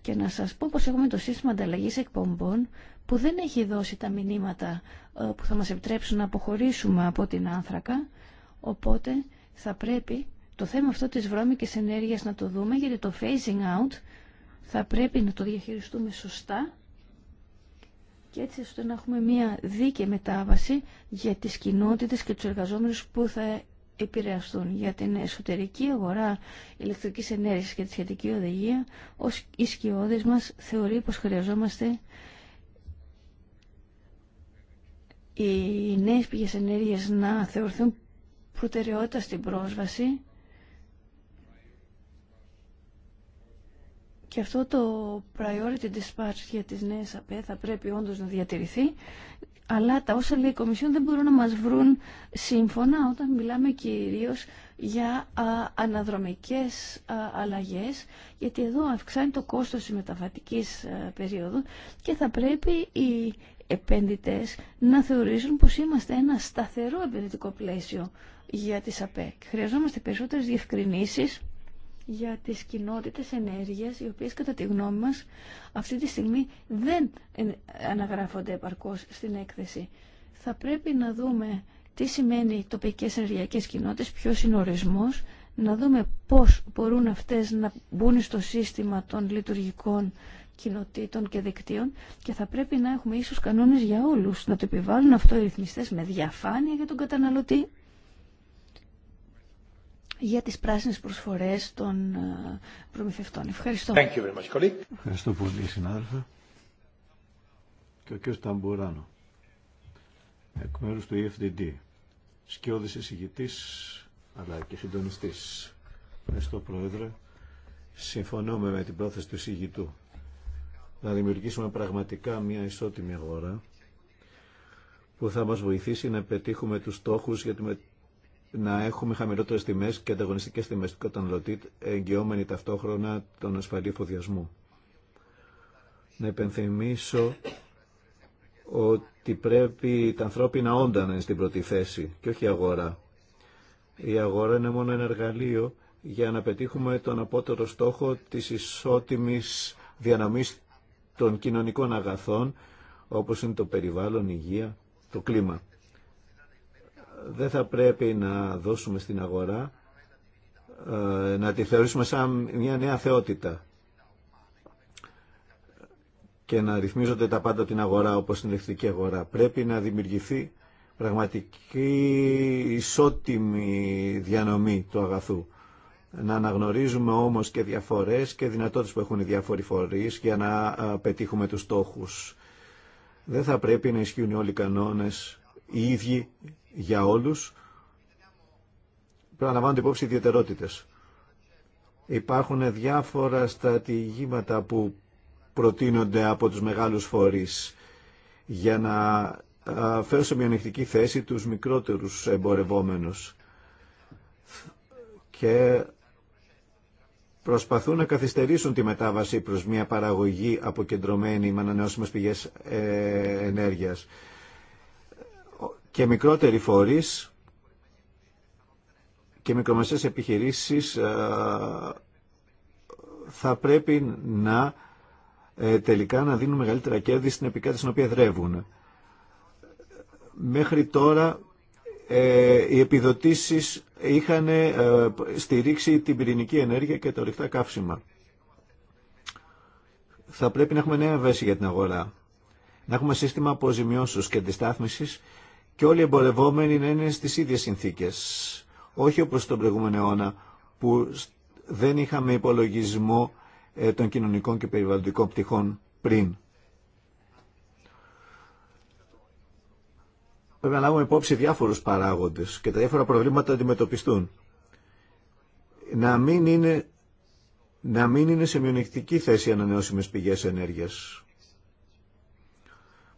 Και να σας πω πως έχουμε το σύστημα ανταλλαγή εκπομπών που δεν έχει δώσει τα μηνύματα ε, που θα μας επιτρέψουν να αποχωρήσουμε από την άνθρακα, οπότε θα πρέπει το θέμα αυτό της βρώμικης ενέργειας να το δούμε, γιατί το phasing out θα πρέπει να το διαχειριστούμε σωστά και έτσι ώστε να έχουμε μια δίκαιη μετάβαση για τις κοινότητες και τους εργαζόμενους που θα επηρεαστούν για την εσωτερική αγορά ηλεκτρικής ενέργειας και τη σχετική οδηγία, ως σκιώδης μας θεωρεί πως χρειαζόμαστε οι νέες πηγές ενέργειας να θεωρηθούν προτεραιότητα στην πρόσβαση Και αυτό το priority dispatch για τις νέες ΑΠΕ θα πρέπει όντως να διατηρηθεί, αλλά τα όσα λέει η Κομισιόν δεν μπορούν να μας βρουν σύμφωνα όταν μιλάμε κυρίως για α, αναδρομικές αλλαγές, γιατί εδώ αυξάνει το κόστος της μεταβατικής περίοδου και θα πρέπει οι επένδυτες να θεωρήσουν πως είμαστε ένα σταθερό επενδυτικό πλαίσιο για τις ΑΠΕ. Χρειαζόμαστε περισσότερες διευκρινήσεις για τις κοινότητες ενέργειας, οι οποίες κατά τη γνώμη μας αυτή τη στιγμή δεν αναγράφονται επαρκώς στην έκθεση. Θα πρέπει να δούμε τι σημαίνει τοπικές ενεργειακές κοινότητες, ποιος είναι ο ορισμός, να δούμε πώς μπορούν αυτές να μπουν στο σύστημα των λειτουργικών κοινοτήτων και δικτύων και θα πρέπει να έχουμε ίσως κανόνες για όλους, να το επιβάλλουν αυτό οι ρυθμιστές με διαφάνεια για τον καταναλωτή, για τις πράσινες προσφορές των ε, προμηθευτών. Ευχαριστώ. Thank you very much, Ευχαριστώ πολύ, συνάδελφα. Και ο κ. Ταμπουράνο, εκ μέρους του EFDD, σκιώδης εισηγητής, αλλά και συντονιστής. Ευχαριστώ, Πρόεδρε. Συμφωνούμε με την πρόθεση του εισηγητού να δημιουργήσουμε πραγματικά μια ισότιμη αγορά που θα μας βοηθήσει να πετύχουμε τους στόχους για τη να έχουμε χαμηλότερε τιμέ και ανταγωνιστικέ τιμέ του καταναλωτή, εγγυόμενοι ταυτόχρονα τον ασφαλή εφοδιασμό. Να υπενθυμίσω ότι πρέπει τα ανθρώπινα όντα να είναι στην πρώτη θέση και όχι η αγορά. Η αγορά είναι μόνο ένα εργαλείο για να πετύχουμε τον απότερο στόχο της ισότιμης διανομής των κοινωνικών αγαθών, όπως είναι το περιβάλλον, η υγεία, το κλίμα δεν θα πρέπει να δώσουμε στην αγορά ε, να τη θεωρήσουμε σαν μια νέα θεότητα και να ρυθμίζονται τα πάντα την αγορά όπως την ηλεκτρική αγορά. Πρέπει να δημιουργηθεί πραγματική ισότιμη διανομή του αγαθού. Να αναγνωρίζουμε όμως και διαφορές και δυνατότητες που έχουν οι διάφοροι φορείς για να ε, πετύχουμε τους στόχους. Δεν θα πρέπει να ισχύουν όλοι οι κανόνες οι ίδιοι για όλους, πρέπει να λαμβάνονται υπόψη ιδιαιτερότητες. Υπάρχουν διάφορα στρατηγήματα που προτείνονται από τους μεγάλους φορείς για να φέρουν σε μια ανοιχτική θέση τους μικρότερους εμπορευόμενους και προσπαθούν να καθυστερήσουν τη μετάβαση προς μια παραγωγή αποκεντρωμένη με ανανεώσιμες πηγές ε, ενέργειας και μικρότεροι φορείς και μικρομεσαίες επιχειρήσεις ε, θα πρέπει να ε, τελικά να δίνουν μεγαλύτερα κέρδη στην επικράτηση στην οποία δρεύουν. Μέχρι τώρα ε, οι επιδοτήσεις είχαν στηρίξει την πυρηνική ενέργεια και τα ορυκτά καύσιμα. Θα πρέπει να έχουμε νέα βέση για την αγορά. Να έχουμε σύστημα αποζημιώσεως και αντιστάθμισης και όλοι οι εμπορευόμενοι να είναι στις ίδιες συνθήκες. Όχι όπως τον προηγούμενο αιώνα που δεν είχαμε υπολογισμό ε, των κοινωνικών και περιβαλλοντικών πτυχών πριν. Πρέπει να λάβουμε υπόψη διάφορους παράγοντες και τα διάφορα προβλήματα αντιμετωπιστούν. Να μην είναι, να μην είναι σε μειονεκτική θέση ανανεώσιμες πηγές ενέργειας.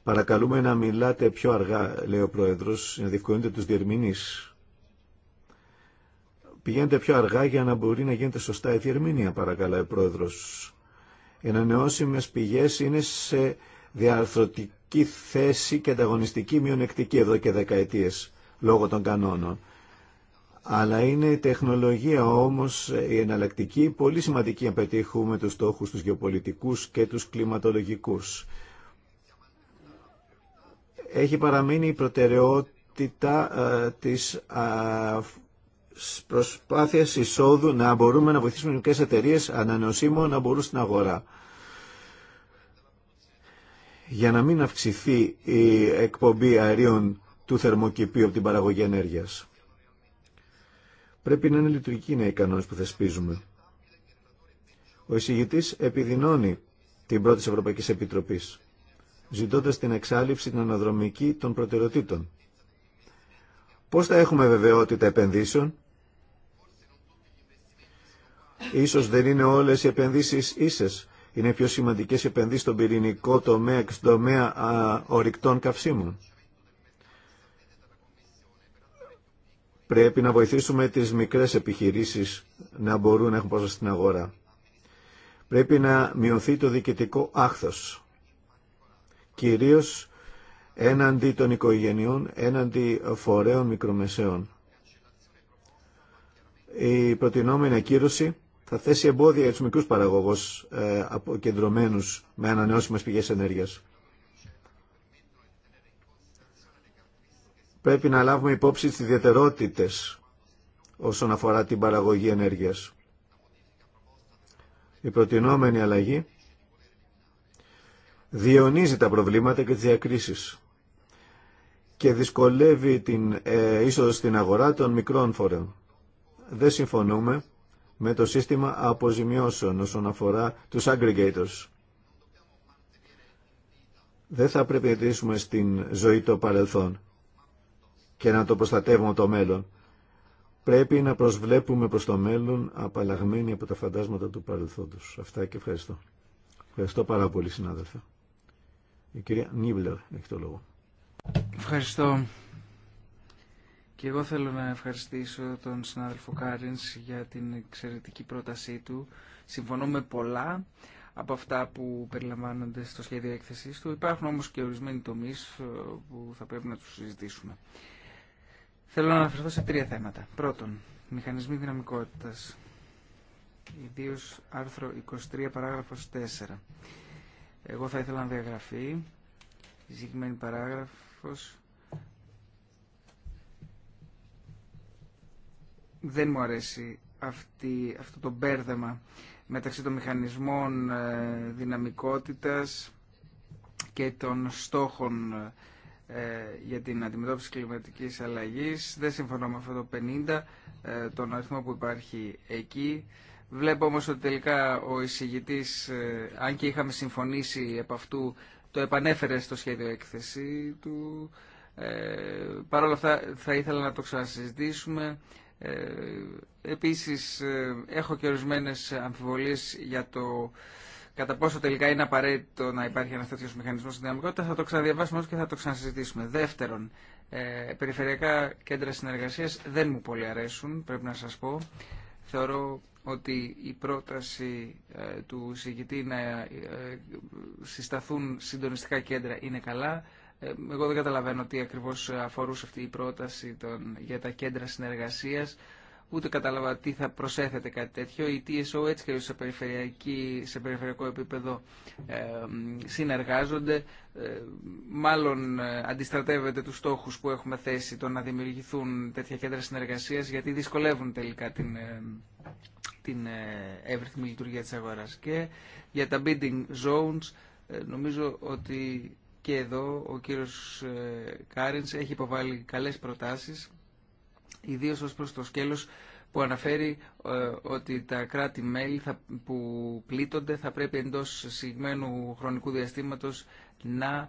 Παρακαλούμε να μιλάτε πιο αργά, λέει ο Πρόεδρος, να διευκολύνετε τους διερμηνείς. Πηγαίνετε πιο αργά για να μπορεί να γίνεται σωστά η διερμηνία, παρακαλώ, ο Πρόεδρος. Οι ανανεώσιμες πηγές είναι σε διαρθρωτική θέση και ανταγωνιστική μειονεκτική εδώ και δεκαετίες, λόγω των κανόνων. Αλλά είναι η τεχνολογία όμως η εναλλακτική, πολύ σημαντική να πετύχουμε τους στόχους τους γεωπολιτικούς και τους κλιματολογικούς έχει παραμείνει η προτεραιότητα ε, της προσπάθειας εισόδου να μπορούμε να βοηθήσουμε οι εταιρείε ανανεωσίμων να μπορούν στην αγορά. Για να μην αυξηθεί η εκπομπή αερίων του θερμοκηπίου από την παραγωγή ενέργειας. Πρέπει να είναι λειτουργικοί οι ικανότητα που θεσπίζουμε. Ο εισηγητής επιδεινώνει την πρώτη Ευρωπαϊκή Επιτροπής ζητώντας την εξάλληψη την αναδρομική των προτεραιοτήτων. Πώς θα έχουμε βεβαιότητα επενδύσεων? Ίσως δεν είναι όλες οι επενδύσεις ίσες. Είναι πιο σημαντικές οι επενδύσεις στον πυρηνικό τομέα και στον τομέα ορυκτών καυσίμων. Πρέπει να βοηθήσουμε τις μικρές επιχειρήσεις να μπορούν να έχουν πρόσβαση στην αγορά. Πρέπει να μειωθεί το διοικητικό άχθος κυρίως έναντι των οικογενειών, έναντι φορέων μικρομεσαίων. Η προτινόμενη ακύρωση θα θέσει εμπόδια για τους μικρούς παραγωγούς ε, με ανανεώσιμες πηγές ενέργειας. Πρέπει να λάβουμε υπόψη τις ιδιαιτερότητες όσον αφορά την παραγωγή ενέργειας. Η προτινόμενη αλλαγή διαιωνίζει τα προβλήματα και τις διακρίσεις και δυσκολεύει την ε, είσοδο στην αγορά των μικρών φορέων. Δεν συμφωνούμε με το σύστημα αποζημιώσεων όσον αφορά τους aggregators. Δεν θα πρέπει να στην ζωή το παρελθόν και να το προστατεύουμε το μέλλον. Πρέπει να προσβλέπουμε προς το μέλλον απαλλαγμένοι από τα φαντάσματα του παρελθόντος. Αυτά και ευχαριστώ. Ευχαριστώ πάρα πολύ συνάδελφε. Η κυρία Νίβλερ έχει το λόγο. Ευχαριστώ. Και εγώ θέλω να ευχαριστήσω τον συνάδελφο Κάρινς για την εξαιρετική πρότασή του. Συμφωνώ με πολλά από αυτά που περιλαμβάνονται στο σχέδιο έκθεσης του. Υπάρχουν όμως και ορισμένοι τομείς ε, που θα πρέπει να τους συζητήσουμε. Θέλω να αναφερθώ σε τρία θέματα. Πρώτον, μηχανισμοί δυναμικότητας. Ιδίως άρθρο 23 παράγραφος 4. Εγώ θα ήθελα να διαγραφεί η συγκεκριμένη παράγραφος. Δεν μου αρέσει αυτό το μπέρδεμα μεταξύ των μηχανισμών ε, δυναμικότητας και των στόχων ε, για την αντιμετώπιση κλιματικής αλλαγής. Δεν συμφωνώ με αυτό το 50, ε, τον αριθμό που υπάρχει εκεί. Βλέπω όμως ότι τελικά ο εισηγητής, ε, αν και είχαμε συμφωνήσει επ' αυτού, το επανέφερε στο σχέδιο έκθεση του. Ε, Παρ' όλα αυτά θα ήθελα να το ξανασυζητήσουμε. Ε, επίσης ε, έχω και ορισμένε αμφιβολίες για το κατά πόσο τελικά είναι απαραίτητο να υπάρχει ένα τέτοιο μηχανισμό στην δυναμικότητα. Θα το ξαναδιαβάσουμε όμω και θα το ξανασυζητήσουμε. Δεύτερον, ε, περιφερειακά κέντρα συνεργασία δεν μου πολύ αρέσουν, πρέπει να σας πω. Θεωρώ ότι η πρόταση ε, του συγκητή να ε, συσταθούν συντονιστικά κέντρα είναι καλά. Ε, εγώ δεν καταλαβαίνω τι ακριβώς αφορούσε αυτή η πρόταση των, για τα κέντρα συνεργασίας. Ούτε κατάλαβα τι θα προσέθετε κάτι τέτοιο. Η TSO έτσι και σε, σε περιφερειακό επίπεδο συνεργάζονται. μάλλον αντιστρατεύεται τους στόχους που έχουμε θέσει το να δημιουργηθούν τέτοια κέντρα συνεργασίας γιατί δυσκολεύουν τελικά την, ε, την ε, εύρυθμη λειτουργία της αγοράς. Και για τα bidding zones ε, νομίζω ότι και εδώ ο κύριος ε, Κάρινς έχει υποβάλει καλές προτάσεις, ιδίως ως προς το σκέλος που αναφέρει ότι τα κράτη-μέλη που πλήττονται θα πρέπει εντός συγκεκριμένου χρονικού διαστήματος να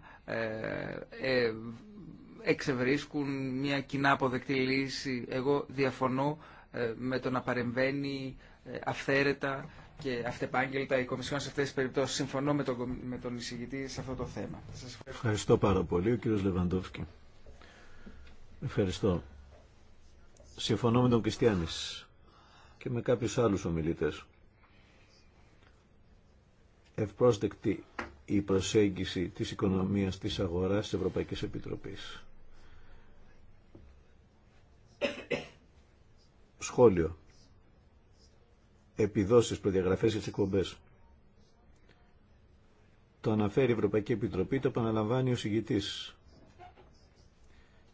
εξευρίσκουν μια κοινά αποδεκτή λύση. Εγώ διαφωνώ με το να παρεμβαίνει αυθαίρετα και αυτεπάγγελτα η Κομισιόν σε αυτές τις περιπτώσεις. Συμφωνώ με τον, με τον εισηγητή σε αυτό το θέμα. ευχαριστώ. πάρα πολύ, ο κύριος Λεβαντόφσκι. Ευχαριστώ. Συμφωνώ με τον Κριστιανής και με κάποιους άλλους ομιλητές. Ευπρόσδεκτη η προσέγγιση της οικονομίας της αγοράς της Ευρωπαϊκής Επιτροπής. Σχόλιο επιδόσεις, προδιαγραφές και τις Το αναφέρει η Ευρωπαϊκή Επιτροπή, το επαναλαμβάνει ο συγητής.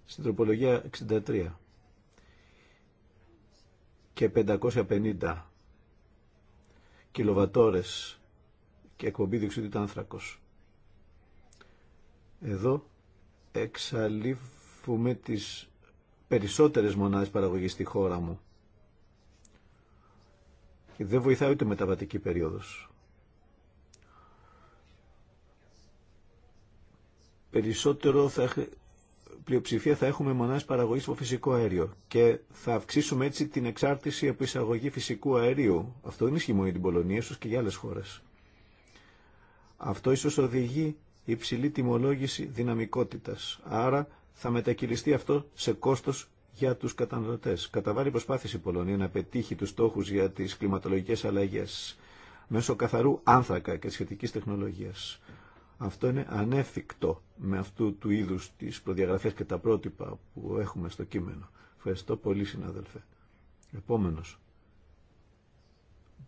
Στην τροπολογία 63 και 550 κιλοβατόρες και εκπομπή διοξιδίου άνθρακος. Εδώ εξαλείφουμε τις περισσότερες μονάδες παραγωγής στη χώρα μου δεν βοηθάει ούτε μεταβατική περίοδος. Περισσότερο θα, πλειοψηφία θα έχουμε μονάδες παραγωγής από φυσικό αέριο και θα αυξήσουμε έτσι την εξάρτηση από εισαγωγή φυσικού αερίου. Αυτό δεν ισχύει μόνο για την Πολωνία, ίσως και για άλλες χώρες. Αυτό ίσως οδηγεί υψηλή τιμολόγηση δυναμικότητας. Άρα θα μετακυλιστεί αυτό σε κόστος για τους καταναλωτές. Καταβάλει προσπάθηση η Πολωνία να πετύχει τους στόχους για τις κλιματολογικές αλλαγές μέσω καθαρού άνθρακα και σχετικής τεχνολογίας. Αυτό είναι ανέφικτο με αυτού του είδους τις προδιαγραφές και τα πρότυπα που έχουμε στο κείμενο. Ευχαριστώ πολύ συνάδελφε. Επόμενος.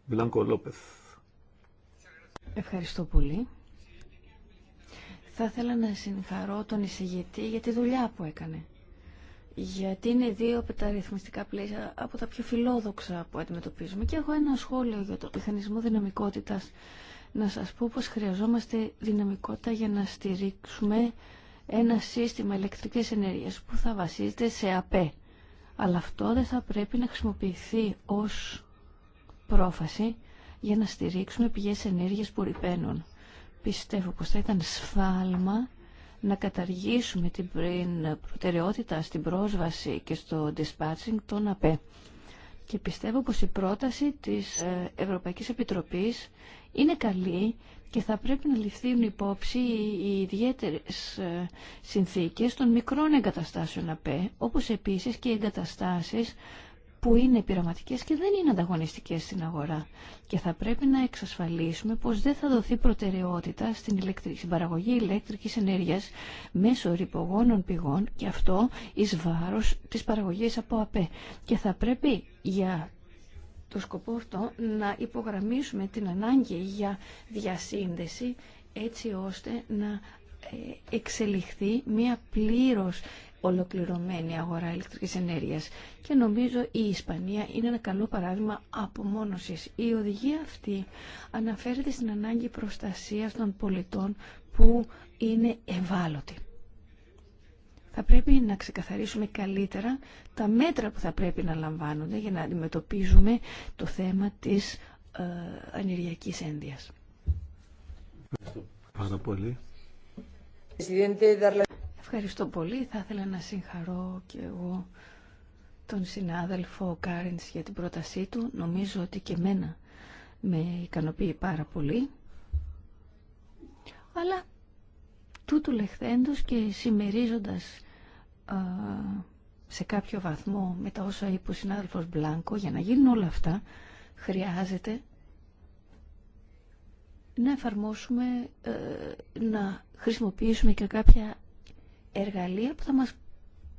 Μπλάνκο Λόπεθ. Ευχαριστώ πολύ. Θα ήθελα να συγχαρώ τον εισηγητή για τη δουλειά που έκανε γιατί είναι δύο από τα ρυθμιστικά πλαίσια από τα πιο φιλόδοξα που αντιμετωπίζουμε. Και έχω ένα σχόλιο για το μηχανισμό δυναμικότητας. Να σας πω πως χρειαζόμαστε δυναμικότητα για να στηρίξουμε ένα σύστημα ηλεκτρικής ενέργειας που θα βασίζεται σε ΑΠΕ. Αλλά αυτό δεν θα πρέπει να χρησιμοποιηθεί ως πρόφαση για να στηρίξουμε πηγές ενέργειας που ρηπαίνουν. Πιστεύω πως θα ήταν σφάλμα να καταργήσουμε την προτεραιότητα στην πρόσβαση και στο dispatching των ΑΠΕ. Και πιστεύω πως η πρόταση της ε, Ευρωπαϊκής Επιτροπής είναι καλή και θα πρέπει να ληφθούν υπόψη οι ιδιαίτερες ε, συνθήκες των μικρών εγκαταστάσεων ΑΠΕ, όπως επίσης και οι εγκαταστάσεις που είναι πειραματικές και δεν είναι ανταγωνιστικές στην αγορά. Και θα πρέπει να εξασφαλίσουμε πως δεν θα δοθεί προτεραιότητα στην, ηλεκτρική, παραγωγή ηλεκτρικής ενέργειας μέσω ρηπογόνων πηγών και αυτό εις βάρος της παραγωγής από ΑΠΕ. Και θα πρέπει για το σκοπό αυτό να υπογραμμίσουμε την ανάγκη για διασύνδεση έτσι ώστε να ε, εξελιχθεί μια πλήρως ολοκληρωμένη αγορά ηλεκτρικής ενέργειας. Και νομίζω η Ισπανία είναι ένα καλό παράδειγμα απομόνωσης. Η οδηγία αυτή αναφέρεται στην ανάγκη προστασίας των πολιτών που είναι ευάλωτοι. Θα πρέπει να ξεκαθαρίσουμε καλύτερα τα μέτρα που θα πρέπει να λαμβάνονται για να αντιμετωπίζουμε το θέμα της ε, ανεργιακής Ευχαριστώ Ευχαριστώ πολύ. Θα ήθελα να συγχαρώ και εγώ τον συνάδελφο Κάρινς για την πρότασή του. Νομίζω ότι και μένα με ικανοποιεί πάρα πολύ. Αλλά τούτου λεχθέντος και συμμερίζοντας σε κάποιο βαθμό με τα όσα είπε ο συνάδελφος Μπλάνκο, για να γίνουν όλα αυτά, χρειάζεται να εφαρμόσουμε, ε, να χρησιμοποιήσουμε και κάποια εργαλεία που θα μας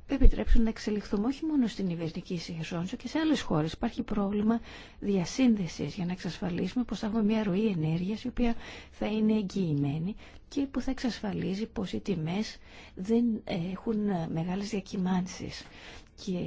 επιτρέψουν να εξελιχθούμε όχι μόνο στην Ιβερνική Χερσόνησο και σε άλλες χώρες. Υπάρχει πρόβλημα διασύνδεσης για να εξασφαλίσουμε πως θα έχουμε μια ροή ενέργειας η οποία θα είναι εγγυημένη και που θα εξασφαλίζει πως οι τιμές δεν έχουν μεγάλες διακυμάνσεις. Και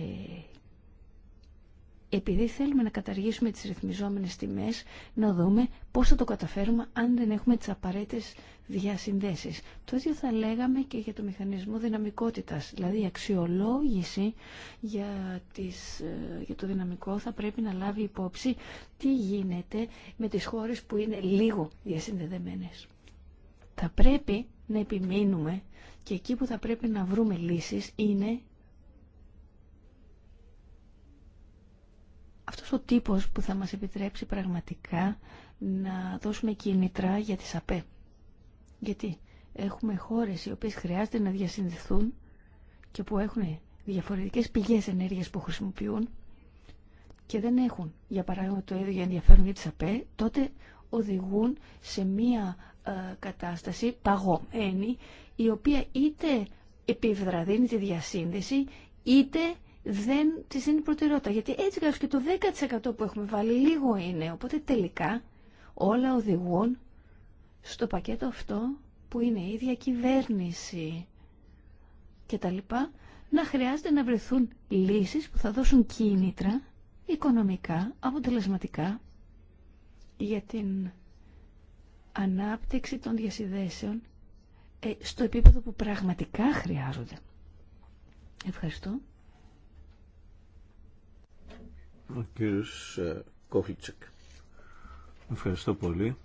επειδή θέλουμε να καταργήσουμε τις ρυθμιζόμενες τιμές, να δούμε πώς θα το καταφέρουμε αν δεν έχουμε τις απαραίτητες διασυνδέσεις. Το ίδιο θα λέγαμε και για το μηχανισμό δυναμικότητας, δηλαδή η αξιολόγηση για, τις, ε, για το δυναμικό θα πρέπει να λάβει υπόψη τι γίνεται με τις χώρες που είναι λίγο διασυνδεδεμένες. Θα πρέπει να επιμείνουμε και εκεί που θα πρέπει να βρούμε λύσεις είναι αυτός ο τύπος που θα μας επιτρέψει πραγματικά να δώσουμε κίνητρα για τις ΑΠΕ. Γιατί έχουμε χώρες οι οποίες χρειάζεται να διασυνδεθούν και που έχουν διαφορετικές πηγές ενέργειας που χρησιμοποιούν και δεν έχουν, για παράδειγμα, το ίδιο ενδιαφέρον για τις ΑΠΕ, τότε οδηγούν σε μία ε, κατάσταση παγωμένη, η οποία είτε επιβραδύνει τη διασύνδεση, είτε δεν τη δίνει προτεραιότητα. Γιατί έτσι και το 10% που έχουμε βάλει λίγο είναι. Οπότε τελικά όλα οδηγούν στο πακέτο αυτό που είναι η διακυβέρνηση και τα λοιπά, να χρειάζεται να βρεθούν λύσεις που θα δώσουν κίνητρα οικονομικά, αποτελεσματικά για την ανάπτυξη των διασυνδέσεων ε, στο επίπεδο που πραγματικά χρειάζονται. Ευχαριστώ. Ο κύριος ε, Κόχλιτσεκ. Ευχαριστώ πολύ.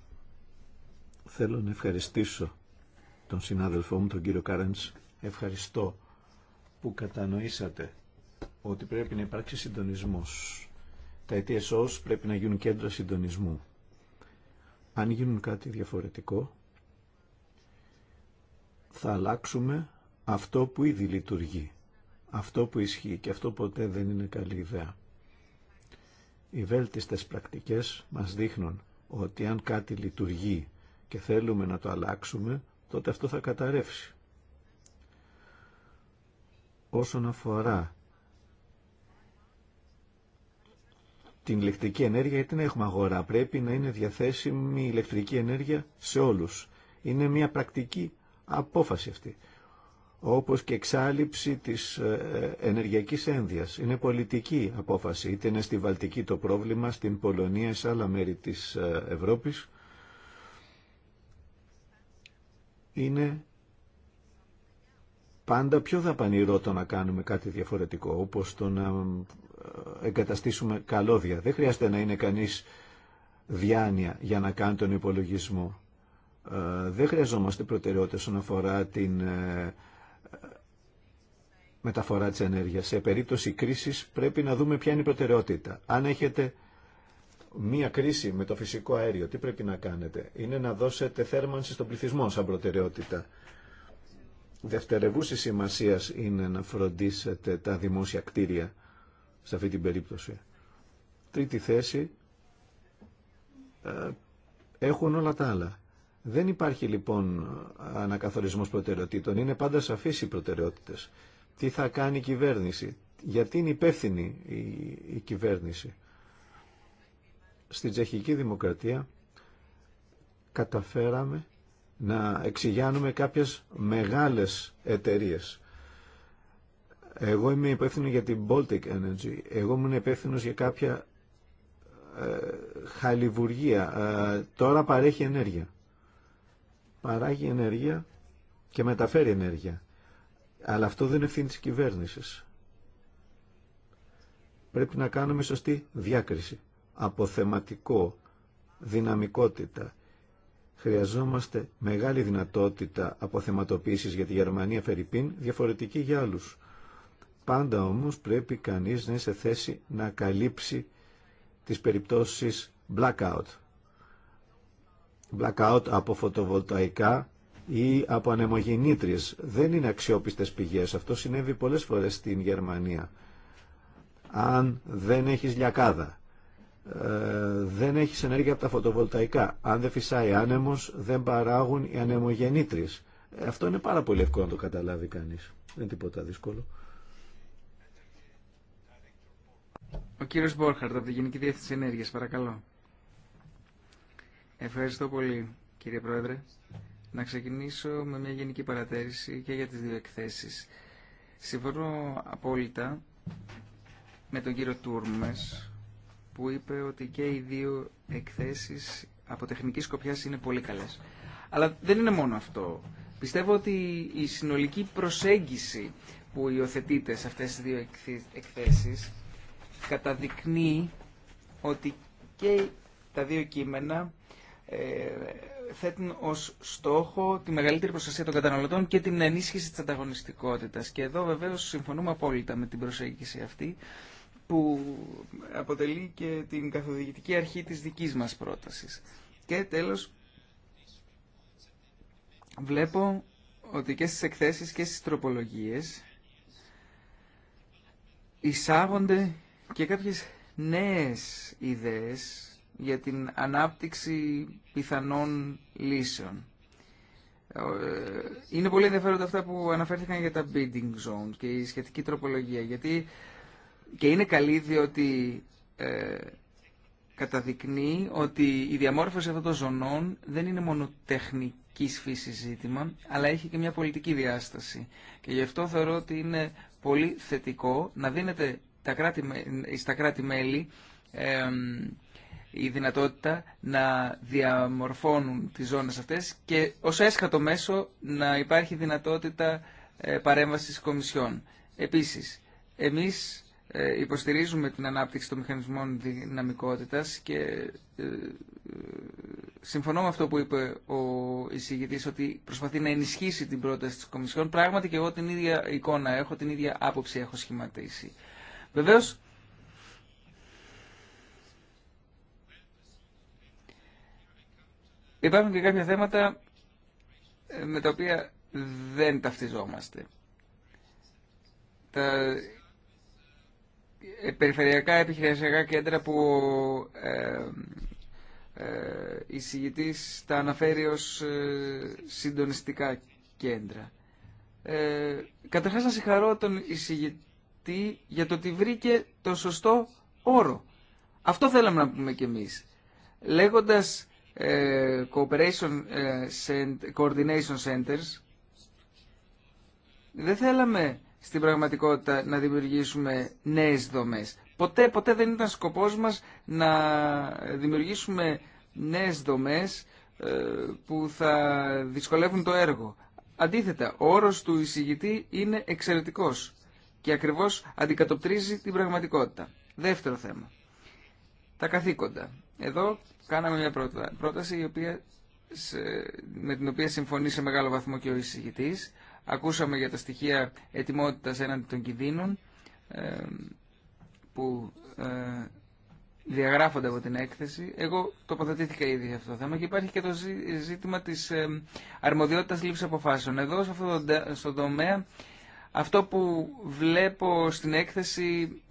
Θέλω να ευχαριστήσω τον συνάδελφό μου, τον κύριο Κάρεντς. Ευχαριστώ που κατανοήσατε ότι πρέπει να υπάρξει συντονισμός. Τα ETSOs πρέπει να γίνουν κέντρα συντονισμού. Αν γίνουν κάτι διαφορετικό, θα αλλάξουμε αυτό που ήδη λειτουργεί, αυτό που ισχύει και αυτό ποτέ δεν είναι καλή ιδέα. Οι βέλτιστες πρακτικές μας δείχνουν ότι αν κάτι λειτουργεί και θέλουμε να το αλλάξουμε, τότε αυτό θα καταρρεύσει. Όσον αφορά την ηλεκτρική ενέργεια, γιατί να έχουμε αγορά, πρέπει να είναι διαθέσιμη η ηλεκτρική ενέργεια σε όλους. Είναι μια πρακτική απόφαση αυτή όπως και εξάλληψη της ε, ενεργειακής ένδειας. Είναι πολιτική απόφαση, είτε είναι στη Βαλτική το πρόβλημα, στην Πολωνία σε άλλα μέρη της ε, Ευρώπης. Είναι πάντα πιο δαπανηρό το να κάνουμε κάτι διαφορετικό, όπως το να ε, εγκαταστήσουμε καλώδια. Δεν χρειάζεται να είναι κανείς διάνοια για να κάνει τον υπολογισμό. Δεν χρειαζόμαστε προτεραιότητες όσον αφορά την μεταφορά της ενέργειας. Σε περίπτωση κρίσης πρέπει να δούμε ποια είναι η προτεραιότητα. Αν έχετε μία κρίση με το φυσικό αέριο, τι πρέπει να κάνετε. Είναι να δώσετε θέρμανση στον πληθυσμό σαν προτεραιότητα. Δευτερευούση σημασία είναι να φροντίσετε τα δημόσια κτίρια σε αυτή την περίπτωση. Τρίτη θέση, ε, έχουν όλα τα άλλα. Δεν υπάρχει λοιπόν ανακαθορισμός προτεραιοτήτων, είναι πάντα σαφείς οι προτεραιότητες. Τι θα κάνει η κυβέρνηση, γιατί είναι υπεύθυνη η, κυβέρνηση. Στην τσεχική δημοκρατία καταφέραμε να εξηγιάνουμε κάποιες μεγάλες εταιρείες. Εγώ είμαι υπεύθυνο για την Baltic Energy. Εγώ ήμουν υπεύθυνο για κάποια ε, χαλιβουργία. Ε, τώρα παρέχει ενέργεια παράγει ενέργεια και μεταφέρει ενέργεια. Αλλά αυτό δεν είναι ευθύνη τη κυβέρνησης. Πρέπει να κάνουμε σωστή διάκριση. Αποθεματικό, δυναμικότητα. Χρειαζόμαστε μεγάλη δυνατότητα αποθεματοποίησης για τη Γερμανία Φερρυπίν, διαφορετική για άλλου. Πάντα όμως πρέπει κανείς να είναι σε θέση να καλύψει τι περιπτώσει blackout, blackout από φωτοβολταϊκά ή από ανεμογεννήτριες. Δεν είναι αξιόπιστες πηγές. Αυτό συνέβη πολλές φορές στην Γερμανία. Αν δεν έχεις λιακάδα, ε, δεν έχεις ενέργεια από τα φωτοβολταϊκά, αν δεν φυσάει άνεμος, δεν παράγουν οι ανεμογεννήτριες. Ε, αυτό είναι πάρα πολύ εύκολο να το καταλάβει κανείς. Δεν είναι τίποτα δύσκολο. Ο κύριος Μπόρχαρτ από τη Γενική Διεύθυνση Ενέργειας, παρακαλώ. Ευχαριστώ πολύ, κύριε Πρόεδρε. Να ξεκινήσω με μια γενική παρατέρηση και για τις δύο εκθέσεις. Συμφωνώ απόλυτα με τον κύριο Τούρμες που είπε ότι και οι δύο εκθέσεις από τεχνική σκοπιά είναι πολύ καλές. Αλλά δεν είναι μόνο αυτό. Πιστεύω ότι η συνολική προσέγγιση που υιοθετείται σε αυτές τις δύο εκθέσεις καταδεικνύει ότι και τα δύο κείμενα ε, θέτουν ως στόχο τη μεγαλύτερη προστασία των καταναλωτών και την ενίσχυση της ανταγωνιστικότητας. Και εδώ βεβαίως συμφωνούμε απόλυτα με την προσέγγιση αυτή που αποτελεί και την καθοδηγητική αρχή της δικής μας πρότασης. Και τέλος, βλέπω ότι και στις εκθέσεις και στις τροπολογίες εισάγονται και κάποιες νέες ιδέες για την ανάπτυξη πιθανών λύσεων. Ε, είναι πολύ ενδιαφέροντα αυτά που αναφέρθηκαν για τα bidding zones και η σχετική τροπολογία. Γιατί και είναι καλή διότι ε, καταδεικνύει ότι η διαμόρφωση αυτών των ζωνών δεν είναι μόνο τεχνική φύση ζήτημα, αλλά έχει και μια πολιτική διάσταση. Και γι' αυτό θεωρώ ότι είναι πολύ θετικό να δίνεται ε, στα κράτη-μέλη η δυνατότητα να διαμορφώνουν τις ζώνες αυτές και ως έσχατο μέσο να υπάρχει δυνατότητα ε, παρέμβασης κομισιών. Επίσης, εμείς ε, υποστηρίζουμε την ανάπτυξη των μηχανισμών δυναμικότητας και ε, συμφωνώ με αυτό που είπε ο εισηγητής ότι προσπαθεί να ενισχύσει την πρόταση της κομισιών. Πράγματι και εγώ την ίδια εικόνα έχω, την ίδια άποψη έχω σχηματίσει. Βεβαίως Υπάρχουν και κάποια θέματα ε, με τα οποία δεν ταυτιζόμαστε. Τα ε, περιφερειακά επιχειρησιακά κέντρα που ε, ε, τα αναφέρει ως ε, συντονιστικά κέντρα. Ε, καταρχάς να συγχαρώ τον εισηγητή για το ότι βρήκε το σωστό όρο. Αυτό θέλαμε να πούμε κι εμείς. Λέγοντας ε, cooperation, ε, coordination centers. Δεν θέλαμε στην πραγματικότητα να δημιουργήσουμε νέες δομές. Ποτέ, ποτέ δεν ήταν σκοπός μας να δημιουργήσουμε νέες δομές ε, που θα δυσκολεύουν το έργο. Αντίθετα, ο όρος του εισηγητή είναι εξαιρετικός και ακριβώς αντικατοπτρίζει την πραγματικότητα. Δεύτερο θέμα. Τα καθήκοντα. Εδώ κάναμε μια πρόταση η οποία, με την οποία συμφωνεί σε μεγάλο βαθμό και ο εισηγητής. Ακούσαμε για τα στοιχεία ετοιμότητας έναντι των κινδύνων που ε, διαγράφονται από την έκθεση. Εγώ τοποθετήθηκα ήδη για αυτό το θέμα και υπάρχει και το ζήτημα της αρμοδιότητας λήψης αποφάσεων. Εδώ, σε αυτό το στον τομέα, αυτό που βλέπω στην έκθεση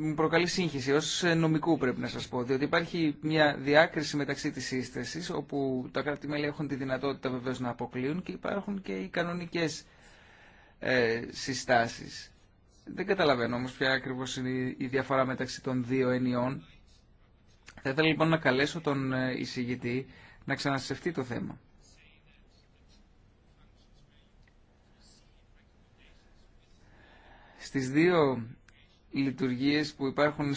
μου προκαλεί σύγχυση, ως νομικού πρέπει να σας πω, διότι υπάρχει μια διάκριση μεταξύ της σύστασης, όπου τα κράτη-μέλη έχουν τη δυνατότητα βεβαίως να αποκλείουν και υπάρχουν και οι κανονικές ε, συστάσεις. Δεν καταλαβαίνω όμως ποια ακριβώς είναι η διαφορά μεταξύ των δύο ενιών. Θα ήθελα λοιπόν να καλέσω τον ε, εισηγητή να ξανασευτεί το θέμα. Στις δύο λειτουργίες που υπάρχουν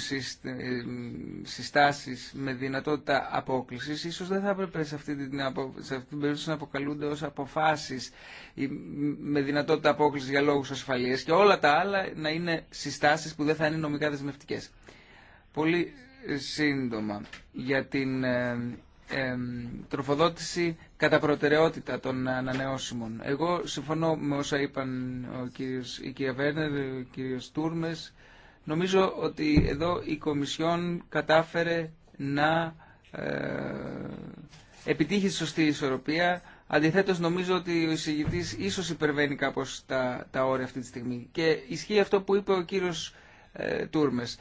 συστάσεις με δυνατότητα απόκλησης, ίσως δεν θα έπρεπε σε αυτή την, σε αυτή περίπτωση να αποκαλούνται ως αποφάσεις με δυνατότητα απόκλησης για λόγους ασφαλείας και όλα τα άλλα να είναι συστάσεις που δεν θα είναι νομικά δεσμευτικές. Πολύ σύντομα για την ε, τροφοδότηση κατά προτεραιότητα των ανανεώσιμων. Εγώ συμφωνώ με όσα είπαν ο κύριος, η κυρία Βέρνερ, ο κύριος Τούρμες. Νομίζω ότι εδώ η Κομισιόν κατάφερε να ε, επιτύχει σωστή ισορροπία. Αντιθέτως νομίζω ότι ο εισηγητής ίσως υπερβαίνει κάπως τα, τα όρια αυτή τη στιγμή. Και ισχύει αυτό που είπε ο κύριος ε, Τούρμες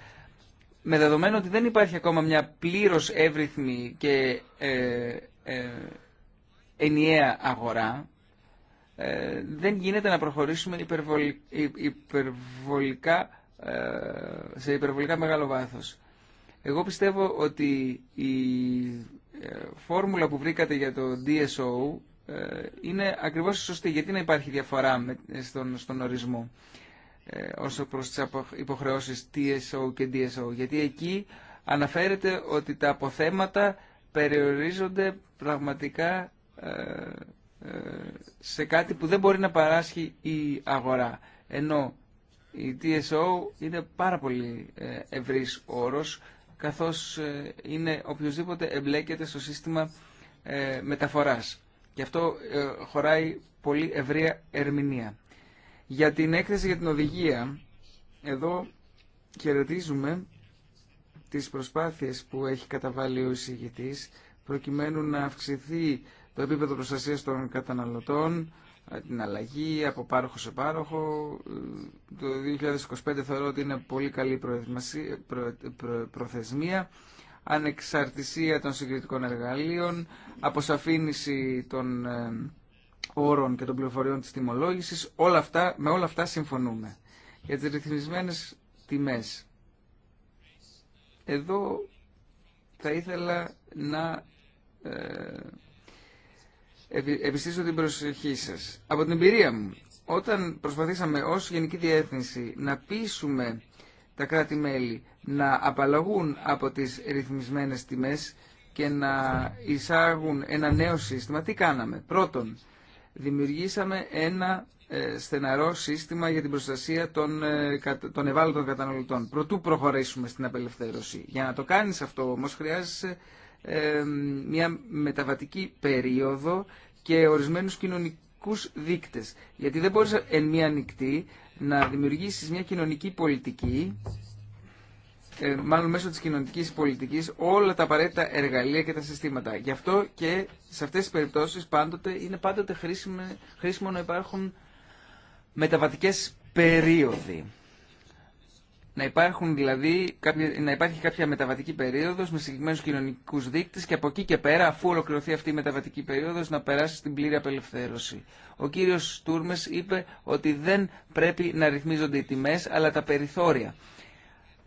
με δεδομένο ότι δεν υπάρχει ακόμα μια πλήρως εύρυθμη και ε, ε ενιαία αγορά, ε, δεν γίνεται να προχωρήσουμε υπερβολικά, ε, σε υπερβολικά μεγάλο βάθος. Εγώ πιστεύω ότι η φόρμουλα που βρήκατε για το DSO είναι ακριβώς σωστή. Γιατί να υπάρχει διαφορά στον, στον ορισμό. Ε, όσο προς τις υποχρεώσεις TSO και DSO, γιατί εκεί αναφέρεται ότι τα αποθέματα περιορίζονται πραγματικά ε, ε, σε κάτι που δεν μπορεί να παράσχει η αγορά. Ενώ η TSO είναι πάρα πολύ ευρύς όρος, καθώς είναι οποιοδήποτε εμπλέκεται στο σύστημα μεταφοράς. Γι' αυτό χωράει πολύ ευρεία ερμηνεία. Για την έκθεση για την οδηγία, εδώ χαιρετίζουμε τις προσπάθειες που έχει καταβάλει ο εισηγητής προκειμένου να αυξηθεί το επίπεδο προστασίας των καταναλωτών, την αλλαγή από πάροχο σε πάροχο. Το 2025 θεωρώ ότι είναι πολύ καλή προθεσμία, ανεξαρτησία των συγκριτικών εργαλείων, αποσαφήνιση των ε, όρων και των πληροφοριών της τιμολόγησης, όλα αυτά, με όλα αυτά συμφωνούμε. Για τις ρυθμισμένες τιμές. Εδώ θα ήθελα να ε, επιστήσω την προσοχή σας. Από την εμπειρία μου, όταν προσπαθήσαμε ως Γενική Διεύθυνση να πείσουμε τα κράτη-μέλη να απαλλαγούν από τις ρυθμισμένες τιμές και να εισάγουν ένα νέο σύστημα, τι κάναμε. Πρώτον, δημιουργήσαμε ένα ε, στεναρό σύστημα για την προστασία των, ε, των ευάλωτων καταναλωτών. Προτού προχωρήσουμε στην απελευθέρωση. Για να το κάνεις αυτό όμως χρειάζεσαι ε, μια μεταβατική περίοδο και ορισμένους κοινωνικούς δείκτες. Γιατί δεν μπορείς εν μία νυχτή να δημιουργήσεις μια κοινωνική πολιτική ε, μάλλον μέσω της κοινωνικής πολιτικής, όλα τα απαραίτητα εργαλεία και τα συστήματα. Γι' αυτό και σε αυτές τις περιπτώσεις πάντοτε είναι πάντοτε χρήσιμο, χρήσιμο να υπάρχουν μεταβατικές περίοδοι. Να, υπάρχουν δηλαδή, να υπάρχει κάποια μεταβατική περίοδος με συγκεκριμένους κοινωνικούς δείκτες και από εκεί και πέρα, αφού ολοκληρωθεί αυτή η μεταβατική περίοδος, να περάσει στην πλήρη απελευθέρωση. Ο κύριος Τούρμες είπε ότι δεν πρέπει να ρυθμίζονται οι τιμές, αλλά τα περιθώρια.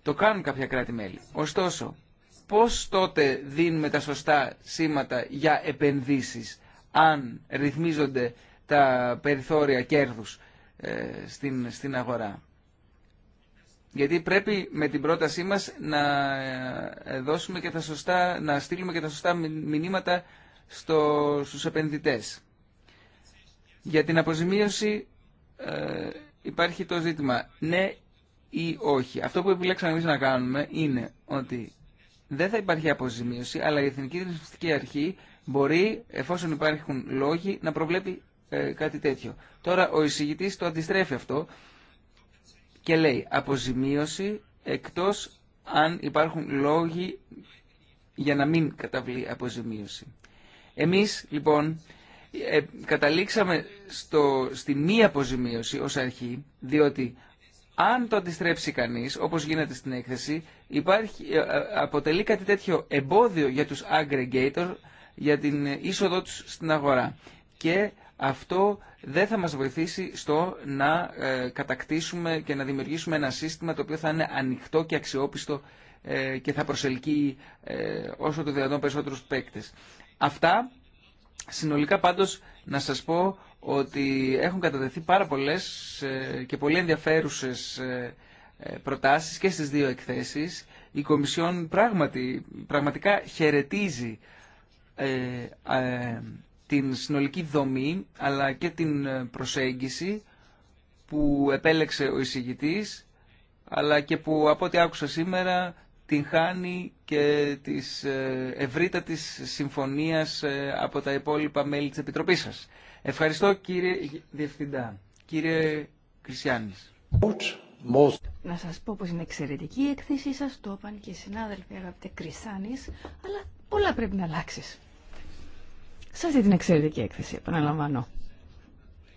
Το κάνουν κάποια κράτη-μέλη. Ωστόσο, πώς τότε δίνουμε τα σωστά σήματα για επενδύσεις αν ρυθμίζονται τα περιθώρια κέρδους ε, στην, στην αγορά. Γιατί πρέπει με την πρότασή μας να ε, δώσουμε και τα σωστά, να στείλουμε και τα σωστά μηνύματα στο, στους επενδυτές. Για την αποζημίωση ε, υπάρχει το ζήτημα. Ναι, ή όχι. Αυτό που επιλέξαμε εμεί να κάνουμε είναι ότι δεν θα υπάρχει αποζημίωση, αλλά η Εθνική διευθυντική Αρχή μπορεί, εφόσον υπάρχουν λόγοι, να προβλέπει ε, κάτι τέτοιο. Τώρα ο εισηγητή το αντιστρέφει αυτό και λέει αποζημίωση εκτός αν υπάρχουν λόγοι για να μην καταβλεί αποζημίωση. Εμείς λοιπόν ε, καταλήξαμε στο, στη μη αποζημίωση ως αρχή, διότι αν το αντιστρέψει κανείς, όπως γίνεται στην έκθεση, υπάρχει, ε, ε, αποτελεί κάτι τέτοιο εμπόδιο για τους aggregators, για την είσοδό τους στην αγορά. Και αυτό δεν θα μας βοηθήσει στο να ε, κατακτήσουμε και να δημιουργήσουμε ένα σύστημα το οποίο θα είναι ανοιχτό και αξιόπιστο και θα προσελκύει όσο το δυνατόν περισσότερους παίκτες. Αυτά συνολικά πάντως να σας πω ότι έχουν κατατεθεί πάρα πολλές ε, και πολύ ενδιαφέρουσες ε, ε, προτάσεις και στις δύο εκθέσεις. Η Κομισιόν πράγματι, πραγματικά χαιρετίζει την συνολική δομή αλλά και την προσέγγιση που επέλεξε ο εισηγητής αλλά και που από ό,τι άκουσα σήμερα την χάνει και της ευρύτατης συμφωνίας από τα υπόλοιπα μέλη της Επιτροπής σας. Ευχαριστώ κύριε Διευθυντά. Κύριε Κρισιάνης. Να σας πω πως είναι εξαιρετική η εκθέσή σας, το είπαν και οι συνάδελφοι αγαπητέ Κρυσάνης, αλλά πολλά πρέπει να αλλάξει. Σας αυτή την εξαιρετική έκθεση, επαναλαμβάνω.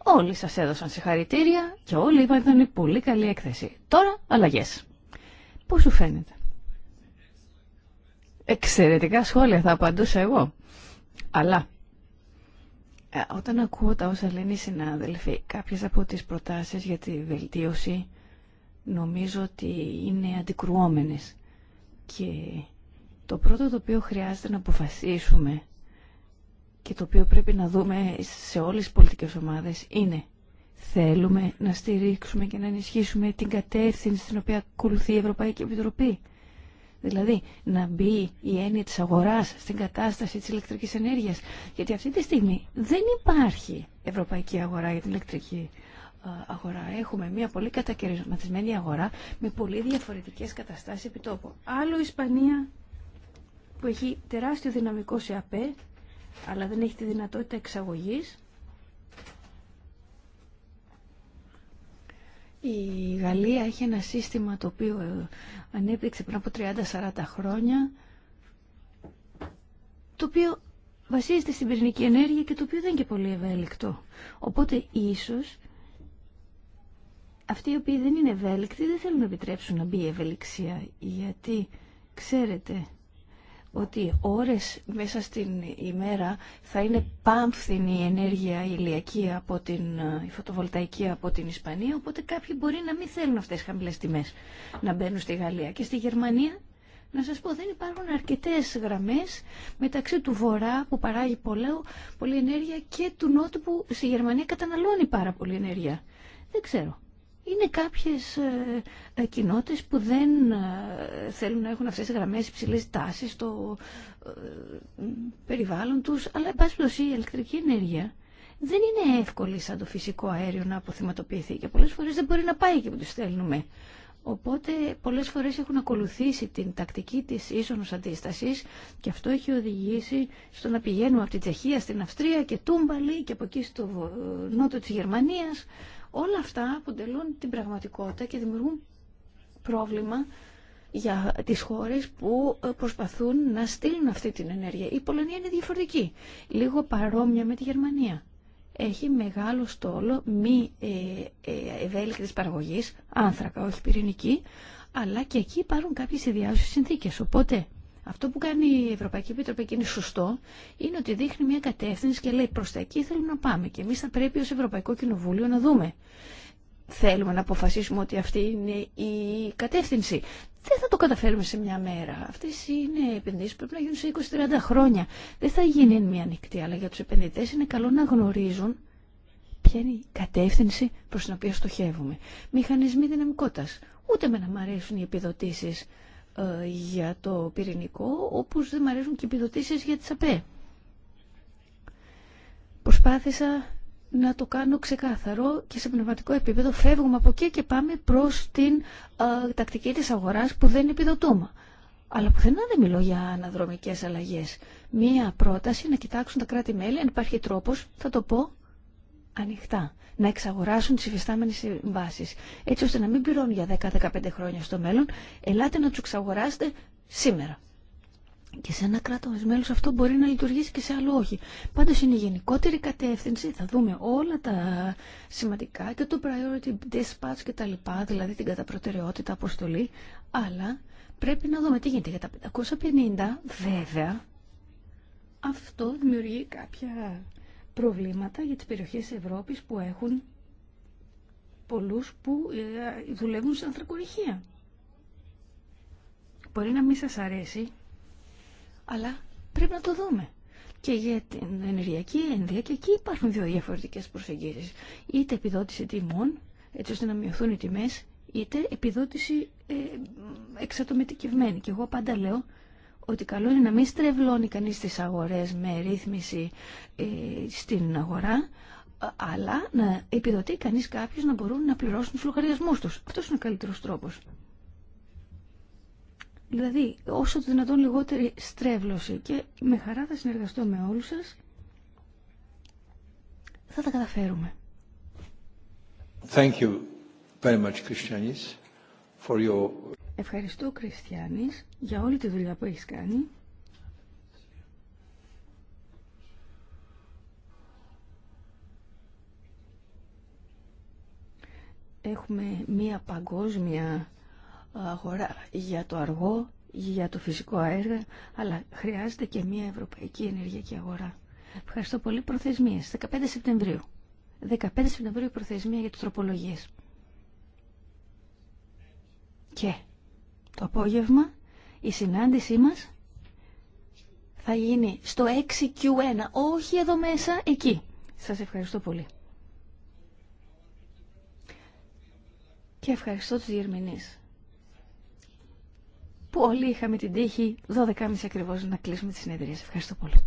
Όλοι σας έδωσαν συγχαρητήρια και όλοι είπαν ότι ήταν πολύ καλή έκθεση. Τώρα αλλαγές. Πώς σου φαίνεται. Εξαιρετικά σχόλια θα απαντούσα εγώ. Αλλά ε, όταν ακούω τα όσα λένε οι συνάδελφοι, κάποιες από τις προτάσεις για τη βελτίωση νομίζω ότι είναι αντικρουόμενες. Και το πρώτο το οποίο χρειάζεται να αποφασίσουμε και το οποίο πρέπει να δούμε σε όλες τις πολιτικές ομάδες είναι θέλουμε να στηρίξουμε και να ενισχύσουμε την κατεύθυνση στην οποία ακολουθεί η Ευρωπαϊκή Επιτροπή. Δηλαδή να μπει η έννοια της αγοράς στην κατάσταση της ηλεκτρικής ενέργειας. Γιατί αυτή τη στιγμή δεν υπάρχει ευρωπαϊκή αγορά για την ηλεκτρική ε, αγορά. Έχουμε μια πολύ κατακαιρισματισμένη αγορά με πολύ διαφορετικές καταστάσεις επιτόπου. Άλλο η Ισπανία που έχει τεράστιο δυναμικό σε ΑΠΕ αλλά δεν έχει τη δυνατότητα εξαγωγής Η Γαλλία έχει ένα σύστημα το οποίο ανέπτυξε πριν από 30-40 χρόνια το οποίο βασίζεται στην πυρηνική ενέργεια και το οποίο δεν είναι και πολύ ευέλικτο. Οπότε ίσως αυτοί οι οποίοι δεν είναι ευέλικτοι δεν θέλουν να επιτρέψουν να μπει η ευελιξία γιατί ξέρετε ότι ώρες μέσα στην ημέρα θα είναι πάμφθινη η ενέργεια ηλιακή από την ε, η φωτοβολταϊκή από την Ισπανία, οπότε κάποιοι μπορεί να μην θέλουν αυτές τις χαμηλές τιμές να μπαίνουν στη Γαλλία. Και στη Γερμανία, να σας πω, δεν υπάρχουν αρκετές γραμμές μεταξύ του βορρά που παράγει πολλά, πολλή ενέργεια και του νότου που στη Γερμανία καταναλώνει πάρα πολύ ενέργεια. Δεν ξέρω είναι κάποιες ε, ε, κοινότητες που δεν ε, θέλουν να έχουν αυτές τις γραμμές υψηλές τάσεις στο ε, περιβάλλον τους, αλλά εν πάση η ηλεκτρική ενέργεια δεν είναι εύκολη σαν το φυσικό αέριο να αποθυματοποιηθεί και πολλές φορές δεν μπορεί να πάει εκεί που τους στέλνουμε. Οπότε πολλές φορές έχουν ακολουθήσει την τακτική της ίσονος αντίστασης και αυτό έχει οδηγήσει στο να πηγαίνουμε από τη Τσεχία στην Αυστρία και Τούμπαλη και από εκεί στο νότο της Γερμανίας Όλα αυτά αποτελούν την πραγματικότητα και δημιουργούν πρόβλημα για τις χώρες που ε, προσπαθούν να στείλουν αυτή την ενέργεια. Η Πολωνία είναι διαφορετική, λίγο παρόμοια με τη Γερμανία. Έχει μεγάλο στόλο μη ε, ε, ευέλικτης παραγωγής, άνθρακα, όχι πυρηνική, αλλά και εκεί υπάρχουν κάποιες ιδιάζουσες συνθήκες. Οπότε αυτό που κάνει η Ευρωπαϊκή Επιτροπή και είναι σωστό είναι ότι δείχνει μια κατεύθυνση και λέει προ τα εκεί θέλουμε να πάμε. Και εμεί θα πρέπει ω Ευρωπαϊκό Κοινοβούλιο να δούμε. Θέλουμε να αποφασίσουμε ότι αυτή είναι η κατεύθυνση. Δεν θα το καταφέρουμε σε μια μέρα. Αυτέ είναι επενδύσει που πρέπει να γίνουν σε 20-30 χρόνια. Δεν θα γίνει εν μία νυχτή, αλλά για του επενδυτέ είναι καλό να γνωρίζουν ποια είναι η κατεύθυνση προ την οποία στοχεύουμε. Μηχανισμοί δυναμικότητα. Ούτε με να μ' αρέσουν οι επιδοτήσει ε, για το πυρηνικό, όπως δεν μου αρέσουν και οι επιδοτήσεις για τις ΑΠΕ. Προσπάθησα να το κάνω ξεκάθαρο και σε πνευματικό επίπεδο φεύγουμε από εκεί και πάμε προς την ε, τακτική της αγοράς που δεν επιδοτούμε. Αλλά πουθενά δεν μιλώ για αναδρομικές αλλαγές. Μία πρόταση να κοιτάξουν τα κράτη-μέλη, αν υπάρχει τρόπος, θα το πω, ανοιχτά, να εξαγοράσουν τις υφιστάμενες συμβάσει. έτσι ώστε να μην πληρώνουν για 10-15 χρόνια στο μέλλον, ελάτε να τους εξαγοράσετε σήμερα. Και σε ένα κράτο μέλος αυτό μπορεί να λειτουργήσει και σε άλλο όχι. Πάντως είναι η γενικότερη κατεύθυνση, θα δούμε όλα τα σημαντικά και το priority dispatch και τα λοιπά, δηλαδή την καταπροτεραιότητα αποστολή, αλλά πρέπει να δούμε τι γίνεται για τα 550, βέβαια, αυτό δημιουργεί κάποια προβλήματα για τις περιοχές της Ευρώπης που έχουν πολλούς που ε, δουλεύουν σε ανθρακοριχεία. Μπορεί να μην σας αρέσει, αλλά πρέπει να το δούμε. Και για την ενεργειακή ένδια, και εκεί υπάρχουν δύο διαφορετικές προσεγγίσεις. Είτε επιδότηση τιμών, έτσι ώστε να μειωθούν οι τιμές, είτε επιδότηση ε, Και εγώ πάντα λέω ότι καλό είναι να μην στρεβλώνει κανείς τις αγορές με ρύθμιση ε, στην αγορά, αλλά να επιδοτεί κανείς κάποιους να μπορούν να πληρώσουν τους λογαριασμούς τους. Αυτός είναι ο καλύτερος τρόπος. Δηλαδή, όσο το δυνατόν λιγότερη στρέβλωση και με χαρά θα συνεργαστώ με όλους σας, θα τα καταφέρουμε. Thank you very much, Christianis, for your... Ευχαριστώ, Κριστιανής, για όλη τη δουλειά που έχεις κάνει. Έχουμε μία παγκόσμια αγορά για το αργό, για το φυσικό αέριο, αλλά χρειάζεται και μία ευρωπαϊκή ενεργειακή αγορά. Ευχαριστώ πολύ. Προθεσμίες. 15 Σεπτεμβρίου. 15 Σεπτεμβρίου προθεσμία για τις τροπολογίες. Και το απόγευμα η συνάντησή μας θα γίνει στο 6Q1, όχι εδώ μέσα, εκεί. Σας ευχαριστώ πολύ. Και ευχαριστώ τους που όλοι είχαμε την τύχη, 12.30 ακριβώς, να κλείσουμε τις συνεδρία. Ευχαριστώ πολύ.